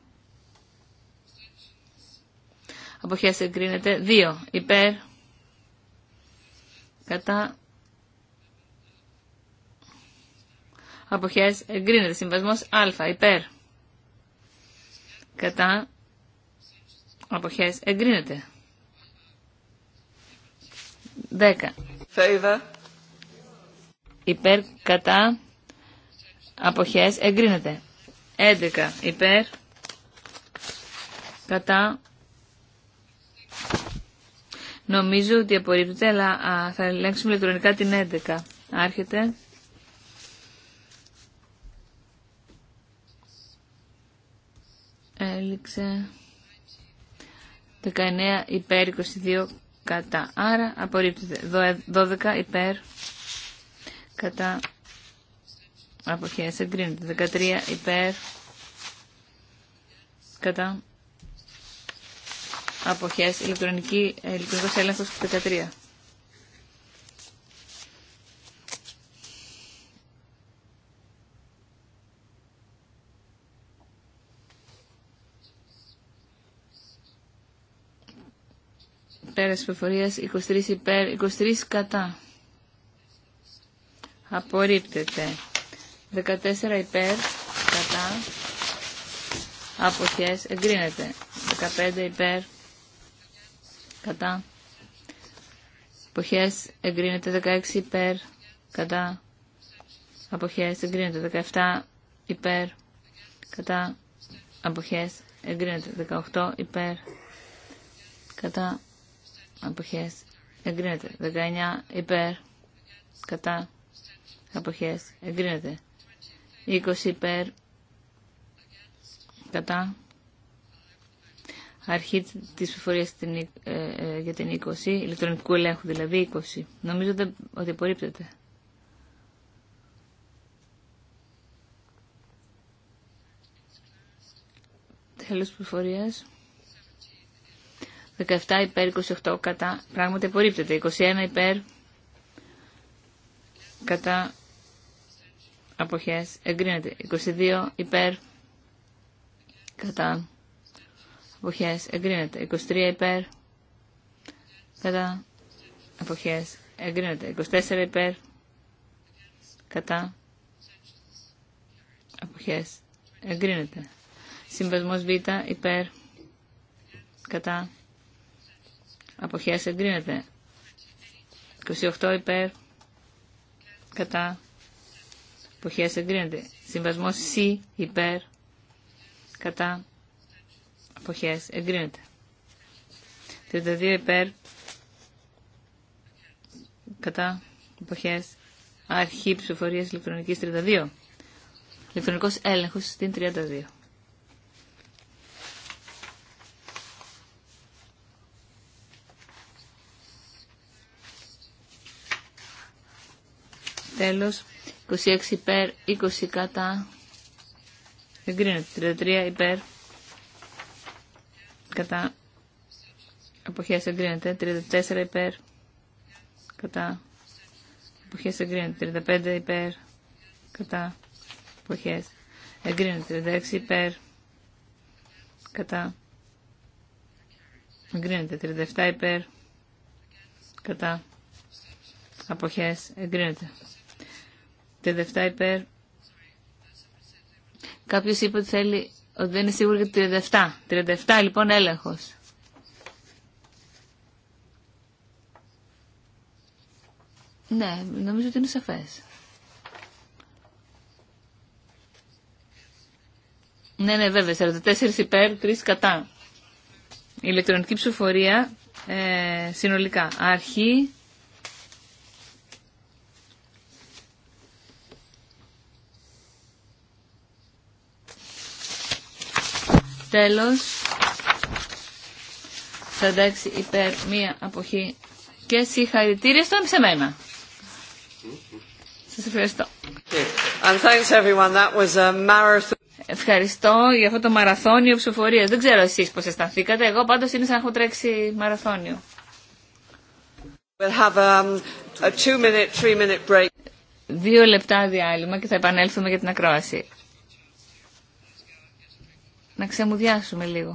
αποχές εγκρίνεται 2 υπέρ κατά αποχές εγκρίνεται συμβασμός α υπέρ κατά αποχές εγκρίνεται 10 Favor. υπέρ κατά αποχές εγκρίνεται 11 υπέρ κατά Νομίζω ότι απορρίπτεται, αλλά α, θα ελέγξουμε ηλεκτρονικά την 11. Άρχεται. Έληξε. 19 υπέρ, 22 κατά. Άρα απορρίπτεται. 12 ε, υπέρ, κατά. Αποχέσαι, εγκρίνεται. 13 υπέρ, κατά αποχές, ηλεκτρονική, ε, ηλεκτρονικός έλεγχος 13. Πέρας υποφορίας, 23 υπέρ, 23 κατά. Απορρίπτεται. 14 υπέρ, κατά. Αποχές εγκρίνεται. 15 υπέρ, κατά αποχές εγκρίνεται 16 υπέρ κατά αποχές εγκρίνεται 17 υπέρ κατά αποχές εγκρίνεται 18 υπέρ κατά αποχές εγκρίνεται 19 υπέρ κατά αποχές εγκρίνεται 20 υπέρ κατά αρχή της ψηφορίας ε, ε, για την 20, ηλεκτρονικού ελέγχου δηλαδή 20. Νομίζω ότι απορρίπτεται. Τέλος ψηφορίας. 17 υπέρ, 28 κατά. Πράγματι απορρίπτεται. 21 υπέρ, κατά αποχές. Εγκρίνεται. 22 υπέρ, κατά εποχές εγκρίνεται 23 υπέρ κατά εποχές εγκρίνεται 24 υπέρ κατά εποχές εγκρίνεται συμβασμός β υπέρ κατά αποχές εγκρίνεται 28 υπέρ κατά αποχές εγκρίνεται συμβασμός C υπέρ κατά αποχές εγκρίνεται. 32 υπέρ κατά εποχές αρχή ψηφοφορίας ηλεκτρονικής 32. Ηλεκτρονικός έλεγχος στην 32. Τέλος, 26 υπέρ, 20 κατά, εγκρίνεται, 33 υπέρ, κατά εποχές εγκρίνεται 34 υπέρ κατά εποχές εγκρίνεται 35 υπέρ κατά εποχές εγκρίνεται 36 υπέρ κατά εγκρίνεται 37 υπέρ κατά αποχές εγκρίνεται 37 υπέρ κάποιος είπε ότι θέλει ότι δεν είναι σίγουρο για το 37. 37 λοιπόν έλεγχος. Ναι, νομίζω ότι είναι σαφές. Ναι, ναι, βέβαια, 44 υπέρ, 3 κατά. Η Ηλεκτρονική ψηφοφορία ε, συνολικά. Αρχή Τέλος, εντάξει υπέρ, μία αποχή και συγχαρητήρια στον σε Σας ευχαριστώ. And thanks everyone. That was a marathon. Ευχαριστώ για αυτό το μαραθώνιο ψηφοφορία. Δεν ξέρω εσεί πώ αισθανθήκατε. Εγώ πάντω είναι σαν να έχω τρέξει μαραθώνιο. We'll have um, two minute, three minute break. Δύο λεπτά διάλειμμα και θα επανέλθουμε για την ακρόαση να ξεμουδιάσουμε λίγο.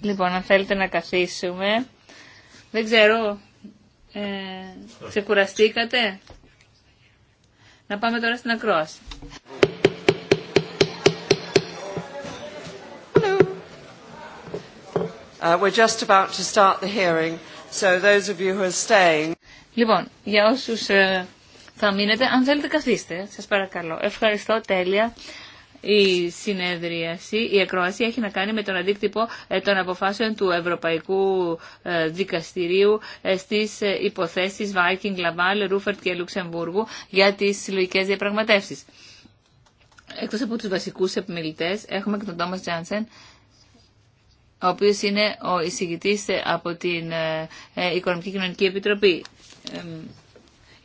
Λοιπόν, αν θέλετε να καθίσουμε. Δεν ξέρω, ε, ξεκουραστήκατε. Να πάμε τώρα στην ακρόαση. Λοιπόν, για όσους ε, θα μείνετε, αν θέλετε καθίστε, σας παρακαλώ. Ευχαριστώ, τέλεια η συνεδρίαση, η ακροασία έχει να κάνει με τον αντίκτυπο ε, των αποφάσεων του Ευρωπαϊκού ε, Δικαστηρίου ε, στις υποθέσεις Viking, λαβάλ Ρούφερτ και Λουξεμβούργου για τις συλλογικές διαπραγματεύσεις. Εκτός από τους βασικούς επιμελητές έχουμε και τον Τόμας Τζάνσεν, ο οποίος είναι ο εισηγητής από την Οικονομική Κοινωνική Επιτροπή.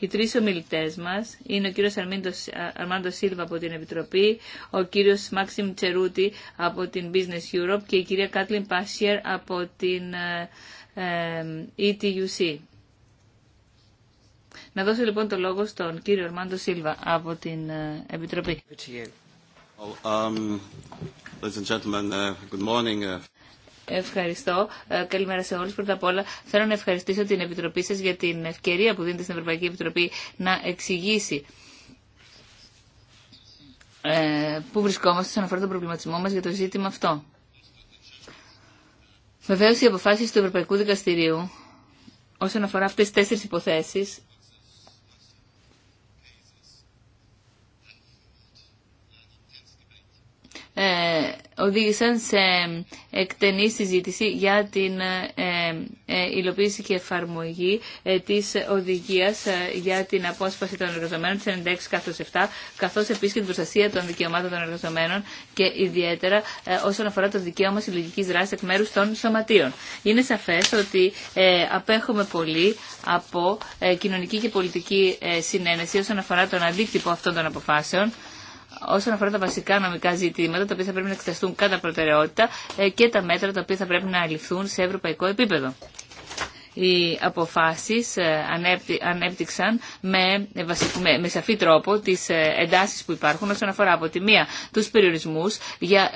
Οι τρεις ομιλητές μας είναι ο κύριος Αρμάντο Σίλβα από την Επιτροπή, ο κύριος Μάξιμ Τσερούτη από την Business Europe και η κυρία Κάτλιν Πάσιερ από την ε, ε, ETUC. Να δώσω λοιπόν το λόγο στον κύριο Αρμάντο Σίλβα από την ε, Επιτροπή. Ευχαριστώ. Ε, καλημέρα σε όλους. Πρώτα απ' όλα θέλω να ευχαριστήσω την Επιτροπή σας για την ευκαιρία που δίνεται στην Ευρωπαϊκή Επιτροπή να εξηγήσει ε, πού βρισκόμαστε όσον αφορά τον προβληματισμό μας για το ζήτημα αυτό. Βεβαίως οι αποφάσεις του Ευρωπαϊκού Δικαστηρίου όσον αφορά αυτές τις τέσσερις υποθέσεις ε, οδήγησαν σε εκτενή συζήτηση για την ε, ε, υλοποίηση και εφαρμογή ε, της οδηγίας για την απόσπαση των εργαζομένων της 96 καθώς 7, καθώς επίσης και την προστασία των δικαιωμάτων των εργαζομένων και ιδιαίτερα όσον αφορά το δικαίωμα συλλογικής δράσης εκ μέρους των σωματείων. Είναι σαφές ότι απέχουμε πολύ από κοινωνική και πολιτική συνένεση όσον αφορά τον αντίκτυπο αυτών των αποφάσεων όσον αφορά τα βασικά νομικά ζητήματα, τα οποία θα πρέπει να εξεταστούν κατά προτεραιότητα ε, και τα μέτρα τα οποία θα πρέπει να ληφθούν σε ευρωπαϊκό επίπεδο. Οι αποφάσεις ε, ανέπτυξαν με, ε, με, με σαφή τρόπο τις εντάσεις που υπάρχουν όσον αφορά από τη μία τους περιορισμούς για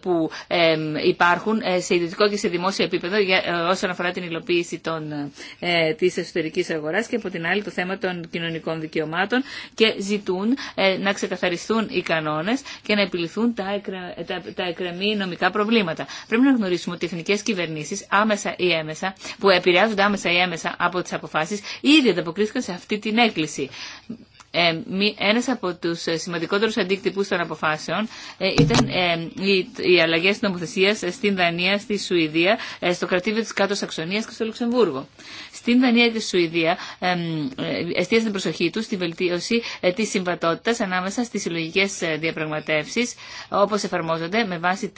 που υπάρχουν ε, σε ιδιωτικό και σε δημόσιο επίπεδο ε, όσον αφορά την υλοποίηση των, ε, της εσωτερικής αγοράς και από την άλλη το θέμα των κοινωνικών δικαιωμάτων και ζητούν να ξεκαθαριστούν οι κανόνες και να επιληθούν τα, εκρα, τα, εκρεμή νομικά προβλήματα. Πρέπει να γνωρίσουμε ότι οι εθνικές κυβερνήσει άμεσα ή έμεσα, που επηρεάζονται άμεσα ή έμεσα από τι αποφάσει, ήδη ανταποκρίθηκαν σε αυτή την έκκληση. Ε, ένας από τους ε, σημαντικότερους αντίκτυπους των αποφάσεων ε, ήταν οι αλλαγές νομοθεσίας στην Δανία, στη Σουηδία, στο κρατήριο της Κάτω Σαξονίας και στο Λουξεμβούργο στην Δανία και τη Σουηδία ε, εστίασαν την προσοχή του στη βελτίωση ε, τη συμβατότητα ανάμεσα στι συλλογικέ ε, διαπραγματεύσει όπω εφαρμόζονται με βάση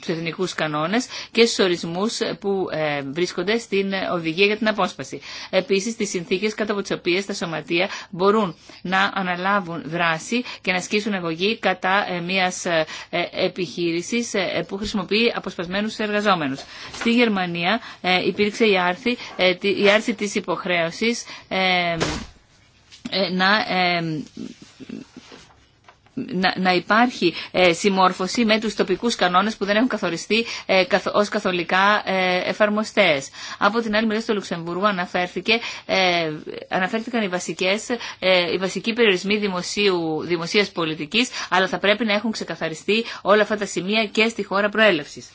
του εθνικού κανόνε και στου ορισμού που βρίσκονται στην οδηγία για την απόσπαση. Επίση, τι συνθήκε κατά από τι οποίε τα σωματεία μπορούν να αναλάβουν δράση και να ασκήσουν αγωγή κατά μια επιχείρηση που χρησιμοποιεί αποσπασμένου εργαζόμενου. Στη Γερμανία υπήρξε η άρση βάση της υποχρέωσης ε, ε, ε, να να υπάρχει συμμόρφωση με τους τοπικούς κανόνες που δεν έχουν καθοριστεί ως καθολικά εφαρμοστές. Από την άλλη μεριά στο Λουξεμβούργο αναφέρθηκε, αναφέρθηκαν οι, βασικές, οι βασικοί περιορισμοί δημοσίου, δημοσίας πολιτικής, αλλά θα πρέπει να έχουν ξεκαθαριστεί όλα αυτά τα σημεία και στη χώρα προέλευσης.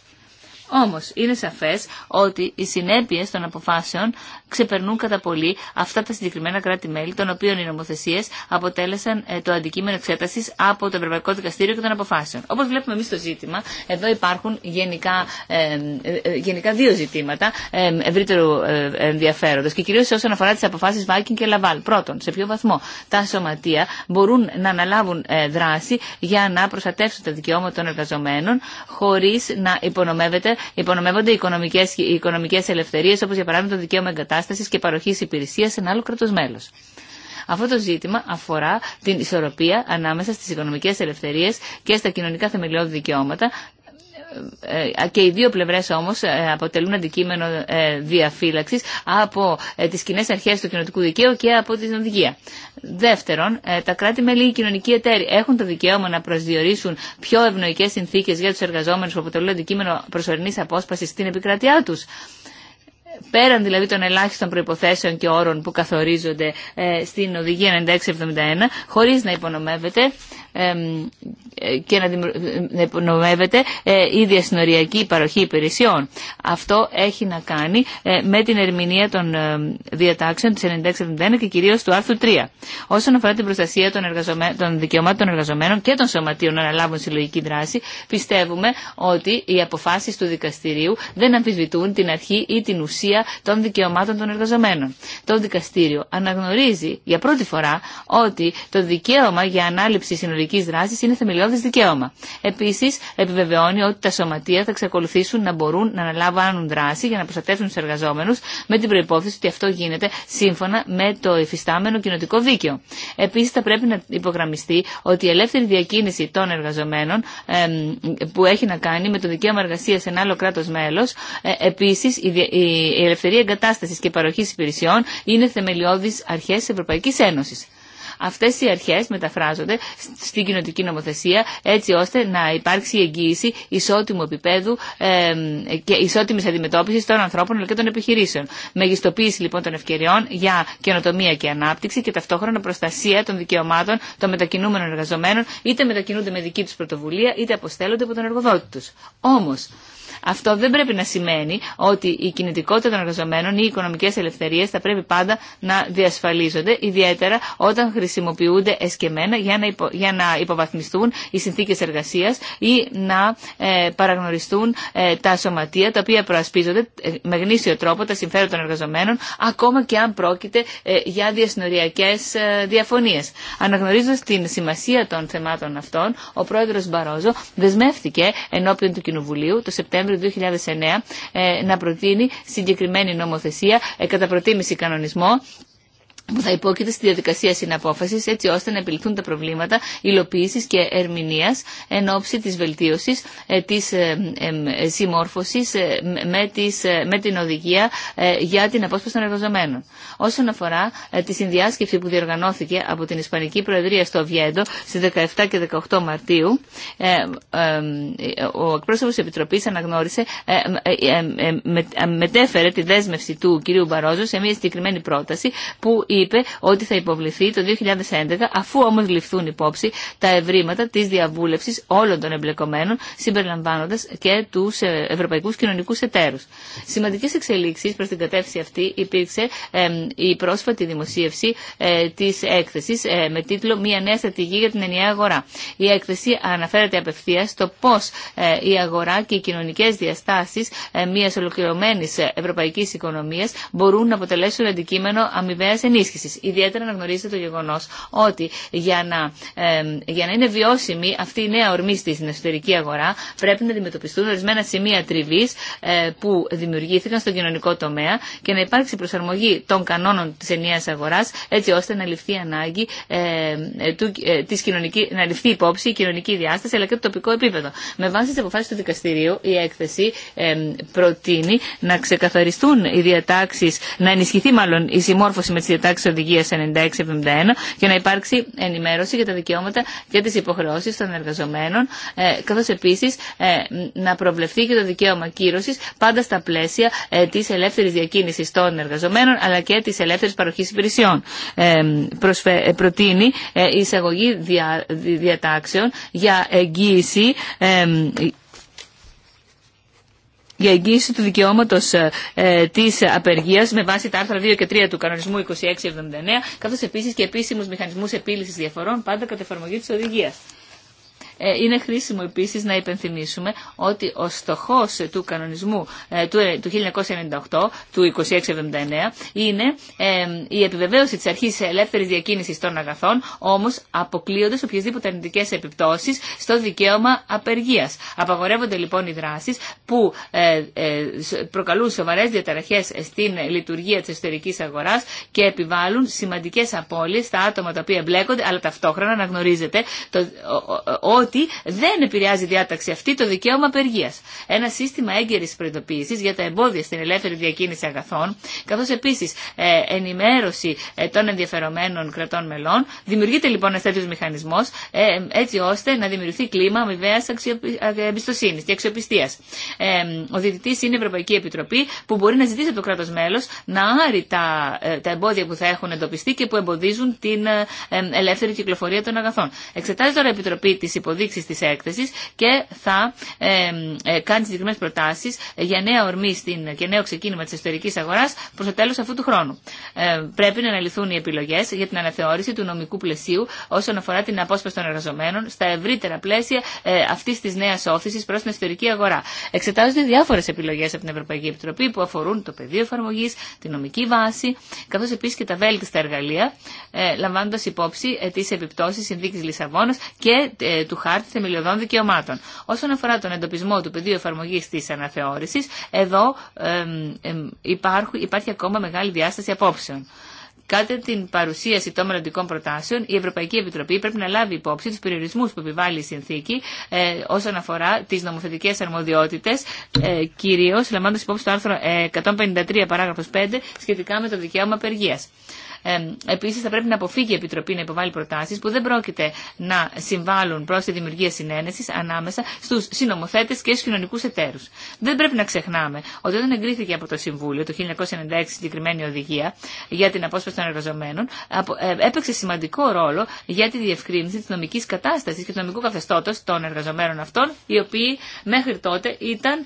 Όμως είναι σαφές ότι οι συνέπειες των αποφάσεων ξεπερνούν κατά πολύ αυτά τα συγκεκριμένα κράτη-μέλη, των οποίων οι νομοθεσίες αποτέλεσαν ε, το αντικείμενο εξέτασης από το Ευρωπαϊκό Δικαστήριο και των αποφάσεων. Όπως βλέπουμε εμείς στο ζήτημα, εδώ υπάρχουν γενικά, ε, ε, γενικά δύο ζητήματα ε, ευρύτερου ενδιαφέροντος και κυρίως όσον αφορά τις αποφάσεις Βάλκιν και Λαβάλ. Πρώτον, σε ποιο βαθμό τα σωματεία μπορούν να αναλάβουν δράση για να προστατεύσουν τα δικαιώματα των εργαζομένων χωρίς να υπονομεύεται υπονομεύονται οι οικονομικές, οικονομικές ελευθερίες όπως για παράδειγμα το δικαίωμα εγκατάστασης και παροχής υπηρεσίας σε ένα άλλο κράτος μέλος. Αυτό το ζήτημα αφορά την ισορροπία ανάμεσα στις οικονομικές ελευθερίες και στα κοινωνικά θεμελιώδη δικαιώματα, ε, ε, και οι δύο πλευρές όμως ε, αποτελούν αντικείμενο διαφύλαξης από τις κοινέ αρχές του κοινοτικού δικαίου και από την οδηγία. Δεύτερον, τα κράτη-μέλη ή οι κοινωνικοί εταίροι έχουν το δικαίωμα να προσδιορίσουν πιο ευνοϊκές συνθήκες για τους εργαζόμενους που αποτελούν αντικείμενο προσωρινής απόσπασης στην επικρατειά τους πέραν δηλαδή των ελάχιστων προϋποθέσεων και όρων που καθορίζονται στην Οδηγία 9671, χωρίς να υπονομεύεται και να υπονομεύεται ε, η διασυνοριακή παροχή υπηρεσιών. Αυτό έχει να κάνει ε, με την ερμηνεία των διατάξεων της 71 και κυρίως του άρθρου 3. Όσον αφορά την προστασία των, των δικαιωμάτων των εργαζομένων και των σωματείων να αναλάβουν συλλογική δράση, πιστεύουμε ότι οι αποφάσεις του δικαστηρίου δεν αμφισβητούν την αρχή ή την ουσία των δικαιωμάτων των εργαζομένων. Το δικαστήριο αναγνωρίζει για πρώτη φορά ότι το δικαίωμα για ανάληψη συνολική εξωτερικής δράση είναι θεμελιώδη δικαίωμα. Επίση, επιβεβαιώνει ότι τα σωματεία θα εξακολουθήσουν να μπορούν να αναλάβουν δράση για να προστατεύσουν του εργαζόμενου, με την προπόθεση ότι αυτό γίνεται σύμφωνα με το υφιστάμενο κοινοτικό δίκαιο. Επίση, θα πρέπει να υπογραμμιστεί ότι η ελεύθερη διακίνηση των εργαζομένων που έχει να κάνει με το δικαίωμα εργασία σε ένα άλλο κράτο μέλο. Ε, Επίση, η ελευθερία εγκατάσταση και παροχή υπηρεσιών είναι θεμελιώδει αρχέ τη Ευρωπαϊκή Ένωση. Αυτές οι αρχές μεταφράζονται στην κοινοτική νομοθεσία έτσι ώστε να υπάρξει εγγύηση ισότιμου επίπεδου και ισότιμης αντιμετώπισης των ανθρώπων αλλά και των επιχειρήσεων. Μεγιστοποίηση λοιπόν των ευκαιριών για καινοτομία και ανάπτυξη και ταυτόχρονα προστασία των δικαιωμάτων των μετακινούμενων εργαζομένων είτε μετακινούνται με δική τους πρωτοβουλία είτε αποστέλλονται από τον εργοδότη τους. Όμως, αυτό δεν πρέπει να σημαίνει ότι η κινητικότητα των εργαζομένων ή οι οικονομικές ελευθερίες θα πρέπει πάντα να διασφαλίζονται, ιδιαίτερα όταν χρησιμοποιούνται εσκεμένα για να, υπο, για να υποβαθμιστούν οι συνθήκες εργασίας ή να ε, παραγνωριστούν ε, τα σωματεία τα οποία προασπίζονται ε, με γνήσιο τρόπο τα συμφέροντα των εργαζομένων, ακόμα και αν πρόκειται για διασυνοριακές διαφωνίες. Αναγνωρίζοντας την σημασία των θεμάτων αυτών, ο πρόεδρος Μπαρόζο δεσμεύτηκε ενώπιον του Κοινοβουλίου το Σεπτέμβριο 2009 ε, να προτείνει συγκεκριμένη νομοθεσία, ε, κατά προτίμηση κανονισμό, που θα υπόκειται στη διαδικασία συναπόφασης έτσι ώστε να επιληθούν τα προβλήματα υλοποίησης και ερμηνείας εν ώψη τη βελτίωση τη συμμόρφωση με την οδηγία για την απόσπαση των εργαζομένων. Όσον αφορά τη συνδιάσκεψη που διοργανώθηκε από την Ισπανική Προεδρία στο Βιέντο στις 17 και 18 Μαρτίου, ο εκπρόσωπο τη Επιτροπή αναγνώρισε, μετέφερε τη δέσμευση του κ. Μπαρόζου σε μια συγκεκριμένη πρόταση που είπε ότι θα υποβληθεί το 2011, αφού όμως ληφθούν υπόψη τα ευρήματα της διαβούλευσης όλων των εμπλεκομένων, συμπεριλαμβάνοντας και τους ε, ευρωπαϊκούς κοινωνικούς εταίρους. Σημαντικέ εξελίξει προς την κατεύθυνση αυτή υπήρξε η πρόσφατη δημοσίευση ε, της έκθεσης ε, με τίτλο «Μια νέα στρατηγή για την ενιαία αγορά». Η έκθεση αναφέρεται απευθεία στο πώς η αγορά και οι κοινωνικές διαστάσεις μιας ολοκληρωμένης ευρωπαϊκής οικονομίας μπορούν να αποτελέσουν αντικείμενο αμοιβαία ενίσχυση ενίσχυση. Ιδιαίτερα να γνωρίζετε το γεγονό ότι για να, ε, για να είναι βιώσιμη αυτή η νέα ορμή στην εσωτερική αγορά, πρέπει να αντιμετωπιστούν ορισμένα σημεία τριβή ε, που δημιουργήθηκαν στον κοινωνικό τομέα και να υπάρξει προσαρμογή των κανόνων τη ενιαία αγορά, έτσι ώστε να ληφθεί ανάγκη ε, ε του, ε, της κοινωνική, να ληφθεί υπόψη η κοινωνική διάσταση αλλά και το τοπικό επίπεδο. Με βάση τι αποφάσει του δικαστηρίου, η έκθεση προτείνει να ξεκαθαριστούν οι διατάξει, να ενισχυθεί μάλλον η συμμόρφωση με τι διατάξει εξ Οδηγία 96-71 για να υπάρξει ενημέρωση για τα δικαιώματα και τι υποχρεώσει των εργαζομένων, ε, καθώ επίση ε, να προβλεφθεί και το δικαίωμα κύρωση πάντα στα πλαίσια ε, τη ελεύθερη διακίνηση των εργαζομένων αλλά και τη ελεύθερη παροχή υπηρεσιών. Προτείνει η εισαγωγή διατάξεων για εγγύηση για εγγύηση του δικαιώματο ε, ε τη απεργία με βάση τα άρθρα 2 και 3 του κανονισμού 2679, καθώ επίση και επίσημου μηχανισμού επίλυση διαφορών, πάντα κατά εφαρμογή τη οδηγία. Ε, είναι χρήσιμο επίσης να υπενθυμίσουμε ότι ο στοχός του κανονισμού ε, του 1998, ε, του 2679, είναι η επιβεβαίωση της αρχής ελεύθερης διακίνησης των αγαθών, όμως αποκλείοντας οποιασδήποτε αρνητικές επιπτώσεις στο δικαίωμα απεργίας. Απαγορεύονται λοιπόν οι δράσεις που προκαλούν σοβαρές διαταραχές στην λειτουργία της εσωτερικής αγοράς και επιβάλλουν σημαντικές απώλειες στα άτομα τα οποία μπλέκονται, αλλά ταυτόχρονα αναγνωρίζεται ότι δεν επηρεάζει η διάταξη αυτή το δικαίωμα απεργία. Ένα σύστημα έγκαιρη προειδοποίηση για τα εμπόδια στην ελεύθερη διακίνηση αγαθών, καθώ επίση ε, ενημέρωση ε, των ενδιαφερομένων κρατών μελών. Δημιουργείται λοιπόν ένα τέτοιο μηχανισμό ε, έτσι ώστε να δημιουργηθεί κλίμα αμοιβαία ε, εμπιστοσύνη και αξιοπιστία. Ε, ο διαιτητή είναι η Ευρωπαϊκή Επιτροπή που μπορεί να ζητήσει από το κράτο μέλο να άρει τα, ε, τα εμπόδια που θα έχουν εντοπιστεί και που εμποδίζουν την ελεύθερη κυκλοφορία των αγαθών. Εξετάζει τώρα η Επιτροπή τη αποδείξει τη έκθεση και θα ε, ε, κάνει συγκεκριμένε προτάσει για νέα ορμή στην, και νέο ξεκίνημα τη εσωτερική αγορά προ το τέλο αυτού του χρόνου. Ε, πρέπει να αναλυθούν οι επιλογέ για την αναθεώρηση του νομικού πλαισίου όσον αφορά την απόσπαση των εργαζομένων στα ευρύτερα πλαίσια ε, αυτή τη νέα όθηση προ την εσωτερική αγορά. Εξετάζονται διάφορε επιλογέ από την Ευρωπαϊκή Επιτροπή που αφορούν το πεδίο εφαρμογή, τη νομική βάση, καθώ επίση και τα βέλτιστα εργαλεία, ε, λαμβάνοντα υπόψη ε, τι επιπτώσει συνθήκη Λισαβόνα και ε, του χάρτη θεμελιωδών δικαιωμάτων. Όσον αφορά τον εντοπισμό του πεδίου εφαρμογή τη αναθεώρηση, εδώ ε, ε, υπάρχει, υπάρχει ακόμα μεγάλη διάσταση απόψεων. Κάτι την παρουσίαση των μελλοντικών προτάσεων, η Ευρωπαϊκή Επιτροπή πρέπει να λάβει υπόψη του περιορισμού που επιβάλλει η συνθήκη ε, όσον αφορά τι νομοθετικέ αρμοδιότητε, ε, κυρίω λαμβάνοντα υπόψη το άρθρο 153 παράγραφο 5 σχετικά με το δικαίωμα απεργία. Επίση, θα πρέπει να αποφύγει η Επιτροπή να υποβάλει προτάσει που δεν πρόκειται να συμβάλλουν προ τη δημιουργία συνένεση ανάμεσα στου συνομοθέτε και στου κοινωνικού εταίρου. Δεν πρέπει να ξεχνάμε ότι όταν εγκρίθηκε από το Συμβούλιο το 1996 συγκεκριμένη οδηγία για την απόσπαση των εργαζομένων, ε, έπαιξε σημαντικό ρόλο για τη διευκρίνηση τη νομική κατάσταση και του νομικού καθεστώτο των εργαζομένων αυτών, οι οποίοι μέχρι τότε ήταν.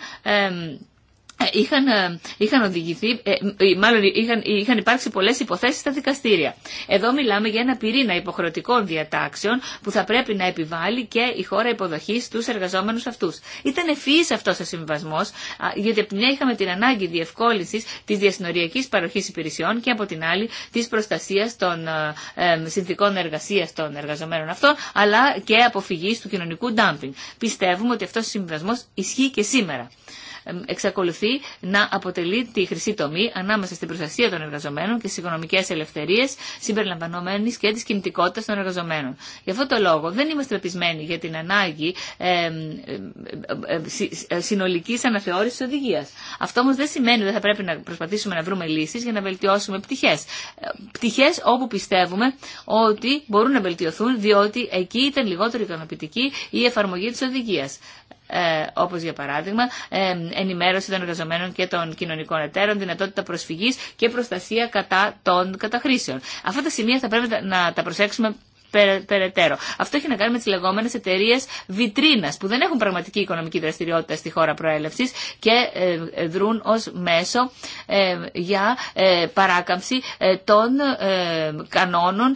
Ε, είχαν, ε, είχαν οδηγηθεί, ε, μάλλον είχαν, είχαν υπάρξει πολλές υποθέσεις στα δικαστήρια. Εδώ μιλάμε για ένα πυρήνα υποχρεωτικών διατάξεων που θα πρέπει να επιβάλλει και η χώρα υποδοχής στου εργαζόμενους αυτούς. Ήταν ευφυής αυτός ο συμβασμός, γιατί από τη μια είχαμε την ανάγκη διευκόλυνσης της διασυνοριακής παροχής υπηρεσιών και από την άλλη της προστασίας των συνθηκών εργασίας των εργαζομένων αυτών, αλλά και αποφυγής του κοινωνικού ντάμπινγκ. Πιστεύουμε ότι αυτός ο συμβασμός ισχύει και σήμερα εξακολουθεί να αποτελεί τη χρυσή τομή ανάμεσα στην προστασία των εργαζομένων και στι οικονομικέ ελευθερίε συμπεριλαμβανομένη και τη κινητικότητα των εργαζομένων. Γι' αυτό το λόγο δεν είμαστε πεπισμένοι για την ανάγκη ε, συνολική αναθεώρηση τη οδηγία. Αυτό όμω δεν σημαίνει ότι θα πρέπει να προσπαθήσουμε να βρούμε λύσει για να βελτιώσουμε πτυχέ. Ε, πτυχέ όπου πιστεύουμε ότι μπορούν να βελτιωθούν διότι εκεί ήταν λιγότερο ικανοποιητική η εφαρμογή τη οδηγία. Ε, Όπω για παράδειγμα ε, ενημέρωση των εργαζομένων και των κοινωνικών εταίρων, δυνατότητα προσφυγής και προστασία κατά των καταχρήσεων. Αυτά τα σημεία θα πρέπει να τα προσέξουμε περαιτέρω. Αυτό έχει να κάνει με τι λεγόμενε εταιρείε βιτρίνα που δεν έχουν πραγματική οικονομική δραστηριότητα στη χώρα προέλευση και ε, ε, δρούν ω μέσο ε, για παράκαμψη των κανόνων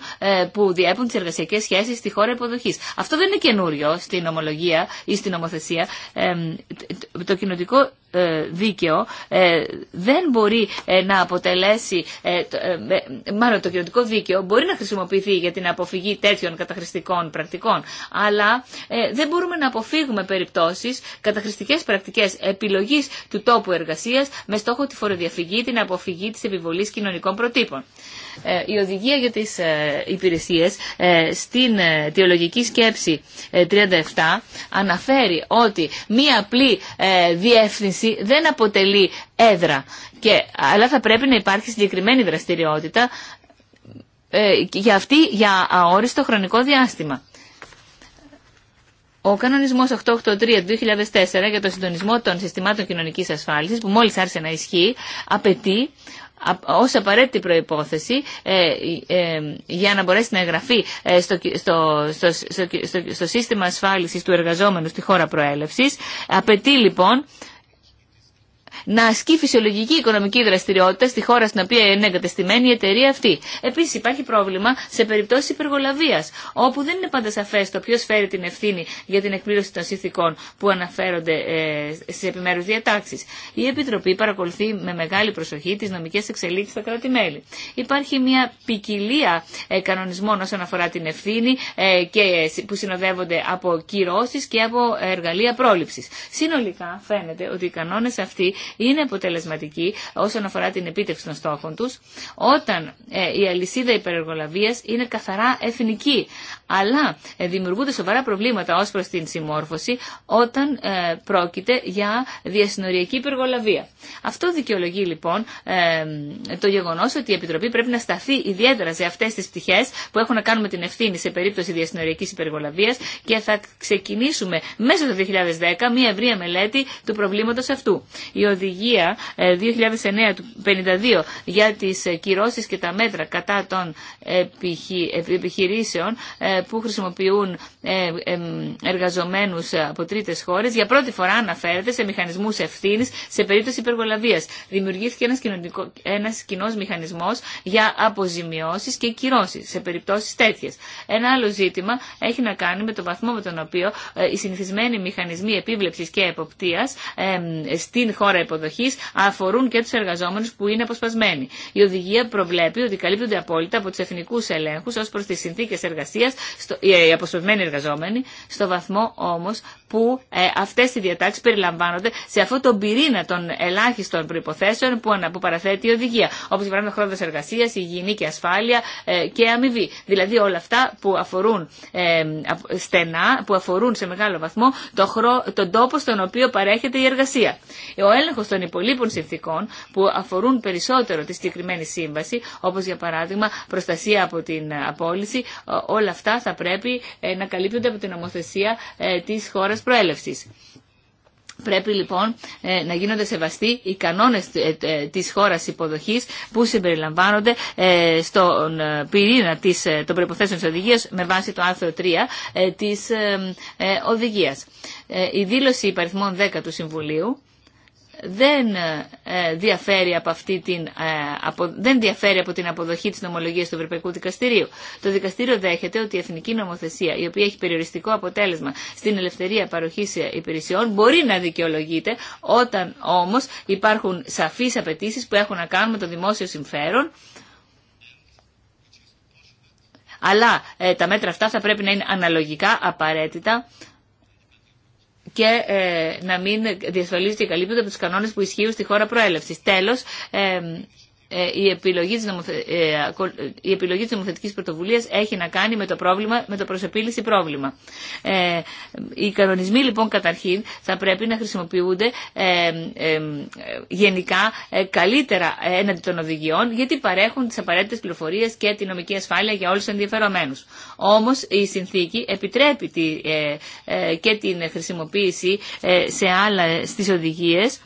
που διέπουν τι εργασιακέ σχέσει στη χώρα υποδοχή. Αυτό δεν είναι καινούριο στην ομολογία ή στην ομοθεσία. Το κοινοτικό ε, δίκαιο ε, δεν μπορεί ε, να αποτελέσει, μάλλον το κοινωνικό δίκαιο μπορεί να χρησιμοποιηθεί για την αποφυγή τέτοιων καταχρηστικών πρακτικών, αλλά δεν μπορούμε να αποφύγουμε περιπτώσεις καταχρηστικές πρακτικές επιλογής του τόπου εργασίας με στόχο τη φοροδιαφυγή, την αποφυγή της επιβολής κοινωνικών προτύπων. Η οδηγία για τις υπηρεσίες στην τηολογική σκέψη 37 αναφέρει ότι μία απλή διεύθυνση δεν αποτελεί έδρα. Και, αλλά θα πρέπει να υπάρχει συγκεκριμένη δραστηριότητα ε, για αυτή για αόριστο χρονικό διάστημα. Ο κανονισμός 883 2004 για το συντονισμό των συστημάτων κοινωνικής ασφάλισης που μόλις άρχισε να ισχύει απαιτεί ω απαραίτητη προϋπόθεση ε, ε, για να μπορέσει να εγγραφεί ε, στο, στο, στο, στο σύστημα ασφάλιση του εργαζόμενου στη χώρα προέλευση, Απαιτεί λοιπόν να ασκεί φυσιολογική οικονομική δραστηριότητα στη χώρα στην οποία είναι εγκατεστημένη η εταιρεία αυτή. Επίση υπάρχει πρόβλημα σε περιπτώσει υπεργολαβία, όπου δεν είναι πάντα σαφέ το ποιο φέρει την ευθύνη για την εκπλήρωση των συνθηκών που αναφέρονται ε, στι επιμέρου διατάξει. Η Επιτροπή παρακολουθεί με μεγάλη προσοχή τι νομικέ εξελίξει στα κράτη-μέλη. Υπάρχει μια ποικιλία ε, κανονισμών όσον αφορά την ευθύνη ε, και, ε, που συνοδεύονται από κυρώσει και από εργαλεία πρόληψη. Συνολικά φαίνεται ότι οι κανόνε αυτοί είναι αποτελεσματική όσον αφορά την επίτευξη των στόχων τους, όταν ε, η αλυσίδα υπερεργολαβίας είναι καθαρά εθνική. Αλλά ε, δημιουργούνται σοβαρά προβλήματα ως προς την συμμόρφωση όταν ε, πρόκειται για διασυνοριακή υπεργολαβία. Αυτό δικαιολογεί λοιπόν το γεγονός ότι η Επιτροπή πρέπει να σταθεί ιδιαίτερα σε αυτές τις πτυχές που έχουν να κάνουμε την ευθύνη σε περίπτωση διασυνοριακής υπεργολαβίας και θα ξεκινήσουμε μέσα το 2010 μια ευρεία μελέτη του προβλήματος αυτού οδηγία 2009 ε, του 52 για τις ε, κυρώσεις και τα μέτρα κατά των επιχειρήσεων ε, που χρησιμοποιούν εργαζομένους από τρίτες χώρες για πρώτη φορά αναφέρεται σε μηχανισμούς ευθύνης σε περίπτωση υπεργολαβίας. Δημιουργήθηκε ένας, ένας κοινός μηχανισμός για αποζημιώσεις και κυρώσεις σε περιπτώσεις τέτοιες. Ένα άλλο ζήτημα έχει να κάνει με το βαθμό με τον οποίο οι συνηθισμένοι μηχανισμοί επίβλεψης και εποπτείας στην χώρα υποδοχή αφορούν και του εργαζόμενου που είναι αποσπασμένοι. Η οδηγία προβλέπει ότι καλύπτονται απόλυτα από του εθνικού ελέγχου ω προ τι συνθήκε εργασία ε, οι αποσπασμένοι εργαζόμενοι, στο βαθμό όμω που ε, αυτέ οι διατάξει περιλαμβάνονται σε αυτό τον πυρήνα των ελάχιστων προποθέσεων που, που παραθέτει η οδηγία. Όπω για παράδειγμα χρόνο εργασία, υγιεινή και ασφάλεια ε, και αμοιβή. Δηλαδή όλα αυτά που αφορούν ε, στενά, που αφορούν σε μεγάλο βαθμό το τον τόπο στον οποίο παρέχεται η εργασία. Ο έλεγχο των υπολείπων συνθήκων που αφορούν περισσότερο τη συγκεκριμένη σύμβαση, όπω για παράδειγμα προστασία από την ε, απόλυση, ε, όλα αυτά θα πρέπει ε, να καλύπτονται από την νομοθεσία τη χώρα προέλευση. Πρέπει λοιπόν να γίνονται σεβαστοί οι κανόνες της χώρας υποδοχής που συμπεριλαμβάνονται στον πυρήνα των προϋποθέσεων της οδηγίας με βάση το άρθρο 3 της οδηγίας. Η δήλωση υπαριθμών 10 του Συμβουλίου δεν ε, διαφέρει από, αυτή την, ε, από, δεν διαφέρει από την αποδοχή της νομολογίας του Ευρωπαϊκού Δικαστηρίου. Το Δικαστήριο δέχεται ότι η εθνική νομοθεσία, η οποία έχει περιοριστικό αποτέλεσμα στην ελευθερία παροχής υπηρεσιών, μπορεί να δικαιολογείται όταν όμως υπάρχουν σαφείς απαιτήσει που έχουν να κάνουν με το δημόσιο συμφέρον, αλλά ε, τα μέτρα αυτά θα πρέπει να είναι αναλογικά απαραίτητα και ε, να μην διασφαλίζεται και καλύπτονται από του κανόνε που ισχύουν στη χώρα προέλευση. Τέλο, ε, ε, η επιλογή της, νομοθε... Ε, η επιλογή της νομοθετικής πρωτοβουλίας έχει να κάνει με το, πρόβλημα, με το προσεπίληση πρόβλημα. Ε, οι κανονισμοί λοιπόν καταρχήν θα πρέπει να χρησιμοποιούνται ε, ε, γενικά ε, καλύτερα έναντι των οδηγιών γιατί παρέχουν τις απαραίτητες πληροφορίες και τη νομική ασφάλεια για όλους τους ενδιαφερομένους. Όμως η συνθήκη επιτρέπει τη, και την χρησιμοποίηση σε άλλα στις οδηγίες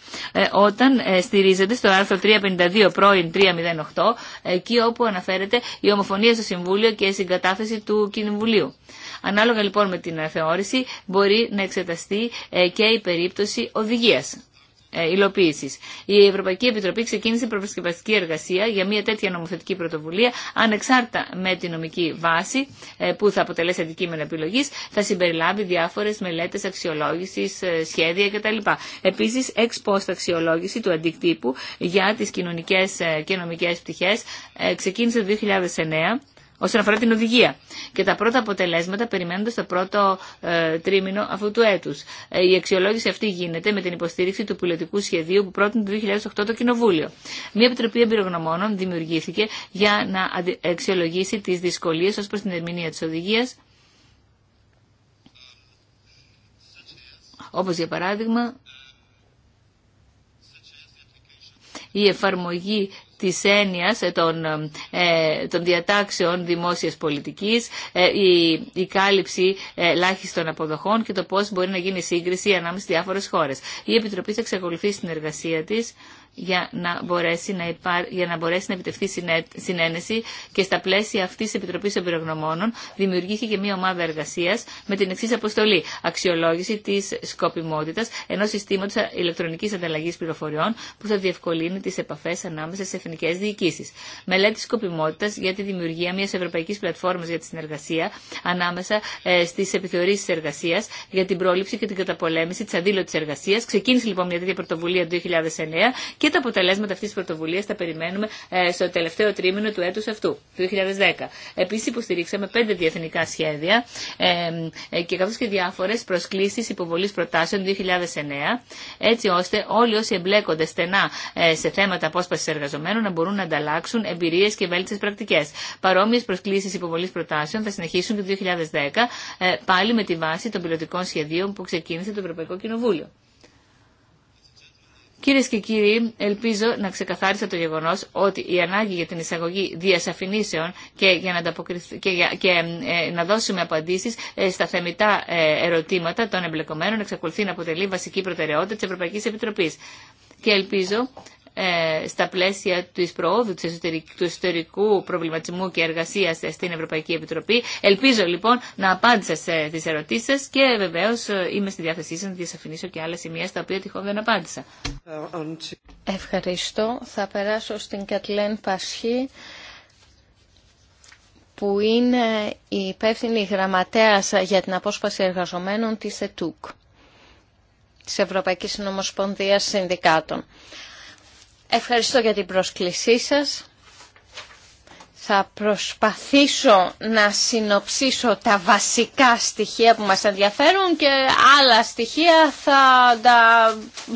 όταν στηρίζεται στο άρθρο 352 πρώην εκεί όπου αναφέρεται η ομοφωνία στο Συμβούλιο και η συγκατάθεση του Κοινοβουλίου. Ανάλογα λοιπόν με την θεώρηση, μπορεί να εξεταστεί ε, και η περίπτωση οδηγίας. Ε, υλοποίηση. Η Ευρωπαϊκή Επιτροπή ξεκίνησε προπροσκευαστική εργασία για μια τέτοια νομοθετική πρωτοβουλία, ανεξάρτητα με τη νομική βάση ε, που θα αποτελέσει αντικείμενο επιλογής, θα συμπεριλάβει διάφορες μελέτες αξιολόγησης, ε, σχέδια κτλ. Επίσης, εξ αξιολόγηση του αντικτύπου για τις κοινωνικές και νομικές πτυχές ξεκίνησε το 2009 όσον αφορά την οδηγία. Και τα πρώτα αποτελέσματα περιμένονται στο πρώτο ε, τρίμηνο αυτού του έτου. Ε, η αξιολόγηση αυτή γίνεται με την υποστήριξη του πολιτικού σχεδίου που πρότεινε το 2008 το Κοινοβούλιο. Μια επιτροπή εμπειρογνωμόνων δημιουργήθηκε για να αξιολογήσει τι δυσκολίε ω προ την ερμηνεία τη οδηγία. Όπως για παράδειγμα η εφαρμογή της έννοιας ε, των, ε, των διατάξεων δημόσιας πολιτικής, ε, η, η κάλυψη ελάχιστων αποδοχών και το πώς μπορεί να γίνει σύγκριση ανάμεσα στις διάφορες χώρες. Η Επιτροπή θα εξακολουθεί στην εργασία της για να μπορέσει να, υπά... για να, μπορέσει να επιτευχθεί συνένεση και στα πλαίσια αυτή τη Επιτροπή Εμπειρογνωμόνων δημιουργήθηκε μια ομάδα εργασία με την εξή αποστολή. Αξιολόγηση τη σκοπιμότητα ενό συστήματο ηλεκτρονική ανταλλαγή πληροφοριών που θα διευκολύνει τι επαφέ ανάμεσα στι εθνικέ διοικήσει. Μελέτη σκοπιμότητα για τη δημιουργία μια ευρωπαϊκή πλατφόρμα για τη συνεργασία ανάμεσα ε, στι επιθεωρήσει εργασία για την πρόληψη και την καταπολέμηση τη αδήλωτη εργασία. Ξεκίνησε λοιπόν μια τέτοια πρωτοβουλία το 2009 και και τα αποτελέσματα αυτή τη πρωτοβουλία τα περιμένουμε ε, στο τελευταίο τρίμηνο του έτου αυτού, του 2010. Επίση, υποστηρίξαμε πέντε διεθνικά σχέδια ε, ε, και καθώ και διάφορε προσκλήσει υποβολή προτάσεων 2009, έτσι ώστε όλοι όσοι εμπλέκονται στενά σε θέματα απόσπαση εργαζομένων να μπορούν να ανταλλάξουν εμπειρίε και βέλτιστε πρακτικέ. Παρόμοιε προσκλήσει υποβολή προτάσεων θα συνεχίσουν το 2010, πάλι με τη βάση των πιλωτικών σχεδίων που ξεκίνησε το Ευρωπαϊκό Κοινοβούλιο. Κυρίε και κύριοι, ελπίζω να ξεκαθάρισα το γεγονό ότι η ανάγκη για την εισαγωγή διασαφηνήσεων και για να, ε, δώσουμε απαντήσει ε, στα θεμητά ε, ερωτήματα των εμπλεκομένων εξακολουθεί να αποτελεί βασική προτεραιότητα τη Ευρωπαϊκή Επιτροπή. Και ελπίζω ε, στα πλαίσια της προόδου του εσωτερικού προβληματισμού και εργασία στην Ευρωπαϊκή Επιτροπή. Ελπίζω λοιπόν να απάντησα σε τις ερωτήσεις και βεβαίω είμαι στη διάθεσή σα να διασαφηνίσω και άλλα σημεία στα οποία τυχόν δεν απάντησα. Ευχαριστώ. Θα περάσω στην Κατλέν Πασχή που είναι η υπεύθυνη γραμματέα για την απόσπαση εργαζομένων της ΕΤΟΚ, της Ευρωπαϊκής Συνομοσπονδίας Συνδικάτων. Ευχαριστώ για την πρόσκλησή σας. Θα προσπαθήσω να συνοψίσω τα βασικά στοιχεία που μας ενδιαφέρουν και άλλα στοιχεία θα τα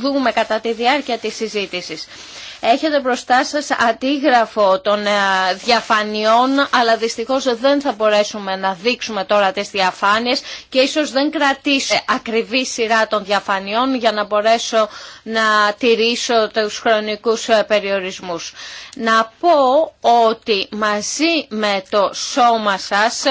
δούμε κατά τη διάρκεια της συζήτησης. Έχετε μπροστά σας αντίγραφο των ε, διαφανειών, αλλά δυστυχώς δεν θα μπορέσουμε να δείξουμε τώρα τις διαφάνειες και ίσως δεν κρατήσει ακριβή σειρά των διαφανειών για να μπορέσω να τηρήσω τους χρονικούς ε, περιορισμούς. Να πω ότι μαζί με το σώμα σας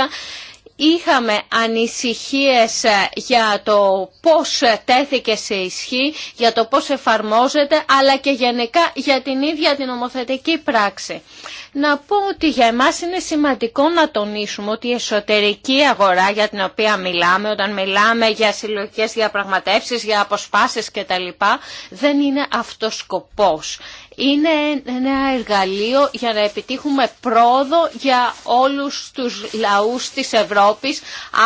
είχαμε ανησυχίες ε, για το πώς τέθηκε σε ισχύ, για το πώς εφαρμόζεται, αλλά και γενικά για την ίδια την νομοθετική πράξη. Να πω ότι για εμάς είναι σημαντικό να τονίσουμε ότι η εσωτερική αγορά για την οποία μιλάμε, όταν μιλάμε για συλλογικές διαπραγματεύσεις, για αποσπάσεις κτλ, δεν είναι αυτός σκοπός είναι ένα εργαλείο για να επιτύχουμε πρόοδο για όλους τους λαούς της Ευρώπης,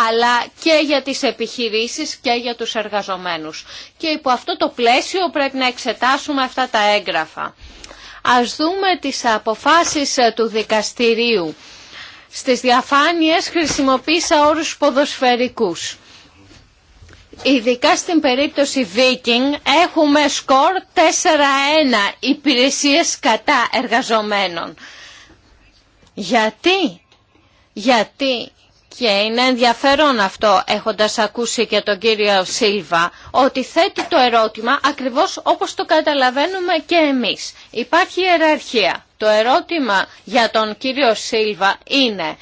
αλλά και για τις επιχειρήσεις και για τους εργαζομένους. Και υπό αυτό το πλαίσιο πρέπει να εξετάσουμε αυτά τα έγγραφα. Ας δούμε τις αποφάσεις ε, του δικαστηρίου. Στις διαφάνειες χρησιμοποίησα όρους ποδοσφαιρικούς. Ειδικά στην περίπτωση Viking έχουμε σκορ 4-1 υπηρεσίες κατά εργαζομένων. Γιατί, γιατί και είναι ενδιαφέρον αυτό έχοντας ακούσει και τον κύριο Σίλβα ότι θέτει το ερώτημα ακριβώς όπως το καταλαβαίνουμε και εμείς. Υπάρχει ιεραρχία. Το ερώτημα για τον κύριο Σίλβα είναι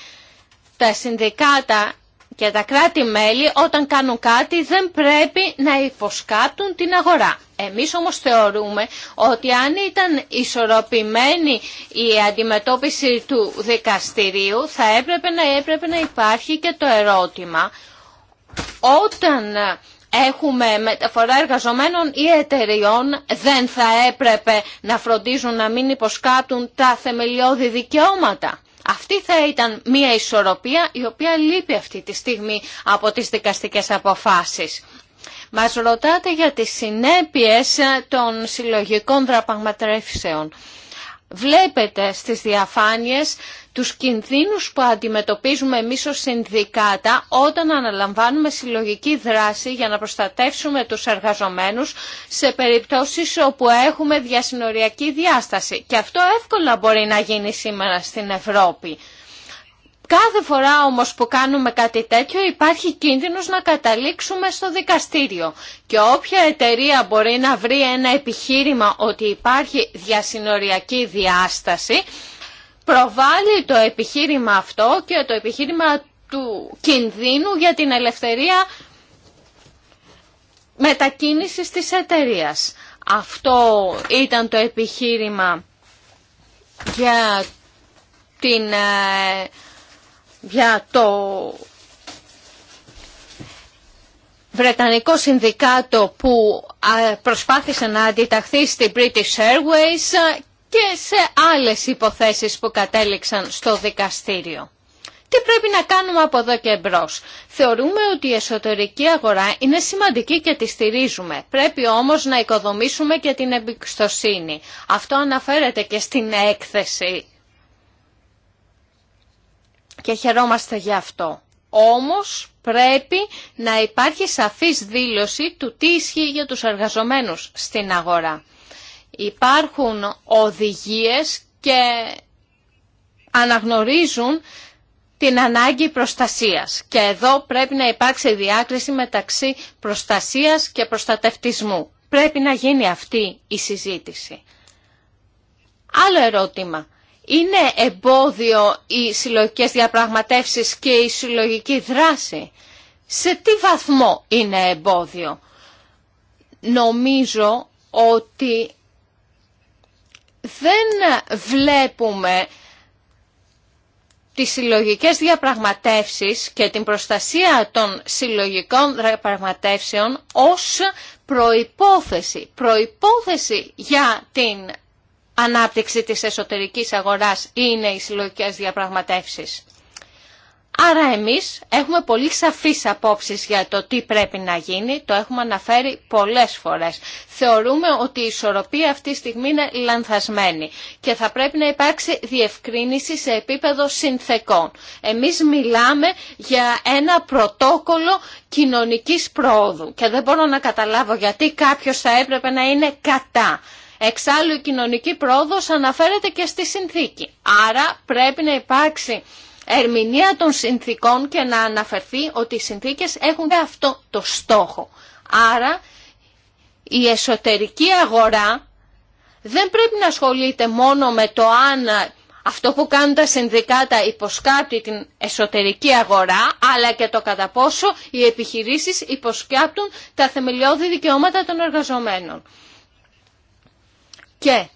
τα συνδικάτα και τα κράτη-μέλη όταν κάνουν κάτι δεν πρέπει να υποσκάτουν την αγορά. Εμείς όμως θεωρούμε ότι αν ήταν ισορροπημένη η αντιμετώπιση του δικαστηρίου θα έπρεπε να, έπρεπε να υπάρχει και το ερώτημα όταν έχουμε μεταφορά εργαζομένων ή εταιριών δεν θα έπρεπε να φροντίζουν να μην υποσκάπτουν τα θεμελιώδη δικαιώματα. Αυτή θα ήταν μια ισορροπία η οποία λείπει αυτή τη στιγμή από τις δικαστικές αποφάσεις. Μας ρωτάτε για τις συνέπειες των συλλογικών δραπαγματρεύσεων. Βλέπετε στις διαφάνειες τους κινδύνους που αντιμετωπίζουμε εμείς ως συνδικάτα όταν αναλαμβάνουμε συλλογική δράση για να προστατεύσουμε τους εργαζομένους σε περιπτώσεις όπου έχουμε διασυνοριακή διάσταση. Και αυτό εύκολα μπορεί να γίνει σήμερα στην Ευρώπη. Κάθε φορά όμως που κάνουμε κάτι τέτοιο υπάρχει κίνδυνος να καταλήξουμε στο δικαστήριο και όποια εταιρεία μπορεί να βρει ένα επιχείρημα ότι υπάρχει διασυνοριακή διάσταση προβάλλει το επιχείρημα αυτό και το επιχείρημα του κινδύνου για την ελευθερία μετακίνησης της εταιρείας. Αυτό ήταν το επιχείρημα για την ε, για το Βρετανικό Συνδικάτο που προσπάθησε να αντιταχθεί στην British Airways και σε άλλες υποθέσεις που κατέληξαν στο δικαστήριο. Τι πρέπει να κάνουμε από εδώ και εμπρό. Θεωρούμε ότι η εσωτερική αγορά είναι σημαντική και τη στηρίζουμε. Πρέπει όμως να οικοδομήσουμε και την εμπιστοσύνη. Αυτό αναφέρεται και στην έκθεση και χαιρόμαστε γι' αυτό. Όμως πρέπει να υπάρχει σαφής δήλωση του τι ισχύει για τους εργαζομένους στην αγορά. Υπάρχουν οδηγίες και αναγνωρίζουν την ανάγκη προστασίας. Και εδώ πρέπει να υπάρξει διάκριση μεταξύ προστασίας και προστατευτισμού. Πρέπει να γίνει αυτή η συζήτηση. Άλλο ερώτημα είναι εμπόδιο οι συλλογικές διαπραγματεύσεις και η συλλογική δράση. Σε τι βαθμό είναι εμπόδιο. Νομίζω ότι δεν βλέπουμε τις συλλογικές διαπραγματεύσεις και την προστασία των συλλογικών διαπραγματεύσεων ως προϋπόθεση. Προϋπόθεση για την ανάπτυξη της εσωτερικής αγοράς είναι οι συλλογικέ διαπραγματεύσεις. Άρα εμείς έχουμε πολύ σαφείς απόψεις για το τι πρέπει να γίνει, το έχουμε αναφέρει πολλές φορές. Θεωρούμε ότι η ισορροπία αυτή τη στιγμή είναι λανθασμένη και θα πρέπει να υπάρξει διευκρίνηση σε επίπεδο συνθεκών. Εμείς μιλάμε για ένα πρωτόκολλο κοινωνικής πρόοδου και δεν μπορώ να καταλάβω γιατί κάποιος θα έπρεπε να είναι κατά. Εξάλλου η κοινωνική πρόοδος αναφέρεται και στη συνθήκη. Άρα πρέπει να υπάρξει ερμηνεία των συνθήκων και να αναφερθεί ότι οι συνθήκες έχουν αυτό το στόχο. Άρα η εσωτερική αγορά δεν πρέπει να ασχολείται μόνο με το αν αυτό που κάνουν τα συνδικάτα υποσκάπτει την εσωτερική αγορά, αλλά και το κατά πόσο οι επιχειρήσεις υποσκάπτουν τα θεμελιώδη δικαιώματα των εργαζομένων. Και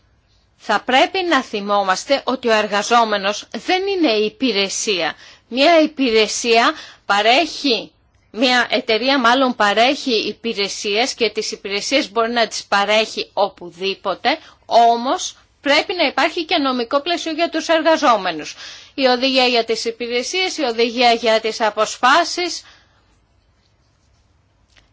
θα πρέπει να θυμόμαστε ότι ο εργαζόμενος δεν είναι υπηρεσία. Μια υπηρεσία παρέχει, μια εταιρεία μάλλον παρέχει υπηρεσίες και τις υπηρεσίες μπορεί να τις παρέχει οπουδήποτε, όμως πρέπει να υπάρχει και νομικό πλαίσιο για τους εργαζόμενους. Η οδηγία για τις υπηρεσίες, η οδηγία για τις αποσπάσεις,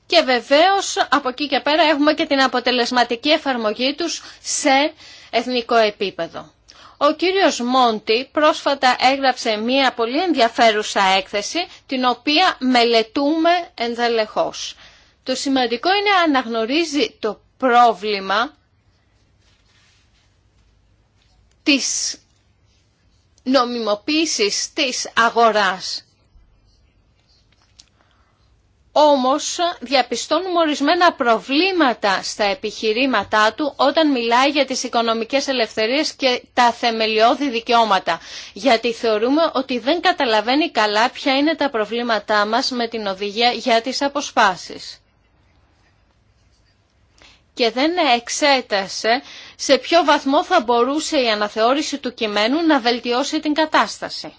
και βεβαίως από εκεί και πέρα έχουμε και την αποτελεσματική εφαρμογή τους σε εθνικό επίπεδο. Ο κύριος Μόντι πρόσφατα έγραψε μία πολύ ενδιαφέρουσα έκθεση την οποία μελετούμε ενδελεχώς. Το σημαντικό είναι να αναγνωρίζει το πρόβλημα της νομιμοποίησης της αγοράς όμως διαπιστώνουμε ορισμένα προβλήματα στα επιχειρήματά του όταν μιλάει για τις οικονομικές ελευθερίες και τα θεμελιώδη δικαιώματα. Γιατί θεωρούμε ότι δεν καταλαβαίνει καλά ποια είναι τα προβλήματά μας με την οδηγία για τις αποσπάσεις. Και δεν εξέτασε σε ποιο βαθμό θα μπορούσε η αναθεώρηση του κειμένου να βελτιώσει την κατάσταση.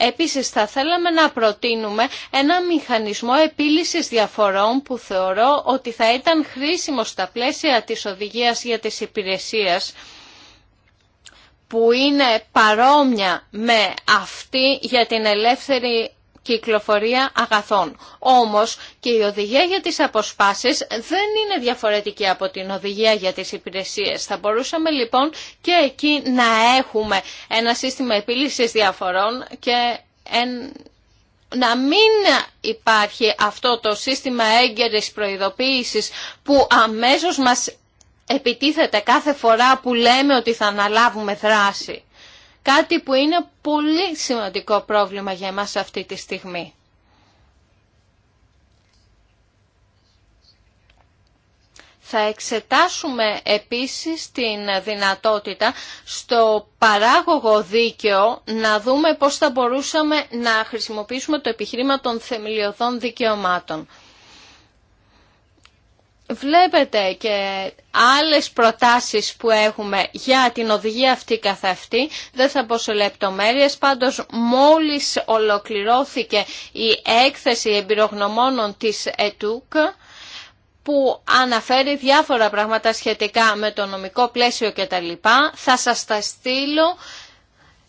Επίσης θα θέλαμε να προτείνουμε ένα μηχανισμό επίλυσης διαφορών που θεωρώ ότι θα ήταν χρήσιμο στα πλαίσια της οδηγίας για τις υπηρεσίες που είναι παρόμοια με αυτή για την ελεύθερη κυκλοφορία αγαθών. Όμως και η οδηγία για τις αποσπάσεις δεν είναι διαφορετική από την οδηγία για τις υπηρεσίες. Θα μπορούσαμε λοιπόν και εκεί να έχουμε ένα σύστημα επίλυσης διαφορών και να μην υπάρχει αυτό το σύστημα έγκαιρης προειδοποίησης που αμέσως μας επιτίθεται κάθε φορά που λέμε ότι θα αναλάβουμε δράση. Κάτι που είναι πολύ σημαντικό πρόβλημα για εμάς αυτή τη στιγμή. Θα εξετάσουμε επίσης την δυνατότητα στο παράγωγο δίκαιο να δούμε πώς θα μπορούσαμε να χρησιμοποιήσουμε το επιχείρημα των θεμελιωδών δικαιωμάτων βλέπετε και άλλες προτάσεις που έχουμε για την οδηγία αυτή καθ' αυτή. Δεν θα πω σε λεπτομέρειες, πάντως μόλις ολοκληρώθηκε η έκθεση εμπειρογνωμόνων της ΕΤΟΥΚ που αναφέρει διάφορα πράγματα σχετικά με το νομικό πλαίσιο κτλ. Θα σας τα στείλω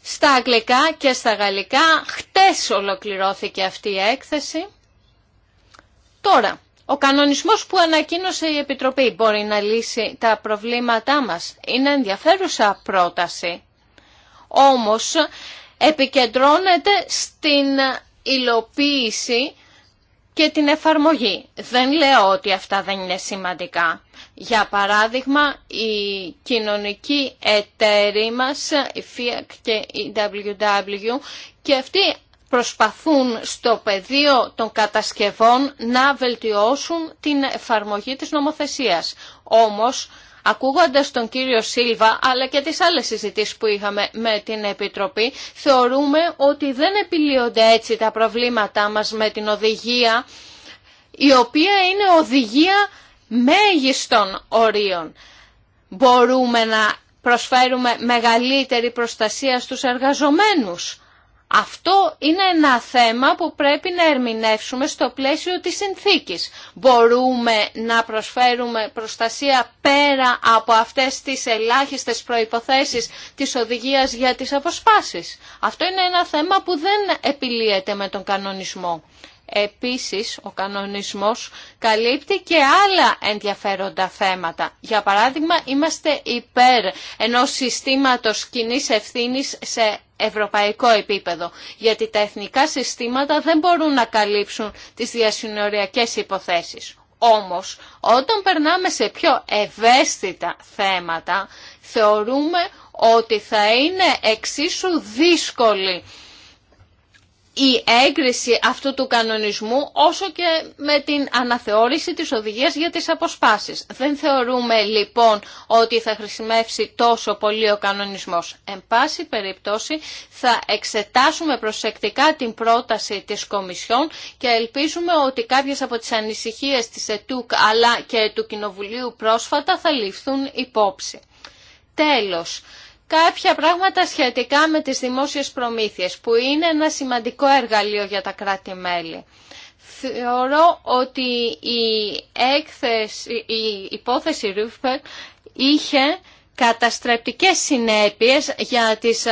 στα αγγλικά και στα γαλλικά. Χτες ολοκληρώθηκε αυτή η έκθεση. Τώρα, ο κανονισμός που ανακοίνωσε η Επιτροπή μπορεί να λύσει τα προβλήματά μας. Είναι ενδιαφέρουσα πρόταση. Όμως επικεντρώνεται στην υλοποίηση και την εφαρμογή. Δεν λέω ότι αυτά δεν είναι σημαντικά. Για παράδειγμα, η κοινωνική εταίροι μας, η FIAC και η WW, και αυτοί προσπαθούν στο πεδίο των κατασκευών να βελτιώσουν την εφαρμογή της νομοθεσίας. Όμως, ακούγοντας τον κύριο Σίλβα, αλλά και τις άλλες συζητήσεις που είχαμε με την Επιτροπή, θεωρούμε ότι δεν επιλύονται έτσι τα προβλήματά μας με την οδηγία, η οποία είναι οδηγία μέγιστων ορίων. Μπορούμε να προσφέρουμε μεγαλύτερη προστασία στους εργαζομένους αυτό είναι ένα θέμα που πρέπει να ερμηνεύσουμε στο πλαίσιο της συνθήκης. Μπορούμε να προσφέρουμε προστασία πέρα από αυτές τις ελάχιστες προϋποθέσεις της οδηγίας για τις αποσπάσεις. Αυτό είναι ένα θέμα που δεν επιλύεται με τον κανονισμό. Επίσης, ο κανονισμός καλύπτει και άλλα ενδιαφέροντα θέματα. Για παράδειγμα, είμαστε υπέρ ενός συστήματος κοινή ευθύνης σε ευρωπαϊκό επίπεδο, γιατί τα εθνικά συστήματα δεν μπορούν να καλύψουν τις διασυνοριακές υποθέσεις. Όμως, όταν περνάμε σε πιο ευαίσθητα θέματα, θεωρούμε ότι θα είναι εξίσου δύσκολη η έγκριση αυτού του κανονισμού όσο και με την αναθεώρηση της οδηγίας για τις αποσπάσεις. Δεν θεωρούμε λοιπόν ότι θα χρησιμεύσει τόσο πολύ ο κανονισμός. Εν πάση περιπτώσει θα εξετάσουμε προσεκτικά την πρόταση της Κομισιόν και ελπίζουμε ότι κάποιες από τις ανησυχίες της ΕΤΟΚ αλλά και του Κοινοβουλίου πρόσφατα θα ληφθούν υπόψη. Τέλος, κάποια πράγματα σχετικά με τις δημόσιες προμήθειες, που είναι ένα σημαντικό εργαλείο για τα κράτη-μέλη. Θεωρώ ότι η, έκθεση, η υπόθεση Ρούφπερ είχε καταστρεπτικές συνέπειες για τις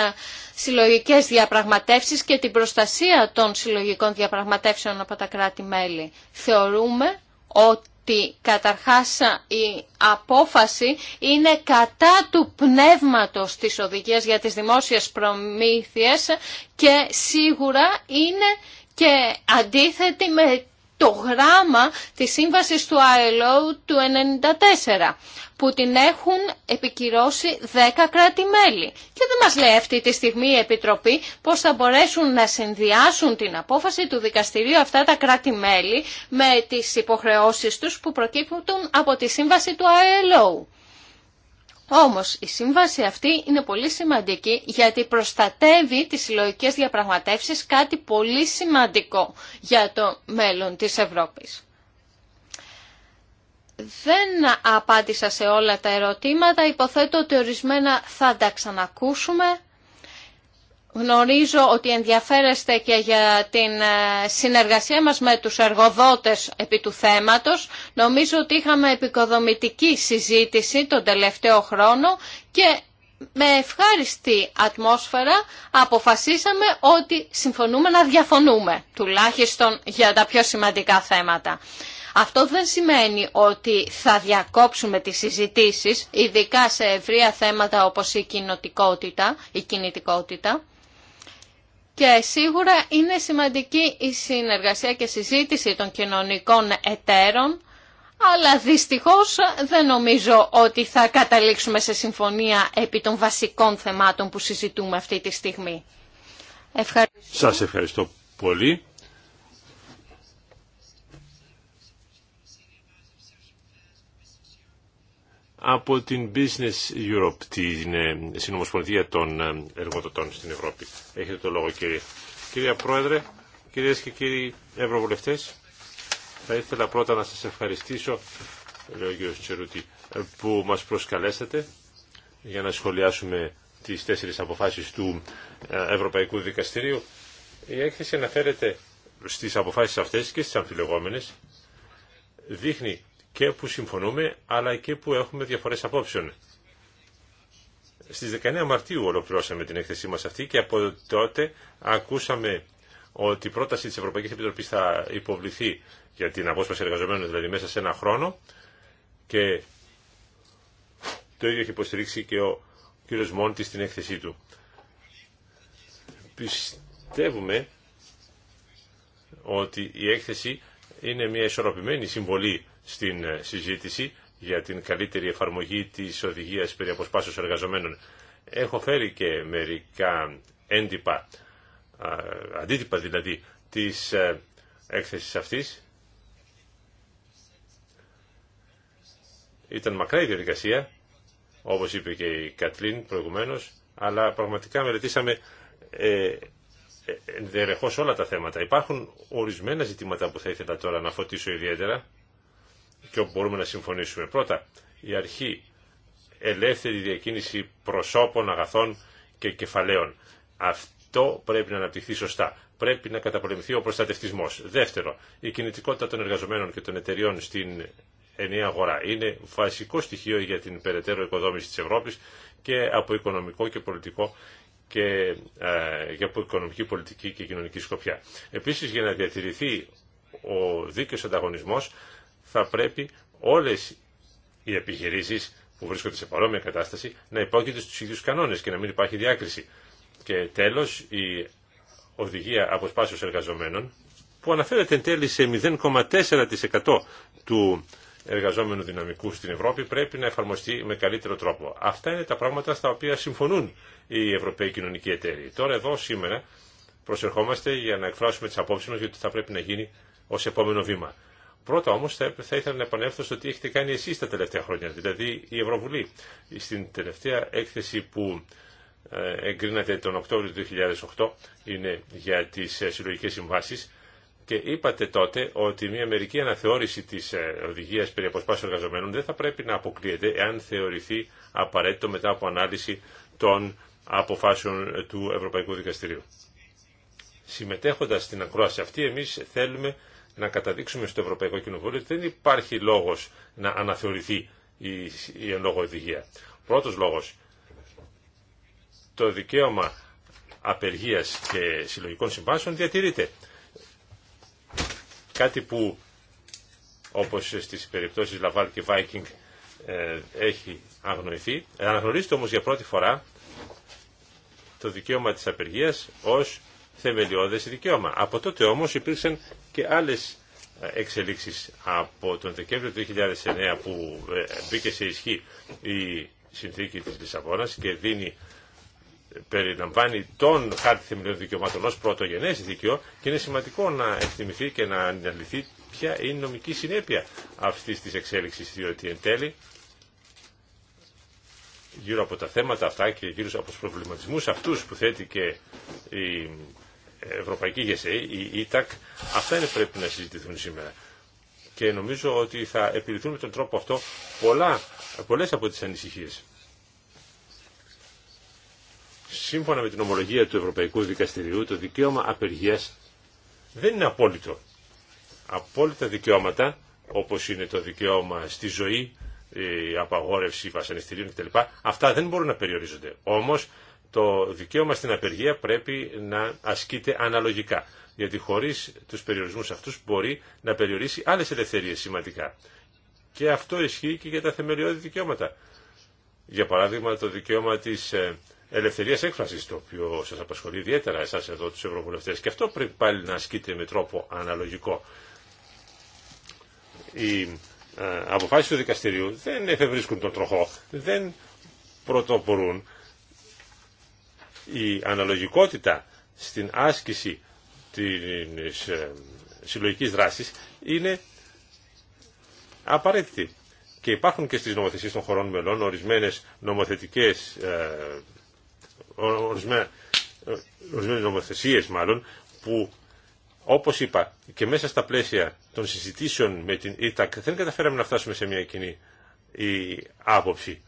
συλλογικές διαπραγματεύσεις και την προστασία των συλλογικών διαπραγματεύσεων από τα κράτη-μέλη. Θεωρούμε ότι ότι καταρχάς η απόφαση είναι κατά του πνεύματος της οδηγίας για τις δημόσιες προμήθειες και σίγουρα είναι και αντίθετη με το γράμμα της σύμβασης του ILO του 1994 που την έχουν επικυρώσει 10 κράτη-μέλη. Και δεν μας λέει αυτή τη στιγμή η Επιτροπή πώς θα μπορέσουν να συνδυάσουν την απόφαση του δικαστηρίου αυτά τα κράτη-μέλη με τις υποχρεώσεις τους που προκύπτουν από τη σύμβαση του ILO. Όμως η σύμβαση αυτή είναι πολύ σημαντική γιατί προστατεύει τις συλλογικές διαπραγματεύσεις κάτι πολύ σημαντικό για το μέλλον της Ευρώπης. Δεν απάντησα σε όλα τα ερωτήματα, υποθέτω ότι ορισμένα θα τα ξανακούσουμε Γνωρίζω ότι ενδιαφέρεστε και για την ε, συνεργασία μας με τους εργοδότες επί του θέματος. Νομίζω ότι είχαμε επικοδομητική συζήτηση τον τελευταίο χρόνο και με ευχάριστη ατμόσφαιρα αποφασίσαμε ότι συμφωνούμε να διαφωνούμε, τουλάχιστον για τα πιο σημαντικά θέματα. Αυτό δεν σημαίνει ότι θα διακόψουμε τις συζητήσεις, ειδικά σε ευρεία θέματα όπως η, η κινητικότητα. Και σίγουρα είναι σημαντική η συνεργασία και συζήτηση των κοινωνικών εταίρων, αλλά δυστυχώς δεν νομίζω ότι θα καταλήξουμε σε συμφωνία επί των βασικών θεμάτων που συζητούμε αυτή τη στιγμή. Ευχαριστώ. Σας ευχαριστώ πολύ. από την Business Europe, την ε, Συνομοσπονδία των ε, Εργοδοτών στην Ευρώπη. Έχετε το λόγο κύριε. Κυρία Πρόεδρε, κυρίες και κύριοι Ευρωβουλευτές, θα ήθελα πρώτα να σας ευχαριστήσω, λέει ο κύριος Τσερούτη, που μας προσκαλέσατε για να σχολιάσουμε τις τέσσερις αποφάσεις του ε, Ευρωπαϊκού Δικαστηρίου. Η έκθεση αναφέρεται στις αποφάσεις αυτές και στις αμφιλεγόμενες. Δείχνει και που συμφωνούμε αλλά και που έχουμε διαφορές απόψεων. Στις 19 Μαρτίου ολοκληρώσαμε την έκθεσή μας αυτή και από τότε ακούσαμε ότι η πρόταση της Ευρωπαϊκής Επιτροπής θα υποβληθεί για την απόσπαση εργαζομένων δηλαδή μέσα σε ένα χρόνο και το ίδιο έχει υποστηρίξει και ο κύριος Μόντι στην έκθεσή του. Πιστεύουμε ότι η έκθεση είναι μια ισορροπημένη συμβολή στην ε, συζήτηση για την καλύτερη εφαρμογή της οδηγίας περί αποσπάσεως εργαζομένων. Έχω φέρει και μερικά έντυπα, αντίτυπα δηλαδή, της ε, έκθεσης αυτής. Ήταν μακρά η διαδικασία, όπως είπε και η Κατλίν προηγουμένως, αλλά πραγματικά μελετήσαμε ε, ενδερεχώς όλα τα θέματα. Υπάρχουν ορισμένα ζητήματα που θα ήθελα τώρα να φωτίσω ιδιαίτερα και όπου μπορούμε να συμφωνήσουμε. Πρώτα, η αρχή ελεύθερη διακίνηση προσώπων, αγαθών και κεφαλαίων. Αυτό πρέπει να αναπτυχθεί σωστά. Πρέπει να καταπολεμηθεί ο προστατευτισμός. Δεύτερο, η κινητικότητα των εργαζομένων και των εταιριών στην ενιαία αγορά. Είναι βασικό στοιχείο για την περαιτέρω οικοδόμηση της Ευρώπης και από οικονομικό και πολιτικό και ε, για οικονομική πολιτική και κοινωνική σκοπιά. Επίσης για να διατηρηθεί ο δίκαιος ανταγωνισμός θα πρέπει όλες οι επιχειρήσεις που βρίσκονται σε παρόμοια κατάσταση να υπόκειται στους ίδιους κανόνες και να μην υπάρχει διάκριση. Και τέλος η οδηγία αποσπάσεως εργαζομένων που αναφέρεται εν τέλει σε 0,4% του εργαζόμενου δυναμικού στην Ευρώπη πρέπει να εφαρμοστεί με καλύτερο τρόπο. Αυτά είναι τα πράγματα στα οποία συμφωνούν οι Ευρωπαίοι κοινωνικοί εταίροι. Τώρα εδώ σήμερα προσερχόμαστε για να εκφράσουμε τις απόψει μας για το τι θα πρέπει να γίνει ω επόμενο βήμα. Πρώτα όμω, θα, ήθελα να επανέλθω στο τι έχετε κάνει εσεί τα τελευταία χρόνια, δηλαδή η Ευρωβουλή. Στην τελευταία έκθεση που ε, εγκρίνατε τον Οκτώβριο του 2008 είναι για τι ε, συλλογικέ συμβάσει και είπατε τότε ότι μια μερική αναθεώρηση της ε, οδηγίας περί αποσπάσεων εργαζομένων δεν θα πρέπει να αποκλείεται εάν θεωρηθεί απαραίτητο μετά από ανάλυση των αποφάσεων του Ευρωπαϊκού Δικαστηρίου. Συμμετέχοντα στην ακρόαση αυτή, εμείς θέλουμε να καταδείξουμε στο Ευρωπαϊκό Κοινοβούλιο ότι δεν υπάρχει λόγο να αναθεωρηθεί η εν λόγω οδηγία. Πρώτος λόγος, το δικαίωμα απεργία και συλλογικών συμβάσεων διατηρείται. Κάτι που όπως στις περιπτώσεις Λαβάλ και Βάικινγκ ε, έχει αγνοηθεί. Αναγνωρίζεται όμως για πρώτη φορά το δικαίωμα της απεργίας ως θεμελιώδες δικαίωμα. Από τότε όμως υπήρξαν και άλλες ε, εξελίξεις από τον Δεκέμβριο του 2009 που ε, μπήκε σε ισχύ η συνθήκη της Λισαβόνας και δίνει περιλαμβάνει τον χάρτη θεμελιών δικαιωμάτων ως πρωτογενές δίκαιο και είναι σημαντικό να εκτιμηθεί και να αναλυθεί ποια είναι η νομική συνέπεια αυτής της εξέλιξης, διότι εν τέλει γύρω από τα θέματα αυτά και γύρω από τους προβληματισμούς αυτούς που θέτει και η Ευρωπαϊκή ΓΕΣΕΗ, η ΙΤΑΚ, αυτά είναι πρέπει να συζητηθούν σήμερα. Και νομίζω ότι θα επιληθούν με τον τρόπο αυτό πολλά, πολλές από τις ανησυχίες. Σύμφωνα με την ομολογία του Ευρωπαϊκού Δικαστηριού, το δικαίωμα απεργίας δεν είναι απόλυτο. Απόλυτα δικαιώματα, όπως είναι το δικαίωμα στη ζωή, η απαγόρευση βασανιστήριων κτλ. Αυτά δεν μπορούν να περιορίζονται. Όμως το δικαίωμα στην απεργία πρέπει να ασκείται αναλογικά. Γιατί χωρίς τους περιορισμούς αυτούς μπορεί να περιορίσει άλλες ελευθερίες σημαντικά. Και αυτό ισχύει και για τα θεμελιώδη δικαιώματα. Για παράδειγμα το δικαίωμα της ε, Ελευθερία έκφραση το οποίο σα απασχολεί ιδιαίτερα εσά εδώ τους Ευρωβουλευτέ. και αυτό πρέπει πάλι να ασκείται με τρόπο αναλογικό. Οι ε, αποφάσει του δικαστηρίου δεν εφευρίσκουν τον τροχό, δεν πρωτοπορούν. Η αναλογικότητα στην άσκηση της ε, συλλογικής δράσης είναι απαραίτητη. Και υπάρχουν και στις νομοθεσίες των χωρών μελών ορισμένες νομοθετικές ε, Ορισμένε νομοθεσίε, μάλλον που όπως είπα και μέσα στα πλαίσια των συζητήσεων με την ΙΤΑΚ δεν καταφέραμε να φτάσουμε σε μια κοινή η άποψη.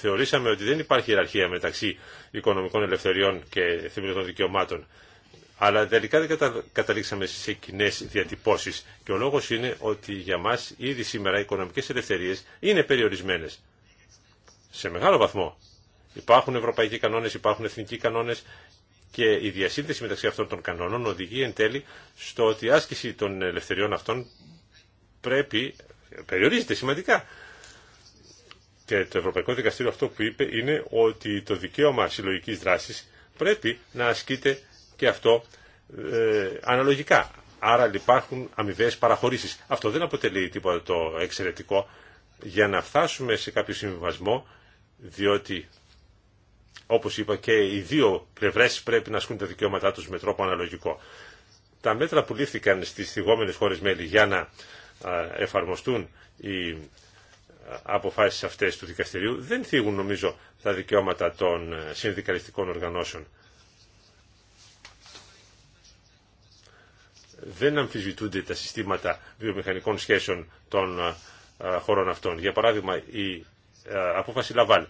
Θεωρήσαμε ότι δεν υπάρχει ιεραρχία μεταξύ οικονομικών ελευθεριών και θεμελιωτών δικαιωμάτων. Αλλά τελικά δεν καταλήξαμε σε κοινέ διατυπώσει. Και ο λόγο είναι ότι για μα ήδη σήμερα οι οικονομικέ ελευθερίε είναι περιορισμένε σε μεγάλο βαθμό. Υπάρχουν ευρωπαϊκοί κανόνες, υπάρχουν εθνικοί κανόνες και η διασύνδεση μεταξύ αυτών των κανόνων οδηγεί εν τέλει στο ότι η άσκηση των ελευθεριών αυτών πρέπει, περιορίζεται σημαντικά. Και το Ευρωπαϊκό Δικαστήριο αυτό που είπε είναι ότι το δικαίωμα συλλογική δράση πρέπει να ασκείται και αυτό ε, αναλογικά. Άρα υπάρχουν αμοιβέ παραχωρήσει. Αυτό δεν αποτελεί τίποτα το εξαιρετικό. Για να φτάσουμε σε κάποιο συμβιβασμό διότι όπως είπα και οι δύο πλευρές πρέπει να ασκούν τα δικαιώματά τους με τρόπο αναλογικό. Τα μέτρα που λήφθηκαν στις θυγόμενες χώρες μέλη για να εφαρμοστούν οι αποφάσεις αυτές του δικαστηρίου δεν θίγουν νομίζω τα δικαιώματα των ε, συνδικαλιστικών οργανώσεων. Δεν αμφισβητούνται τα συστήματα βιομηχανικών σχέσεων των ε, χωρών αυτών. Για παράδειγμα, η ε, απόφαση Λαβάλ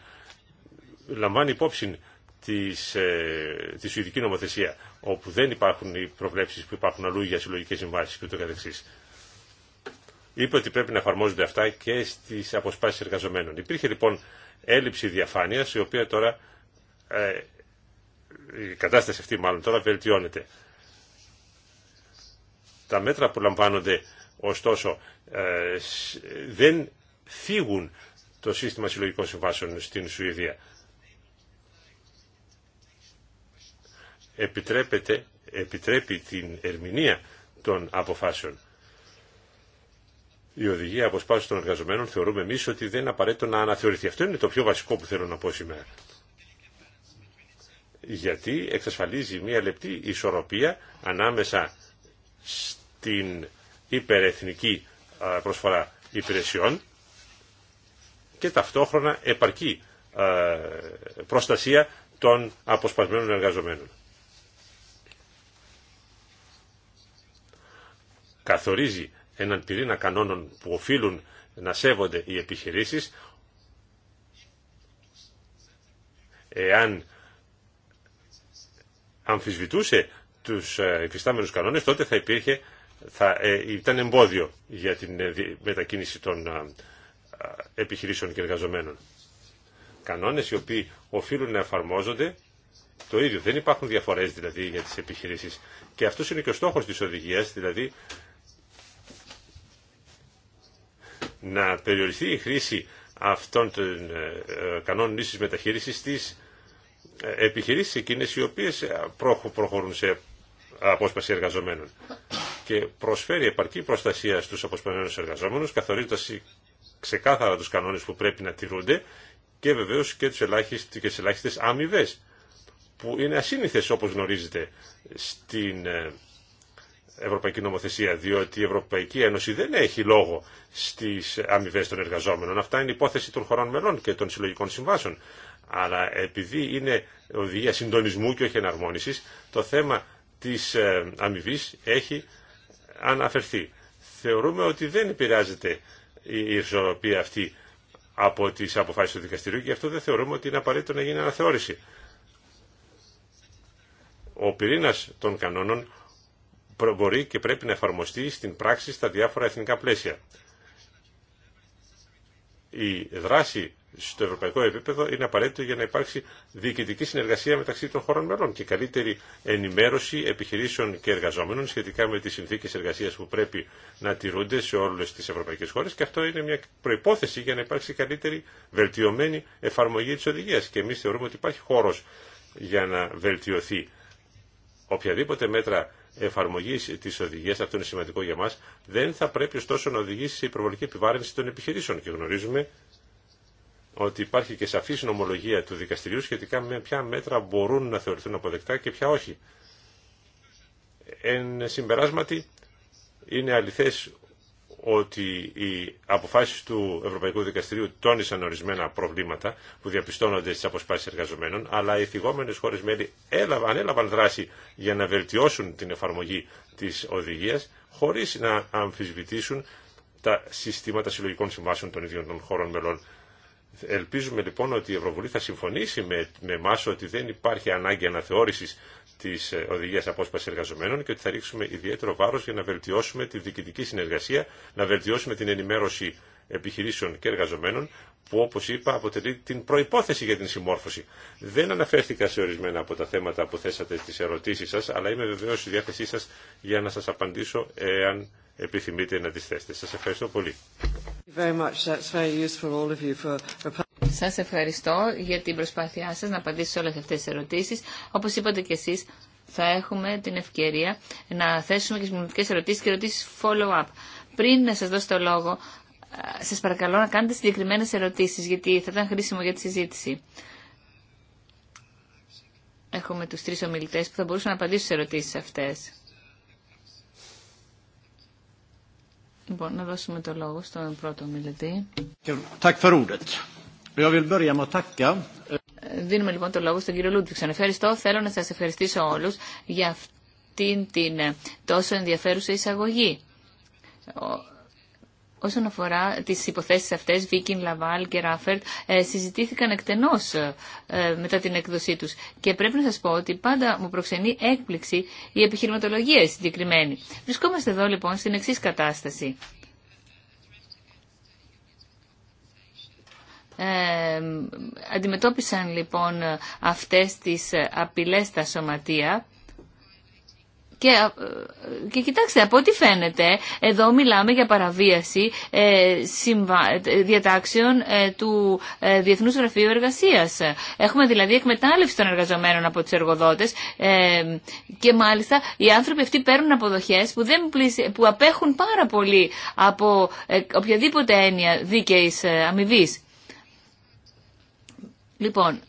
λαμβάνει υπόψη της, ε, τη Σουηδική νομοθεσία, όπου δεν υπάρχουν οι προβλέψεις που υπάρχουν αλλού για συλλογικέ συμβάσει κ.ο.κ. Είπε ότι πρέπει να εφαρμόζονται αυτά και στις αποσπάσεις εργαζομένων. Υπήρχε λοιπόν έλλειψη διαφάνειας, η οποία τώρα, ε, η κατάσταση αυτή μάλλον τώρα βελτιώνεται. Τα μέτρα που λαμβάνονται ωστόσο ε, δεν φύγουν το σύστημα συλλογικών συμβάσεων στην Σουηδία. Επιτρέπεται, επιτρέπει την ερμηνεία των αποφάσεων. Η οδηγία αποσπάσεων των εργαζομένων θεωρούμε εμεί ότι δεν είναι απαραίτητο να αναθεωρηθεί. Αυτό είναι το πιο βασικό που θέλω να πω σήμερα. Γιατί εξασφαλίζει μια λεπτή ισορροπία ανάμεσα στην υπερεθνική ε, προσφορά υπηρεσιών και ταυτόχρονα επαρκή ε, προστασία των αποσπασμένων εργαζομένων. Καθορίζει έναν πυρήνα κανόνων που οφείλουν να σέβονται οι επιχειρήσεις εάν αμφισβητούσε τους ε, υφιστάμενους κανόνες τότε θα υπήρχε θα, ε, ήταν εμπόδιο για την μετακίνηση των επιχειρήσεων και εργαζομένων. Κανόνες οι οποίοι οφείλουν να εφαρμόζονται το ίδιο. Δεν υπάρχουν διαφορές δηλαδή για τις επιχειρήσεις. Και αυτός είναι και ο στόχος της οδηγίας, δηλαδή να περιοριστεί η χρήση αυτών των ε, ε, κανόνων ίσης μεταχείρισης στις ε, επιχειρήσεις εκείνες οι οποίες προχωρούν σε απόσπαση εργαζομένων και προσφέρει επαρκή προστασία στους αποσπασμένους εργαζόμενους καθορίζοντας ξεκάθαρα τους κανόνες που πρέπει να τηρούνται και βεβαίως και, τους ελάχιστες, και τις ελάχιστες αμοιβέ που είναι ασύνηθες όπως γνωρίζετε στην ε, Ευρωπαϊκή Νομοθεσία, διότι η Ευρωπαϊκή Ένωση δεν έχει λόγο στις αμοιβέ των εργαζόμενων. Αυτά είναι υπόθεση των χωρών μελών και των συλλογικών συμβάσεων. Αλλά επειδή είναι οδηγία συντονισμού και όχι εναρμόνισης, το θέμα της ε, αμοιβή έχει αναφερθεί. Θεωρούμε ότι δεν επηρεάζεται η ισορροπία αυτή από τι αποφάσει του δικαστηρίου και αυτό δεν θεωρούμε ότι είναι απαραίτητο να γίνει αναθεώρηση. Ο πυρήνα των κανόνων μπορεί και πρέπει να εφαρμοστεί στην πράξη στα διάφορα εθνικά πλαίσια η δράση στο ευρωπαϊκό επίπεδο είναι απαραίτητο για να υπάρξει διοικητική συνεργασία μεταξύ των χωρών μελών και καλύτερη ενημέρωση επιχειρήσεων και εργαζόμενων σχετικά με τις συνθήκες εργασίας που πρέπει να τηρούνται σε όλες τις ευρωπαϊκές χώρες και αυτό είναι μια προϋπόθεση για να υπάρξει καλύτερη βελτιωμένη εφαρμογή της οδηγίας και εμείς θεωρούμε ότι υπάρχει χώρος για να βελτιωθεί οποιαδήποτε μέτρα εφαρμογή της οδηγίας, αυτό είναι σημαντικό για μας, δεν θα πρέπει ωστόσο να οδηγήσει σε υπερβολική επιβάρυνση των επιχειρήσεων και γνωρίζουμε ότι υπάρχει και σαφή νομολογία του δικαστηρίου σχετικά με ποια μέτρα μπορούν να θεωρηθούν αποδεκτά και ποια όχι. Εν συμπεράσματι, είναι αληθές ότι οι αποφάσεις του Ευρωπαϊκού Δικαστηρίου τόνισαν ορισμένα προβλήματα που διαπιστώνονται στις αποσπάσεις εργαζομένων, αλλά οι θυγόμενες χώρες μέλη έλαβαν, ανέλαβαν δράση για να βελτιώσουν την εφαρμογή της οδηγίας, χωρίς να αμφισβητήσουν τα συστήματα συλλογικών συμβάσεων των ίδιων των χώρων μελών. Ελπίζουμε λοιπόν ότι η Ευρωβουλή θα συμφωνήσει με, με εμά ότι δεν υπάρχει ανάγκη αναθεώρησης της ε, οδηγίας απόσπαση εργαζομένων και ότι θα ρίξουμε ιδιαίτερο βάρος για να βελτιώσουμε τη διοικητική συνεργασία, να βελτιώσουμε την ενημέρωση επιχειρήσεων και εργαζομένων, που όπως είπα αποτελεί την προϋπόθεση για την συμμόρφωση. Δεν αναφέρθηκα σε ορισμένα από τα θέματα που θέσατε στι ερωτήσεις σας, αλλά είμαι βεβαίω στη διάθεσή σα για να σα απαντήσω εάν επιθυμείτε να τι θέσετε. Σα ευχαριστώ πολύ. Σας ευχαριστώ για την προσπάθειά σας να απαντήσω σε όλες αυτές τις ερωτήσεις. Όπως είπατε και εσείς, θα έχουμε την ευκαιρία να θέσουμε και συμπληρωματικές ερωτήσεις και ερωτήσεις follow-up. Πριν να σας δώσω το λόγο, σας παρακαλώ να κάνετε συγκεκριμένες ερωτήσεις, γιατί θα ήταν χρήσιμο για τη συζήτηση. Έχουμε τους τρεις ομιλητές που θα μπορούσαν να απαντήσουν στις ερωτήσεις αυτές. Λοιπόν, να δώσουμε το λόγο στον πρώτο ομιλητή. Δίνουμε λοιπόν το λόγο στον κύριο Λούντβιξον. Ευχαριστώ. Θέλω να σας ευχαριστήσω όλους για αυτήν την ε, τόσο ενδιαφέρουσα εισαγωγή. Όσον αφορά τις υποθέσεις αυτές, Βίκιν, Λαβάλ και Ράφερτ ε, συζητήθηκαν εκτενώς ε, μετά την έκδοσή τους. Και πρέπει να σας πω ότι πάντα μου προξενεί έκπληξη η επιχειρηματολογία συγκεκριμένη. Βρισκόμαστε εδώ λοιπόν στην εξή κατάσταση. αντιμετώπισαν λοιπόν αυτές τις απειλές στα σωματεία ε, και, κοιτάξτε, από ό,τι φαίνεται, εδώ μιλάμε για παραβίαση ε, ε διατάξεων ε, του ε, Διεθνούς Γραφείου Εργασίας. Έχουμε δηλαδή εκμετάλλευση των εργαζομένων από τους εργοδότες και μάλιστα οι άνθρωποι αυτοί παίρνουν αποδοχές που, δεν που απέχουν πάρα πολύ από οποιαδήποτε έννοια δίκαιης αμοιβή. Λοιπόν,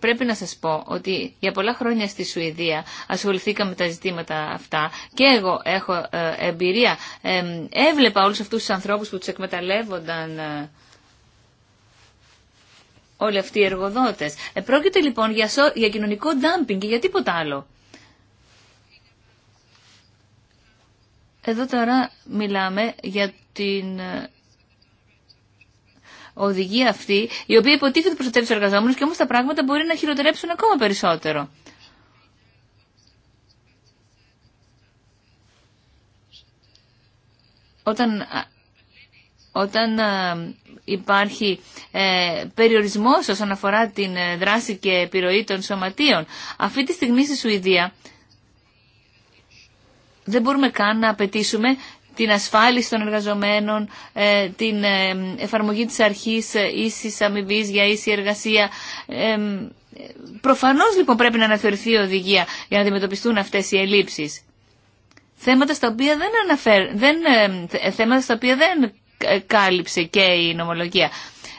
πρέπει να σας πω ότι για πολλά χρόνια στη Σουηδία ασχοληθήκαμε με τα ζητήματα αυτά και εγώ έχω ε, εμπειρία. έβλεπα όλους αυτούς τους ανθρώπους που τους εκμεταλλεύονταν ε, όλοι αυτοί οι εργοδότες. Ε, πρόκειται λοιπόν για, για κοινωνικό ντάμπινγκ και για τίποτα άλλο. Εδώ τώρα μιλάμε για την Οδηγεί αυτή, η οποία υποτίθεται προστατεύει του εργαζόμενου και όμω τα πράγματα μπορεί να χειροτερέψουν ακόμα περισσότερο. Όταν, όταν υπάρχει ε, περιορισμός όσον αφορά την ε, δράση και επιρροή των σωματείων. Αυτή τη στιγμή στη Σουηδία δεν μπορούμε καν να απαιτήσουμε την ασφάλιση των εργαζομένων, ε, την ε, εφαρμογή της αρχής ε, ίσης αμοιβή για ίση εργασία. Προφανώς λοιπόν πρέπει να αναθεωρηθεί η οδηγία για να αντιμετωπιστούν αυτές οι ελλείψεις. Θέματα στα οποία δεν, αναφέρ, δεν, θέματα στα οποία δεν κάλυψε και η νομολογία.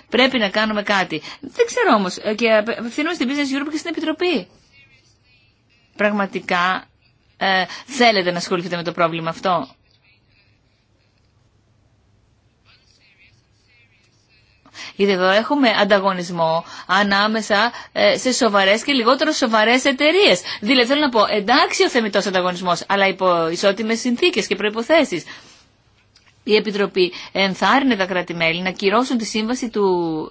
Πρέπει να κάνουμε κάτι. Δεν ξέρω όμως, και απευθύνομαι στην Business Europe και στην Επιτροπή. Πραγματικά θέλετε να ασχοληθείτε με το πρόβλημα αυτό. Γιατί εδώ έχουμε ανταγωνισμό ανάμεσα ε, σε σοβαρέ και λιγότερο σοβαρέ εταιρείε. Δηλαδή θέλω να πω, εντάξει ο θεμητό ανταγωνισμό, αλλά υπό ισότιμε συνθήκε και προποθέσει. Η Επιτροπή ενθάρρυνε τα κράτη-μέλη να κυρώσουν τη σύμβαση του,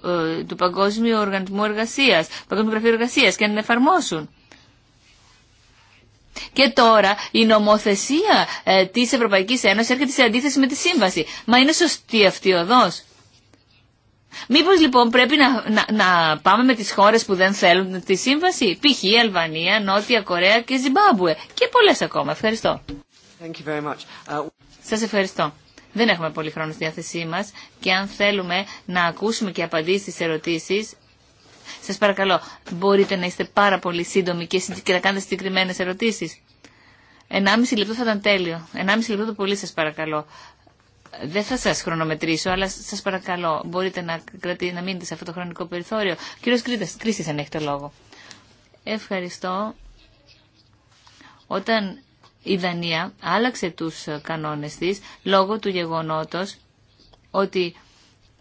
ε, του Παγκόσμιου Οργανισμού Εργασίας, Παγκόσμιου και να την εφαρμόσουν. Και τώρα η νομοθεσία ε, της Ευρωπαϊκής Ένωσης έρχεται σε αντίθεση με τη σύμβαση. Μα είναι σωστή αυτή η Μήπως λοιπόν πρέπει να, να, πάμε με τις χώρες που δεν θέλουν τη σύμβαση, π.χ. Αλβανία, Νότια Κορέα και Ζιμπάμπουε και πολλές ακόμα. Ευχαριστώ. Thank you very much. Uh, σας ευχαριστώ. Δεν έχουμε πολύ χρόνο στη διάθεσή μας και αν θέλουμε να ακούσουμε και απαντήσεις στις ερωτήσεις, σας παρακαλώ, μπορείτε να είστε πάρα πολύ σύντομοι και να κάνετε συγκεκριμένε ερωτήσεις. 1,5 λεπτό θα ήταν τέλειο. 1,5 λεπτό το πολύ σας παρακαλώ δεν θα σας χρονομετρήσω, αλλά σας παρακαλώ, μπορείτε να, κρατήσετε να μείνετε σε αυτό το χρονικό περιθώριο. Κύριος Κρίτας, Κρίστης, αν έχει το λόγο. Ευχαριστώ. Όταν η Δανία άλλαξε τους κανόνες της, λόγω του γεγονότος ότι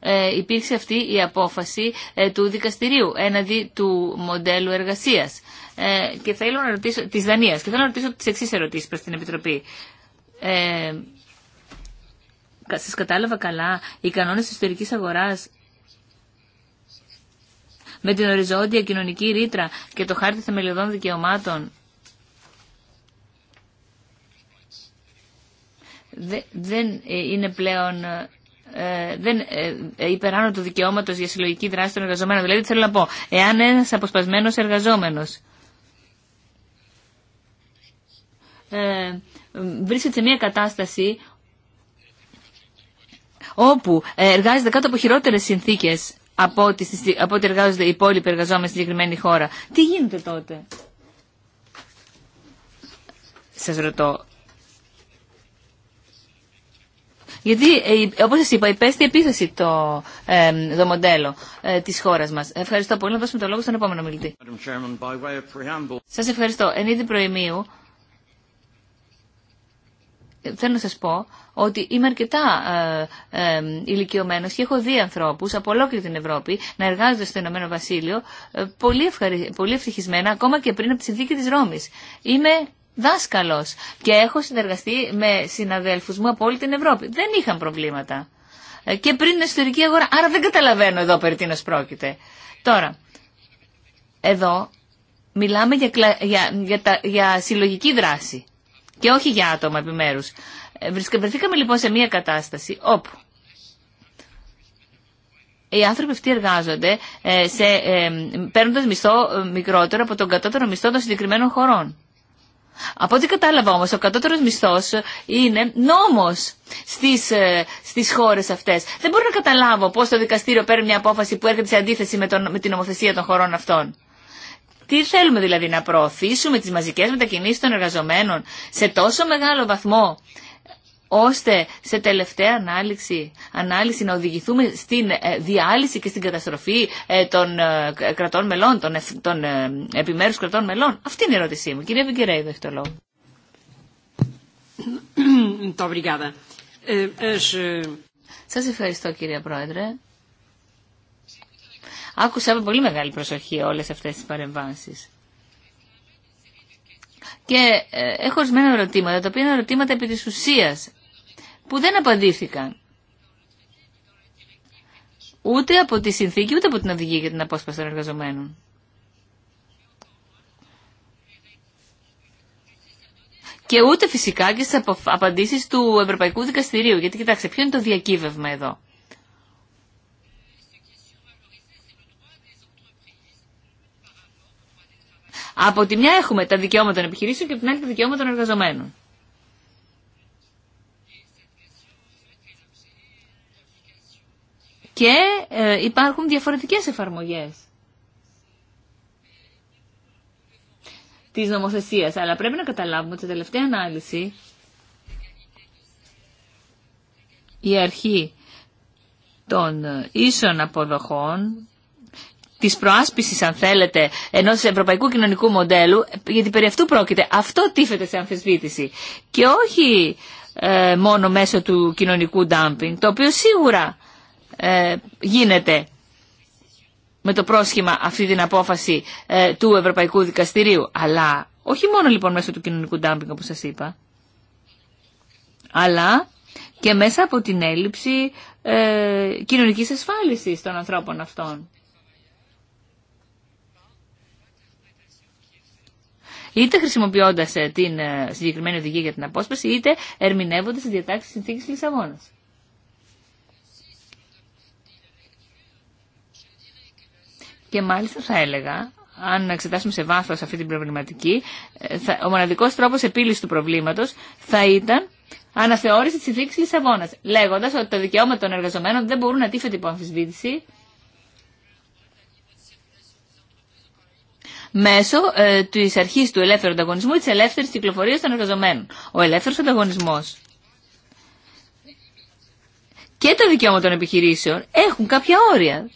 ε, υπήρξε αυτή η απόφαση ε, του δικαστηρίου έναντι του μοντέλου εργασίας. Ε, και θέλω να ρωτήσω, της Δανίας, και θέλω να ρωτήσω τις εξής ερωτήσεις προς την Επιτροπή. Ε, σας κατάλαβα καλά, οι κανόνες της ιστορικής αγοράς με την οριζόντια κοινωνική ρήτρα και το χάρτη θεμελιωδών δικαιωμάτων δεν ε, είναι πλέον ε, δεν ε, ε, υπεράνω του δικαιώματος για συλλογική δράση των εργαζομένων. Δηλαδή θέλω να πω, εάν ένας αποσπασμένος εργαζόμενος ε, βρίσκεται σε μια κατάσταση όπου ε, εργάζεται κάτω από χειρότερε συνθήκε από ό,τι, από εργάζονται οι υπόλοιποι εργαζόμενοι στη συγκεκριμένη χώρα. Τι γίνεται τότε. Σας ρωτώ. Γιατί, ε, όπως σας είπα, υπέστη επίθεση το, ε, το μοντέλο ε, της χώρας μας. Ευχαριστώ πολύ. Να δώσουμε το λόγο στον επόμενο μιλητή. Σας ευχαριστώ. Εν είδη προημίου, θέλω να σας πω ότι είμαι αρκετά ε, ε, ηλικιωμένο και έχω δει ανθρώπους από ολόκληρη την Ευρώπη να εργάζονται στο Ηνωμένο Βασίλειο ε, πολύ, ευχαρι... πολύ ευτυχισμένα ακόμα και πριν από τη συνθήκη τη Ρώμη. Είμαι δάσκαλος και έχω συνεργαστεί με συναδέλφους μου από όλη την Ευρώπη. Δεν είχαν προβλήματα. Ε, και πριν την εσωτερική αγορά. Άρα δεν καταλαβαίνω εδώ περί τίνο πρόκειται. Τώρα, εδώ μιλάμε για, για, για, για συλλογική δράση και όχι για άτομα επιμέρους. Ε, βρεθήκαμε λοιπόν σε μια κατάσταση όπου οι άνθρωποι αυτοί εργάζονται ε, σε, ε, παίρνοντας μισθό μικρότερο από τον κατώτερο μισθό των συγκεκριμένων χωρών. Από ό,τι κατάλαβα όμως, ο κατώτερος μισθός είναι νόμος στις, στις χώρες αυτές. Δεν μπορώ να καταλάβω πώς το δικαστήριο παίρνει μια απόφαση που έρχεται σε αντίθεση με, τον, με την νομοθεσία των χωρών αυτών. Τι θέλουμε δηλαδή να προωθήσουμε τις μαζικές μετακινήσεις των εργαζομένων σε τόσο μεγάλο βαθμό ώστε σε τελευταία ανάλυση, ανάλυση να οδηγηθούμε στην ε, διάλυση και στην καταστροφή ε, των ε, κρατών μελών, των, των επιμέρους κρατών μελών. Αυτή είναι η ερώτησή μου. Κυρία Βιγκερέιδο, έχει το λόγο. Σας ευχαριστώ κυρία Πρόεδρε. Άκουσα με πολύ μεγάλη προσοχή όλες αυτές τις παρεμβάσεις. Και ε, έχω ορισμένα ερωτήματα, τα οποία είναι ερωτήματα επί της ουσίας, που δεν απαντήθηκαν. Ούτε από τη συνθήκη, ούτε από την οδηγία για την απόσπαση των εργαζομένων. Και ούτε φυσικά και στις απαντήσεις του Ευρωπαϊκού Δικαστηρίου. Γιατί κοιτάξτε, ποιο είναι το διακύβευμα εδώ. Από τη μια έχουμε τα δικαιώματα των επιχειρήσεων και από την άλλη τα δικαιώματα των εργαζομένων. Και ε, υπάρχουν διαφορετικές εφαρμογές της νομοθεσίας. Αλλά πρέπει να καταλάβουμε ότι τελευταία ανάλυση η αρχή των ε, ίσων αποδοχών τη προάσπιση, αν θέλετε, ενό ευρωπαϊκού κοινωνικού μοντέλου, γιατί περί αυτού πρόκειται. Αυτό τίθεται σε αμφισβήτηση. Και όχι ε, μόνο μέσω του κοινωνικού ντάμπινγκ, το οποίο σίγουρα ε, γίνεται με το πρόσχημα αυτή την απόφαση ε, του Ευρωπαϊκού Δικαστηρίου. Αλλά όχι μόνο λοιπόν μέσω του κοινωνικού ντάμπινγκ, όπως σας είπα, αλλά και μέσα από την έλλειψη ε, κοινωνικής ασφάλισης των ανθρώπων αυτών. είτε χρησιμοποιώντα ε, την ε, συγκεκριμένη οδηγία για την απόσπαση, είτε ερμηνεύοντα τι διατάξει τη συνθήκη Λισαβόνα. Και μάλιστα θα έλεγα, αν εξετάσουμε σε βάθος αυτή την προβληματική, ε, θα, ο μοναδικό τρόπος επίλυσης του προβλήματος θα ήταν αναθεώρηση της συνθήκη Λισαβόνα. Λέγοντα ότι τα δικαιώματα των εργαζομένων δεν μπορούν να τίθεται υπό αμφισβήτηση μέσω ε, τη αρχή του ελεύθερου ανταγωνισμού ή τη ελεύθερη κυκλοφορία των εργαζομένων. Ο ελεύθερο ανταγωνισμό και τα δικαιώματα των επιχειρήσεων έχουν κάποια όρια.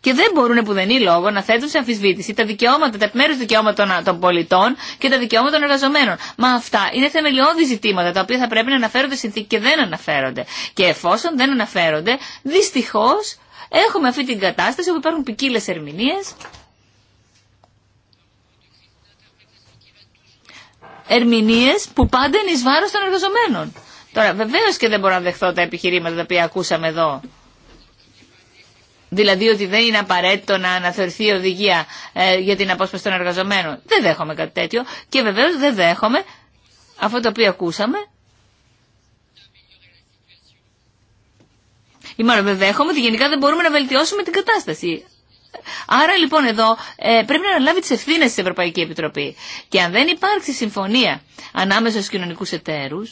Και δεν μπορούν που λόγο να θέτουν σε αμφισβήτηση τα δικαιώματα, τα επιμέρου δικαιώματα των πολιτών και τα δικαιώματα των εργαζομένων. Μα αυτά είναι θεμελιώδη ζητήματα τα οποία θα πρέπει να αναφέρονται συνθήκη και δεν αναφέρονται. Και εφόσον δεν αναφέρονται, δυστυχώ έχουμε αυτή την κατάσταση όπου υπάρχουν ποικίλε ερμηνείε ερμηνείες που πάντα είναι ει βάρο των εργαζομένων. Τώρα βεβαίω και δεν μπορώ να δεχθώ τα επιχειρήματα τα οποία ακούσαμε εδώ. Δηλαδή ότι δεν είναι απαραίτητο να αναθεωρηθεί η οδηγία ε, για την απόσπαση των εργαζομένων. Δεν δέχομαι κάτι τέτοιο και βεβαίως δεν δέχομαι αυτό το οποίο ακούσαμε. Ή μάλλον δεν δέχομαι ότι γενικά δεν μπορούμε να βελτιώσουμε την κατάσταση. Άρα λοιπόν εδώ ε, πρέπει να αναλάβει τι ευθύνε τη Ευρωπαϊκή Επιτροπή. Και αν δεν υπάρξει συμφωνία ανάμεσα στου κοινωνικού εταίρου,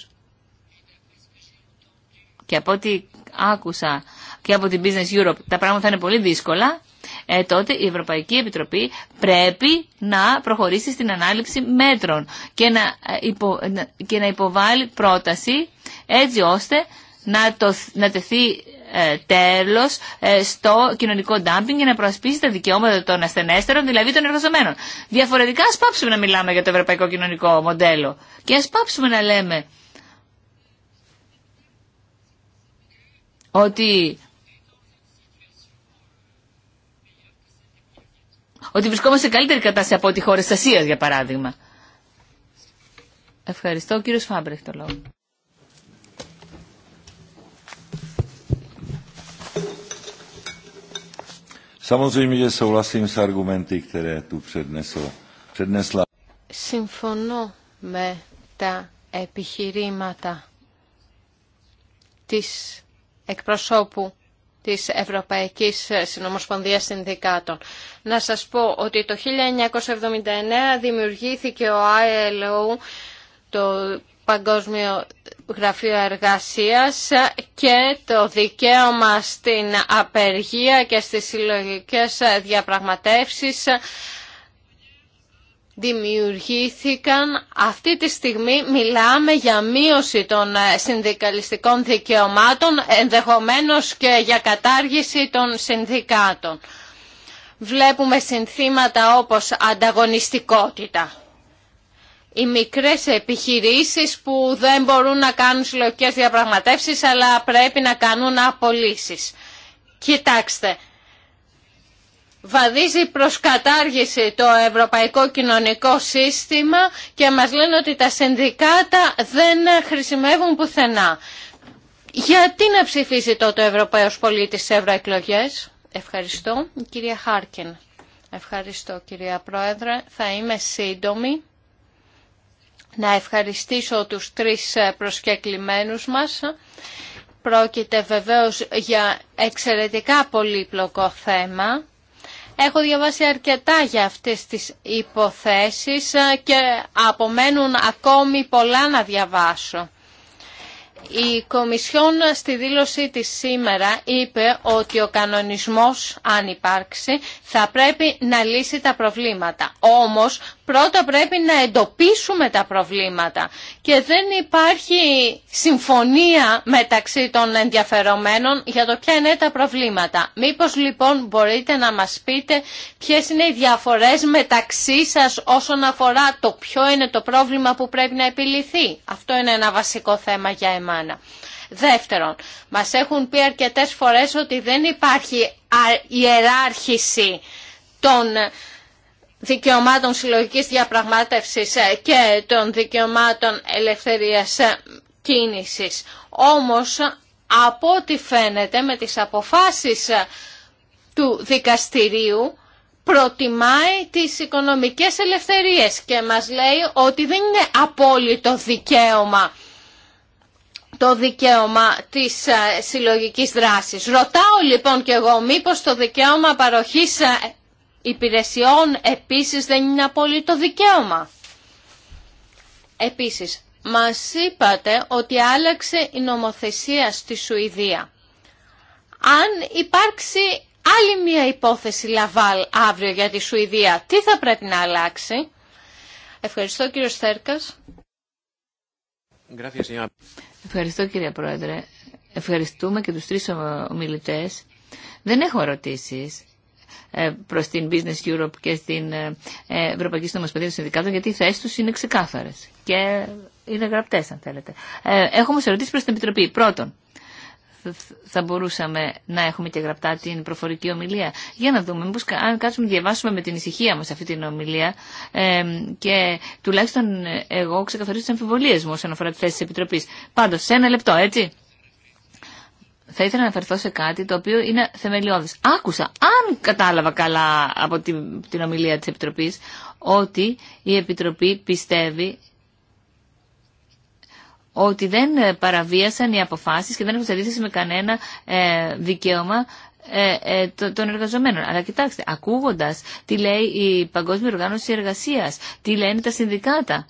και από ό,τι άκουσα και από την Business Europe τα πράγματα θα είναι πολύ δύσκολα, ε, τότε η Ευρωπαϊκή Επιτροπή πρέπει να προχωρήσει στην ανάληψη μέτρων και να, ε, και να υποβάλει πρόταση έτσι ώστε να, το, να τεθεί ε, τέλος ε, στο κοινωνικό ντάμπινγκ για να προασπίσει τα δικαιώματα των ασθενέστερων, δηλαδή των εργαζομένων. Διαφορετικά ας πάψουμε να μιλάμε για το ευρωπαϊκό κοινωνικό μοντέλο και ας πάψουμε να λέμε ότι ότι βρισκόμαστε σε καλύτερη κατάσταση από ό,τι χώρες της Ασίας, για παράδειγμα. Ευχαριστώ. κύριος Φάμπρεχ το λόγο. Συμφωνώ με τα επιχειρήματα της εκπροσώπου της Ευρωπαϊκής Συνομοσπονδίας Συνδικάτων. Να σας πω ότι το 1979 δημιουργήθηκε ο ILO, το Παγκόσμιο Γραφείο Εργασίας και το δικαίωμα στην απεργία και στις συλλογικές διαπραγματεύσεις δημιουργήθηκαν. Αυτή τη στιγμή μιλάμε για μείωση των συνδικαλιστικών δικαιωμάτων, ενδεχομένως και για κατάργηση των συνδικάτων. Βλέπουμε συνθήματα όπως ανταγωνιστικότητα οι μικρές επιχειρήσεις που δεν μπορούν να κάνουν συλλογικές διαπραγματεύσεις αλλά πρέπει να κάνουν απολύσεις. Κοιτάξτε, βαδίζει προς κατάργηση το ευρωπαϊκό κοινωνικό σύστημα και μας λένε ότι τα συνδικάτα δεν χρησιμεύουν πουθενά. Γιατί να ψηφίζει τότε ο Ευρωπαίος πολίτης σε ευρωεκλογές. Ευχαριστώ, κυρία Χάρκιν. Ευχαριστώ, κυρία Πρόεδρε. Θα είμαι σύντομη να ευχαριστήσω τους τρεις ε, προσκεκλημένους μας. Πρόκειται βεβαίως για εξαιρετικά πολύπλοκο θέμα. Έχω διαβάσει αρκετά για αυτές τις υποθέσεις ε, και απομένουν ακόμη πολλά να διαβάσω. Η Κομισιόν στη δήλωσή της σήμερα είπε ότι ο κανονισμός, αν υπάρξει, θα πρέπει να λύσει τα προβλήματα. Όμως Πρώτα πρέπει να εντοπίσουμε τα προβλήματα και δεν υπάρχει συμφωνία μεταξύ των ενδιαφερομένων για το ποια είναι τα προβλήματα. Μήπως λοιπόν μπορείτε να μας πείτε ποιες είναι οι διαφορές μεταξύ σας όσον αφορά το ποιο είναι το πρόβλημα που πρέπει να επιληθεί. Αυτό είναι ένα βασικό θέμα για εμάνα. Δεύτερον, μας έχουν πει αρκετές φορές ότι δεν υπάρχει ιεράρχηση των δικαιωμάτων συλλογικής διαπραγμάτευσης ε, και των δικαιωμάτων ελευθερίας ε, κίνησης. Όμως, από ό,τι φαίνεται με τις αποφάσεις ε, του δικαστηρίου, προτιμάει τις οικονομικές ελευθερίες και μας λέει ότι δεν είναι απόλυτο δικαίωμα το δικαίωμα της συλλογικής δράσης. Ρωτάω λοιπόν και εγώ μήπως το δικαίωμα παροχής υπηρεσιών επίσης δεν είναι απόλυτο δικαίωμα. Επίσης, μας είπατε ότι άλλαξε η νομοθεσία στη Σουηδία. Αν υπάρξει άλλη μια υπόθεση Λαβάλ αύριο για τη Σουηδία, τι θα πρέπει να αλλάξει. Ευχαριστώ κύριο Στέρκας. Ευχαριστώ κύριε Πρόεδρε. Ευχαριστούμε και τους τρεις ομιλητές. Δεν έχω ερωτήσεις. Ε, προ την Business Europe και στην ε, Ευρωπαϊκή Συνομοσπονδία Συνδικάτων, γιατί οι θέσει του είναι ξεκάθαρε και είναι γραπτέ, αν θέλετε. Ε, έχω όμω ερωτήσει προ την Επιτροπή. Πρώτον, θα μπορούσαμε να έχουμε και γραπτά την προφορική ομιλία. Για να δούμε, μήπως αν κάτσουμε να διαβάσουμε με την ησυχία μας αυτή την ομιλία ε, και τουλάχιστον εγώ ξεκαθαρίζω τις αμφιβολίες μου όσον αφορά τη θέση της Επιτροπής. Πάντως, σε ένα λεπτό, έτσι θα ήθελα να αναφερθώ σε κάτι το οποίο είναι θεμελιώδης. Άκουσα, αν κατάλαβα καλά από την, την ομιλία της Επιτροπής, ότι η Επιτροπή πιστεύει ότι δεν παραβίασαν οι αποφάσεις και δεν έχουν σε με κανένα ε, δικαίωμα ε, ε, των εργαζομένων. Αλλά κοιτάξτε, ακούγοντας τι λέει η Παγκόσμια Οργάνωση Εργασίας, τι λένε τα συνδικάτα,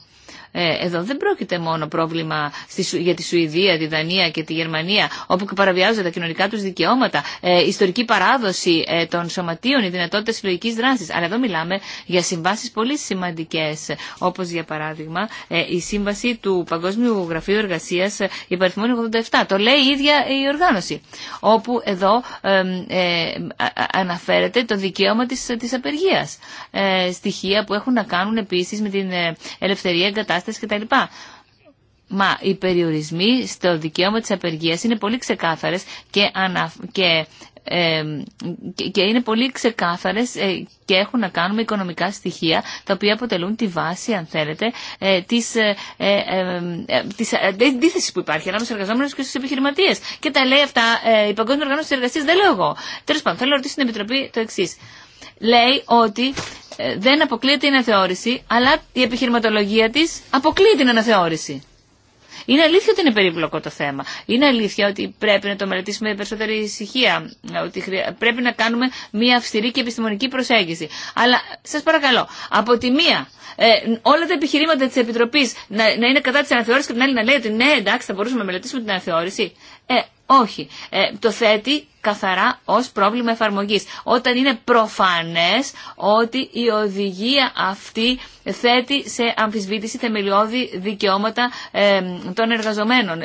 ε, εδώ δεν πρόκειται μόνο πρόβλημα για τη Σουηδία, τη Δανία και τη Γερμανία, όπου παραβιάζονται τα κοινωνικά του δικαιώματα, ε, ιστορική παράδοση ε, των σωματείων, η δυνατότητα συλλογική δράση. Αλλά εδώ μιλάμε για συμβάσει πολύ σημαντικέ, όπω για παράδειγμα η σύμβαση του Παγκόσμιου Γραφείου Εργασία υπαριθμών 87. Το λέει η ίδια η οργάνωση. Όπου εδώ ε, αναφέρεται το δικαίωμα τη απεργία. στοιχεία που έχουν να κάνουν επίση με την ελευθερία εγκατάσταση τα κτλ. Μα οι περιορισμοί στο δικαίωμα της απεργίας είναι πολύ ξεκάθαρες και, είναι πολύ ξεκάθαρες ε, και έχουν να κάνουν με οικονομικά στοιχεία τα οποία αποτελούν τη βάση, αν θέλετε, ε, της, ε, ε, της αντίθεσης που υπάρχει ανάμεσα στους εργαζόμενους και στους επιχειρηματίες. Και τα λέει αυτά η Παγκόσμια Οργάνωση της Εργασίας, δεν λέω εγώ. Τέλος πάντων, θέλω να ρωτήσω την Επιτροπή το εξή. Λέει ότι ε, δεν αποκλείεται η αναθεώρηση, αλλά η επιχειρηματολογία τη αποκλείει την αναθεώρηση. Είναι αλήθεια ότι είναι περίπλοκο το θέμα. Είναι αλήθεια ότι πρέπει να το μελετήσουμε με περισσότερη ησυχία. Ότι πρέπει να κάνουμε μια αυστηρή και επιστημονική προσέγγιση. Αλλά σα παρακαλώ, από τη μία, ε, όλα τα επιχειρήματα τη Επιτροπή να, είναι κατά τη αναθεώρηση και την άλλη να λέει ότι ναι, εντάξει, θα μπορούσαμε να μελετήσουμε την αναθεώρηση. Ε, όχι. Ε, το θέτει καθαρά ως πρόβλημα εφαρμογής. Όταν είναι προφανές ότι η οδηγία αυτή θέτει σε αμφισβήτηση θεμελιώδη δικαιώματα των εργαζομένων,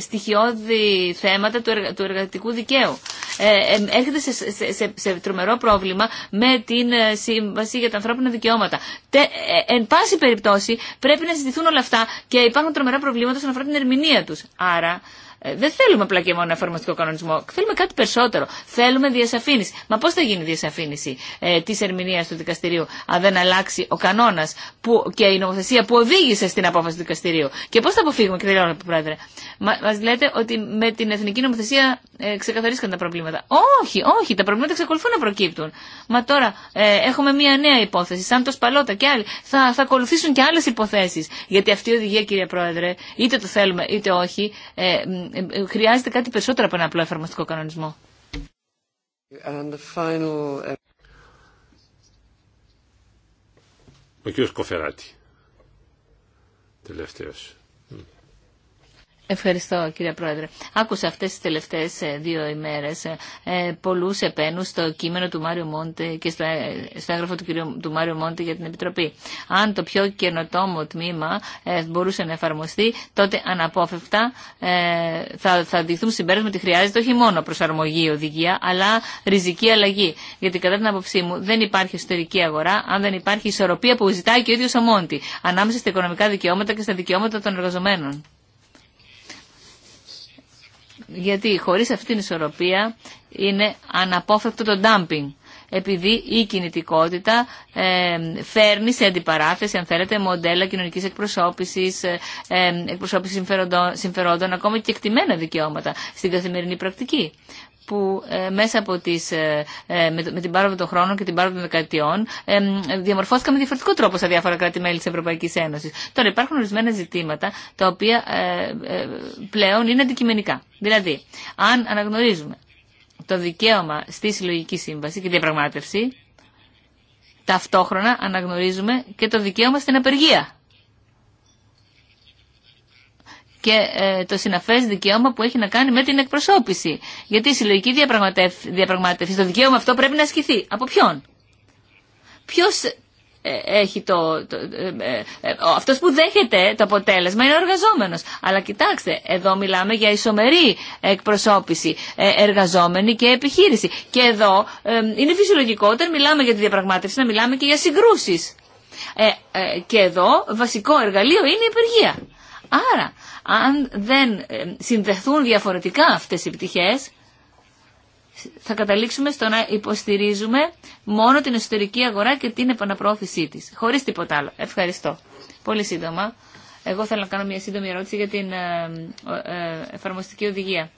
στοιχειώδη θέματα του εργατικού δικαίου. Ε, έρχεται σε, σε, σε, τρομερό πρόβλημα με την ε, Σύμβαση για τα Ανθρώπινα Δικαιώματα. Τε, ε, εν πάση περιπτώσει πρέπει να συζητηθούν όλα αυτά και υπάρχουν τρομερά προβλήματα στον αφορά την ερμηνεία τους. Άρα ε, δεν θέλουμε απλά και μόνο εφαρμοστικό κανονισμό. Θέλουμε κάτι περισσότερο. Θέλουμε διασαφήνιση. Μα πώ θα γίνει η διασαφήνιση ε, τη ερμηνεία του δικαστηρίου, αν δεν αλλάξει ο κανόνα και η νομοθεσία που οδήγησε στην απόφαση του δικαστηρίου. Και πώ θα αποφύγουμε, κύριε Πρόεδρε. Μα λέτε ότι με την εθνική νομοθεσία ε, ξεκαθαρίστηκαν τα προβλήματα. Όχι, όχι, τα προβλήματα εξακολουθούν να προκύπτουν. Μα τώρα ε, έχουμε μία νέα υπόθεση, σαν το Σπαλότα και άλλοι. Θα, θα ακολουθήσουν και άλλε υποθέσει. Γιατί αυτή η οδηγία, κύριε Πρόεδρε, είτε το θέλουμε είτε όχι, ε, ε, ε, χρειάζεται κάτι περισσότερο από ένα απλό εφαρμοστικό κανονισμό. Ε, Ο κ. Κοφεράτη, τελευταίος. Ευχαριστώ κύριε Πρόεδρε. Άκουσα αυτές τις τελευταίες ε, δύο ημέρες ε, ε, πολλούς επένους στο κείμενο του Μάριο Μόντε και στο, έγγραφο του, κυρίου, του Μάριο Μόντε για την Επιτροπή. Αν το πιο καινοτόμο τμήμα μπορούσε να εφαρμοστεί, τότε αναπόφευκτα θα, θα διηθούν συμπέρασμα ότι χρειάζεται όχι μόνο προσαρμογή οδηγία, αλλά ριζική αλλαγή. Γιατί κατά την άποψή μου δεν υπάρχει εσωτερική αγορά αν δεν υπάρχει ισορροπία που ζητάει και ο ίδιος ο Μόντι ανάμεσα στα οικονομικά δικαιώματα και στα δικαιώματα των εργαζομένων. Γιατί χωρίς αυτή την ισορροπία είναι αναπόφευκτο το dumping. Επειδή η κινητικότητα ε, φέρνει σε αντιπαράθεση, αν θέλετε, μοντέλα κοινωνικής εκπροσώπησης, ε, ε, εκπροσώπησης συμφερόντων, ακόμα και εκτιμένα δικαιώματα στην καθημερινή πρακτική που ε, μέσα από τις, ε, ε, με, την πάροδο των χρόνων και την πάροδο των δεκαετιών διαμορφώθηκαν με διαφορετικό τρόπο στα διάφορα κράτη-μέλη της Ευρωπαϊκής Ένωσης. Τώρα υπάρχουν ορισμένα ζητήματα τα οποία πλέον είναι αντικειμενικά. Δηλαδή, αν αναγνωρίζουμε το δικαίωμα στη συλλογική σύμβαση και διαπραγμάτευση, ταυτόχρονα αναγνωρίζουμε και το δικαίωμα στην απεργία και ε, το συναφές δικαίωμα που έχει να κάνει με την εκπροσώπηση. Γιατί η συλλογική διαπραγματεύση, το δικαίωμα αυτό πρέπει να ασκηθεί. Από ποιον. Ποιος ε, έχει το, ε, αυτός που δέχεται το αποτέλεσμα είναι ο εργαζόμενος αλλά κοιτάξτε εδώ μιλάμε για ισομερή εκπροσώπηση εργαζόμενη και επιχείρηση και εδώ είναι φυσιολογικό όταν μιλάμε για τη διαπραγμάτευση να μιλάμε και για συγκρούσεις και εδώ βασικό εργαλείο είναι η υπεργία άρα αν δεν ε, συνδεθούν διαφορετικά αυτές οι πτυχές, θα καταλήξουμε στο να υποστηρίζουμε μόνο την εσωτερική αγορά και την επαναπρόθεσή της, χωρίς τίποτα άλλο. Ευχαριστώ. Πολύ σύντομα. Εγώ θέλω να κάνω μια σύντομη ερώτηση για την ε, ε, εφαρμοστική οδηγία.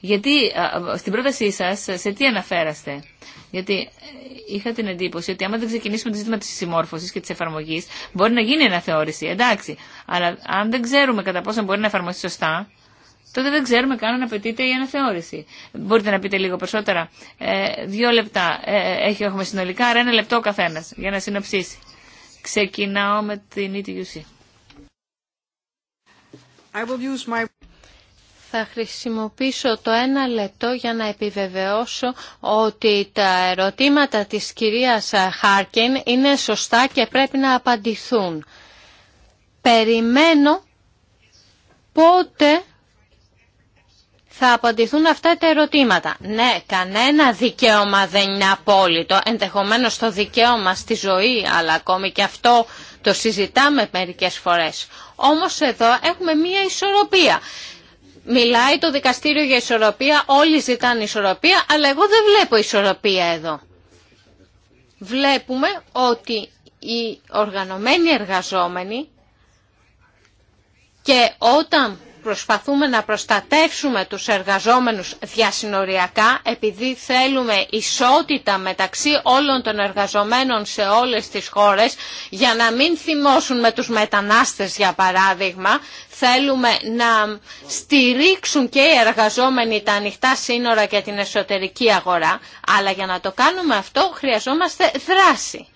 Γιατί στην πρότασή σας σε τι αναφέραστε. Γιατί ε, είχα την εντύπωση ότι άμα δεν ξεκινήσουμε το ζήτημα τη συμμόρφωση και τη εφαρμογή, μπορεί να γίνει αναθεώρηση, εντάξει. Αλλά αν δεν ξέρουμε κατά πόσο μπορεί να εφαρμοστεί σωστά, τότε δεν ξέρουμε καν αν απαιτείται η αναθεώρηση. Μπορείτε να πείτε λίγο περισσότερα. Ε, δύο λεπτά ε, ε έχουμε συνολικά, άρα ένα λεπτό ο καθένα για να συνοψίσει. Ξεκινάω με την ETUC. I will use my... Θα χρησιμοποιήσω το ένα λεπτό για να επιβεβαιώσω ότι τα ερωτήματα της κυρίας Χάρκιν είναι σωστά και πρέπει να απαντηθούν. Περιμένω πότε θα απαντηθούν αυτά τα ερωτήματα. Ναι, κανένα δικαίωμα δεν είναι απόλυτο, ενδεχομένως το δικαίωμα στη ζωή, αλλά ακόμη και αυτό το συζητάμε μερικές φορές. Όμως εδώ έχουμε μία ισορροπία. Μιλάει το δικαστήριο για ισορροπία, όλοι ζητάνε ισορροπία, αλλά εγώ δεν βλέπω ισορροπία εδώ. Βλέπουμε ότι οι οργανωμένοι εργαζόμενοι και όταν προσπαθούμε να προστατεύσουμε τους εργαζόμενους διασυνοριακά επειδή θέλουμε ισότητα μεταξύ όλων των εργαζομένων σε όλες τις χώρες για να μην θυμώσουν με τους μετανάστες για παράδειγμα Θέλουμε να στηρίξουν και οι εργαζόμενοι τα ανοιχτά σύνορα και την εσωτερική αγορά, αλλά για να το κάνουμε αυτό χρειαζόμαστε δράση.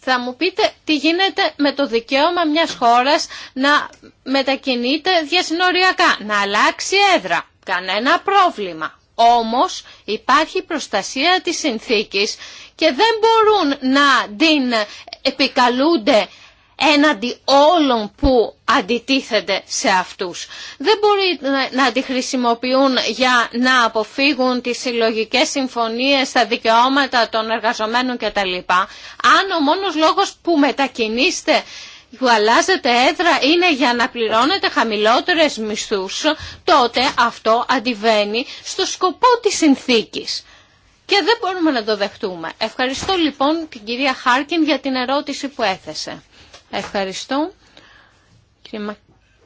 Θα μου πείτε τι γίνεται με το δικαίωμα μιας χώρας να μετακινείται διασυνοριακά, να αλλάξει έδρα. Κανένα πρόβλημα. Όμως υπάρχει προστασία της συνθήκης και δεν μπορούν να την επικαλούνται έναντι όλων που αντιτίθεται σε αυτούς. Δεν μπορεί να τη χρησιμοποιούν για να αποφύγουν τις συλλογικέ συμφωνίες, τα δικαιώματα των εργαζομένων κτλ. Αν ο μόνος λόγος που μετακινείστε που αλλάζετε έδρα είναι για να πληρώνετε χαμηλότερες μισθούς, τότε αυτό αντιβαίνει στο σκοπό της συνθήκης. Και δεν μπορούμε να το δεχτούμε. Ευχαριστώ λοιπόν την κυρία Χάρκιν για την ερώτηση που έθεσε. Ευχαριστώ. Κύριε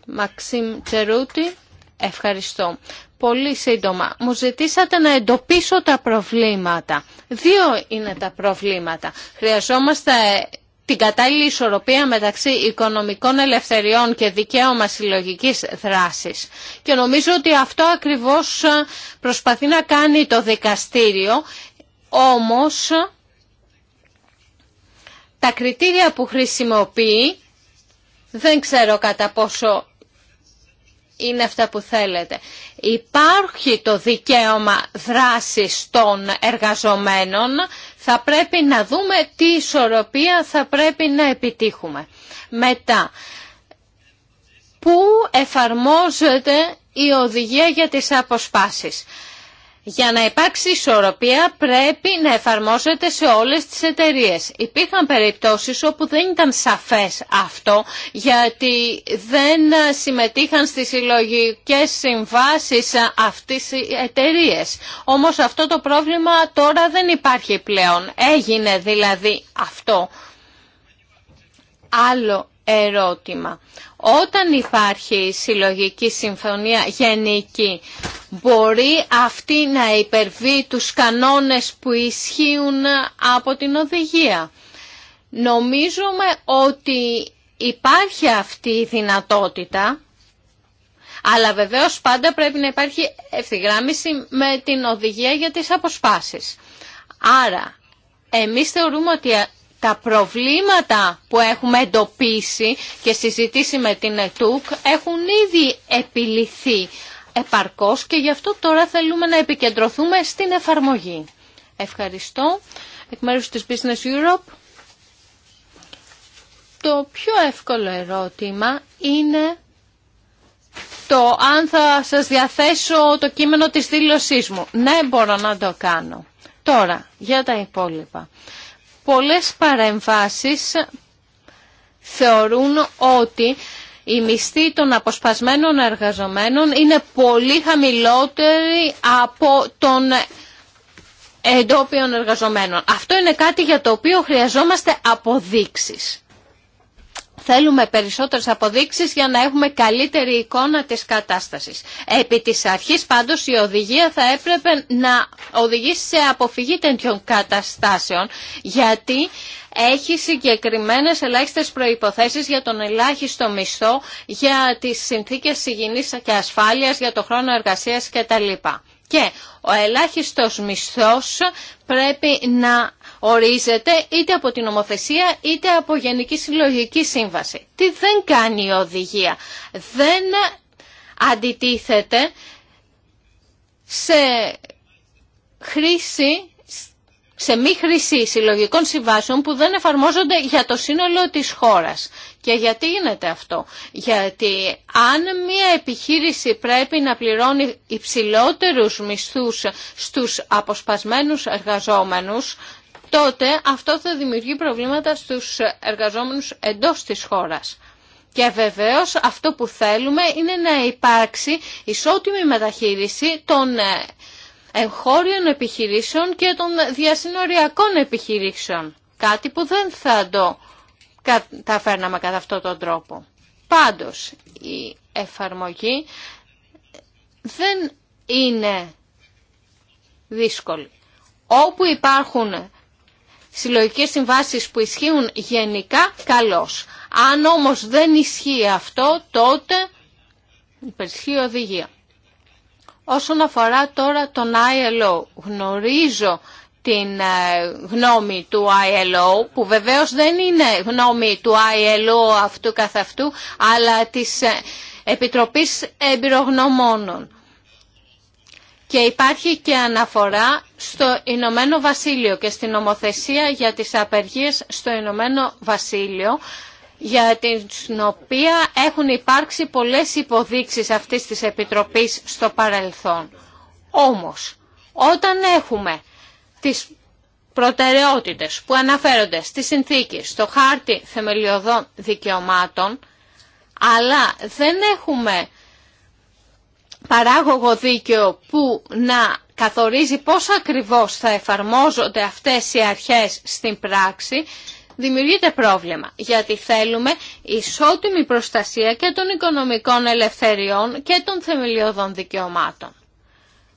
Μαξίμ Τσερούτη, ευχαριστώ. Πολύ σύντομα. Μου ζητήσατε να εντοπίσω τα προβλήματα. Δύο είναι τα προβλήματα. Χρειαζόμαστε την κατάλληλη ισορροπία μεταξύ οικονομικών ελευθεριών και δικαίωμα συλλογική δράσης. Και νομίζω ότι αυτό ακριβώς προσπαθεί να κάνει το δικαστήριο, όμως τα κριτήρια που χρησιμοποιεί δεν ξέρω κατά πόσο είναι αυτά που θέλετε. Υπάρχει το δικαίωμα δράσης των εργαζομένων. Θα πρέπει να δούμε τι ισορροπία θα πρέπει να επιτύχουμε. Μετά, πού εφαρμόζεται η οδηγία για τις αποσπάσεις. Για να υπάρξει ισορροπία πρέπει να εφαρμόζεται σε όλες τις εταιρείες. Υπήρχαν περιπτώσεις όπου δεν ήταν σαφές αυτό γιατί δεν συμμετείχαν στις συλλογικέ συμβάσεις αυτής οι εταιρείες. Όμως αυτό το πρόβλημα τώρα δεν υπάρχει πλέον. Έγινε δηλαδή αυτό. Άλλο ερώτημα. Όταν υπάρχει συλλογική συμφωνία γενική, μπορεί αυτή να υπερβεί τους κανόνες που ισχύουν από την οδηγία. Νομίζουμε ότι υπάρχει αυτή η δυνατότητα, αλλά βεβαίως πάντα πρέπει να υπάρχει ευθυγράμμιση με την οδηγία για τις αποσπάσεις. Άρα, εμείς θεωρούμε ότι τα προβλήματα που έχουμε εντοπίσει και συζητήσει με την ΕΤΟΥΚ έχουν ήδη επιληθεί επαρκώς και γι' αυτό τώρα θέλουμε να επικεντρωθούμε στην εφαρμογή. Ευχαριστώ. Εκ μέρους της Business Europe, το πιο εύκολο ερώτημα είναι το αν θα σας διαθέσω το κείμενο της δήλωσής μου. Ναι, μπορώ να το κάνω. Τώρα, για τα υπόλοιπα πολλές παρεμβάσεις θεωρούν ότι η μισθή των αποσπασμένων εργαζομένων είναι πολύ χαμηλότερη από τον εντόπιων εργαζομένων. Αυτό είναι κάτι για το οποίο χρειαζόμαστε αποδείξεις. Θέλουμε περισσότερες αποδείξεις για να έχουμε καλύτερη εικόνα της κατάστασης. Επί της αρχής πάντως η οδηγία θα έπρεπε να οδηγήσει σε αποφυγή τέτοιων καταστάσεων γιατί έχει συγκεκριμένες ελάχιστες προϋποθέσεις για τον ελάχιστο μισθό, για τις συνθήκες υγιεινής και ασφάλειας, για το χρόνο εργασίας κτλ. Και ο ελάχιστος μισθός πρέπει να ορίζεται είτε από την νομοθεσία είτε από Γενική Συλλογική Σύμβαση. Τι δεν κάνει η οδηγία. Δεν αντιτίθεται σε χρήση σε μη χρήση συλλογικών συμβάσεων που δεν εφαρμόζονται για το σύνολο της χώρας. Και γιατί γίνεται αυτό. Γιατί αν μια επιχείρηση πρέπει να πληρώνει υψηλότερους μισθούς στους αποσπασμένους εργαζόμενους, τότε αυτό θα δημιουργεί προβλήματα στους εργαζόμενους εντός της χώρας. Και βεβαίως αυτό που θέλουμε είναι να υπάρξει ισότιμη μεταχείριση των ε, εγχώριων επιχειρήσεων και των διασυνοριακών επιχειρήσεων. Κάτι που δεν θα το καταφέρναμε κατά αυτόν τον τρόπο. Πάντως η εφαρμογή δεν είναι δύσκολη. Όπου υπάρχουν συλλογικές συμβάσεις που ισχύουν γενικά, καλώς. Αν όμως δεν ισχύει αυτό, τότε υπερισχύει οδηγία. Όσον αφορά τώρα τον ILO, γνωρίζω την ε, γνώμη του ILO, που βεβαίως δεν είναι γνώμη του ILO αυτού καθ' αυτού, αλλά της ε, Επιτροπής Εμπειρογνωμόνων και υπάρχει και αναφορά στο Ηνωμένο Βασίλειο και στην νομοθεσία για τις απεργίες στο Ηνωμένο Βασίλειο για την οποία έχουν υπάρξει πολλές υποδείξεις αυτής της Επιτροπής στο παρελθόν. Όμως, όταν έχουμε τις προτεραιότητες που αναφέρονται στη συνθήκη, στο χάρτη θεμελιωδών δικαιωμάτων, αλλά δεν έχουμε παράγωγο δίκαιο που να καθορίζει πώς ακριβώς θα εφαρμόζονται αυτές οι αρχές στην πράξη, δημιουργείται πρόβλημα, γιατί θέλουμε ισότιμη προστασία και των οικονομικών ελευθεριών και των θεμελιωδών δικαιωμάτων.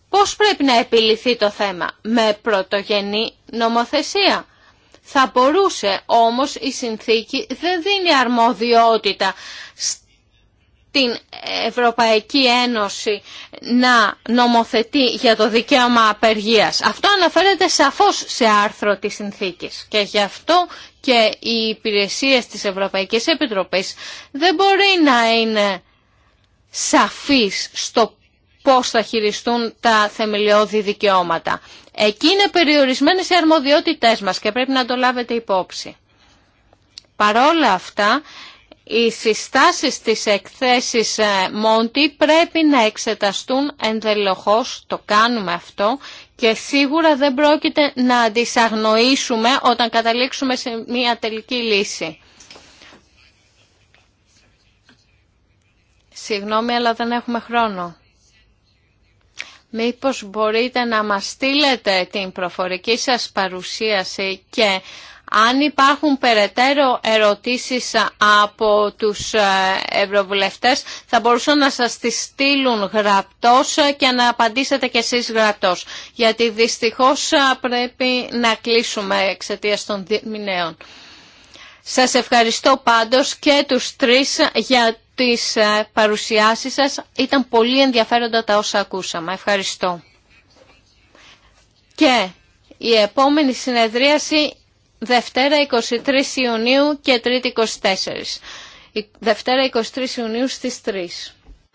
Πώς πρέπει να επιληθεί το θέμα με πρωτογενή νομοθεσία. Θα μπορούσε όμως η συνθήκη δεν δίνει αρμοδιότητα την Ευρωπαϊκή Ένωση να νομοθετεί για το δικαίωμα απεργίας. Αυτό αναφέρεται σαφώς σε άρθρο της συνθήκης και γι' αυτό και οι υπηρεσίες της Ευρωπαϊκής Επιτροπής δεν μπορεί να είναι σαφής στο πώς θα χειριστούν τα θεμελιώδη δικαιώματα. Εκεί είναι περιορισμένες οι αρμοδιότητές μας και πρέπει να το λάβετε υπόψη. Παρόλα αυτά, οι συστάσεις της εκθέσεις ε, Μόντι πρέπει να εξεταστούν ενδελοχώς, το κάνουμε αυτό και σίγουρα δεν πρόκειται να αντισαγνοήσουμε όταν καταλήξουμε σε μια τελική λύση. Συγγνώμη, αλλά δεν έχουμε χρόνο. Μήπως μπορείτε να μας στείλετε την προφορική σας παρουσίαση και αν υπάρχουν περαιτέρω ερωτήσεις από τους ε, ευρωβουλευτές θα μπορούσαν να σας τις στείλουν γραπτός και να απαντήσετε κι εσείς γραπτός. Γιατί δυστυχώς ε, πρέπει να κλείσουμε εξαιτίας των μηνέων. Σας ευχαριστώ πάντως και τους τρεις για τις ε, παρουσιάσεις σας. Ήταν πολύ ενδιαφέροντα τα όσα ακούσαμε. Ευχαριστώ. Και η επόμενη συνεδρίαση Δευτέρα 23 Ιουνίου και Τρίτη 24. Δευτέρα 23 Ιουνίου στις 3.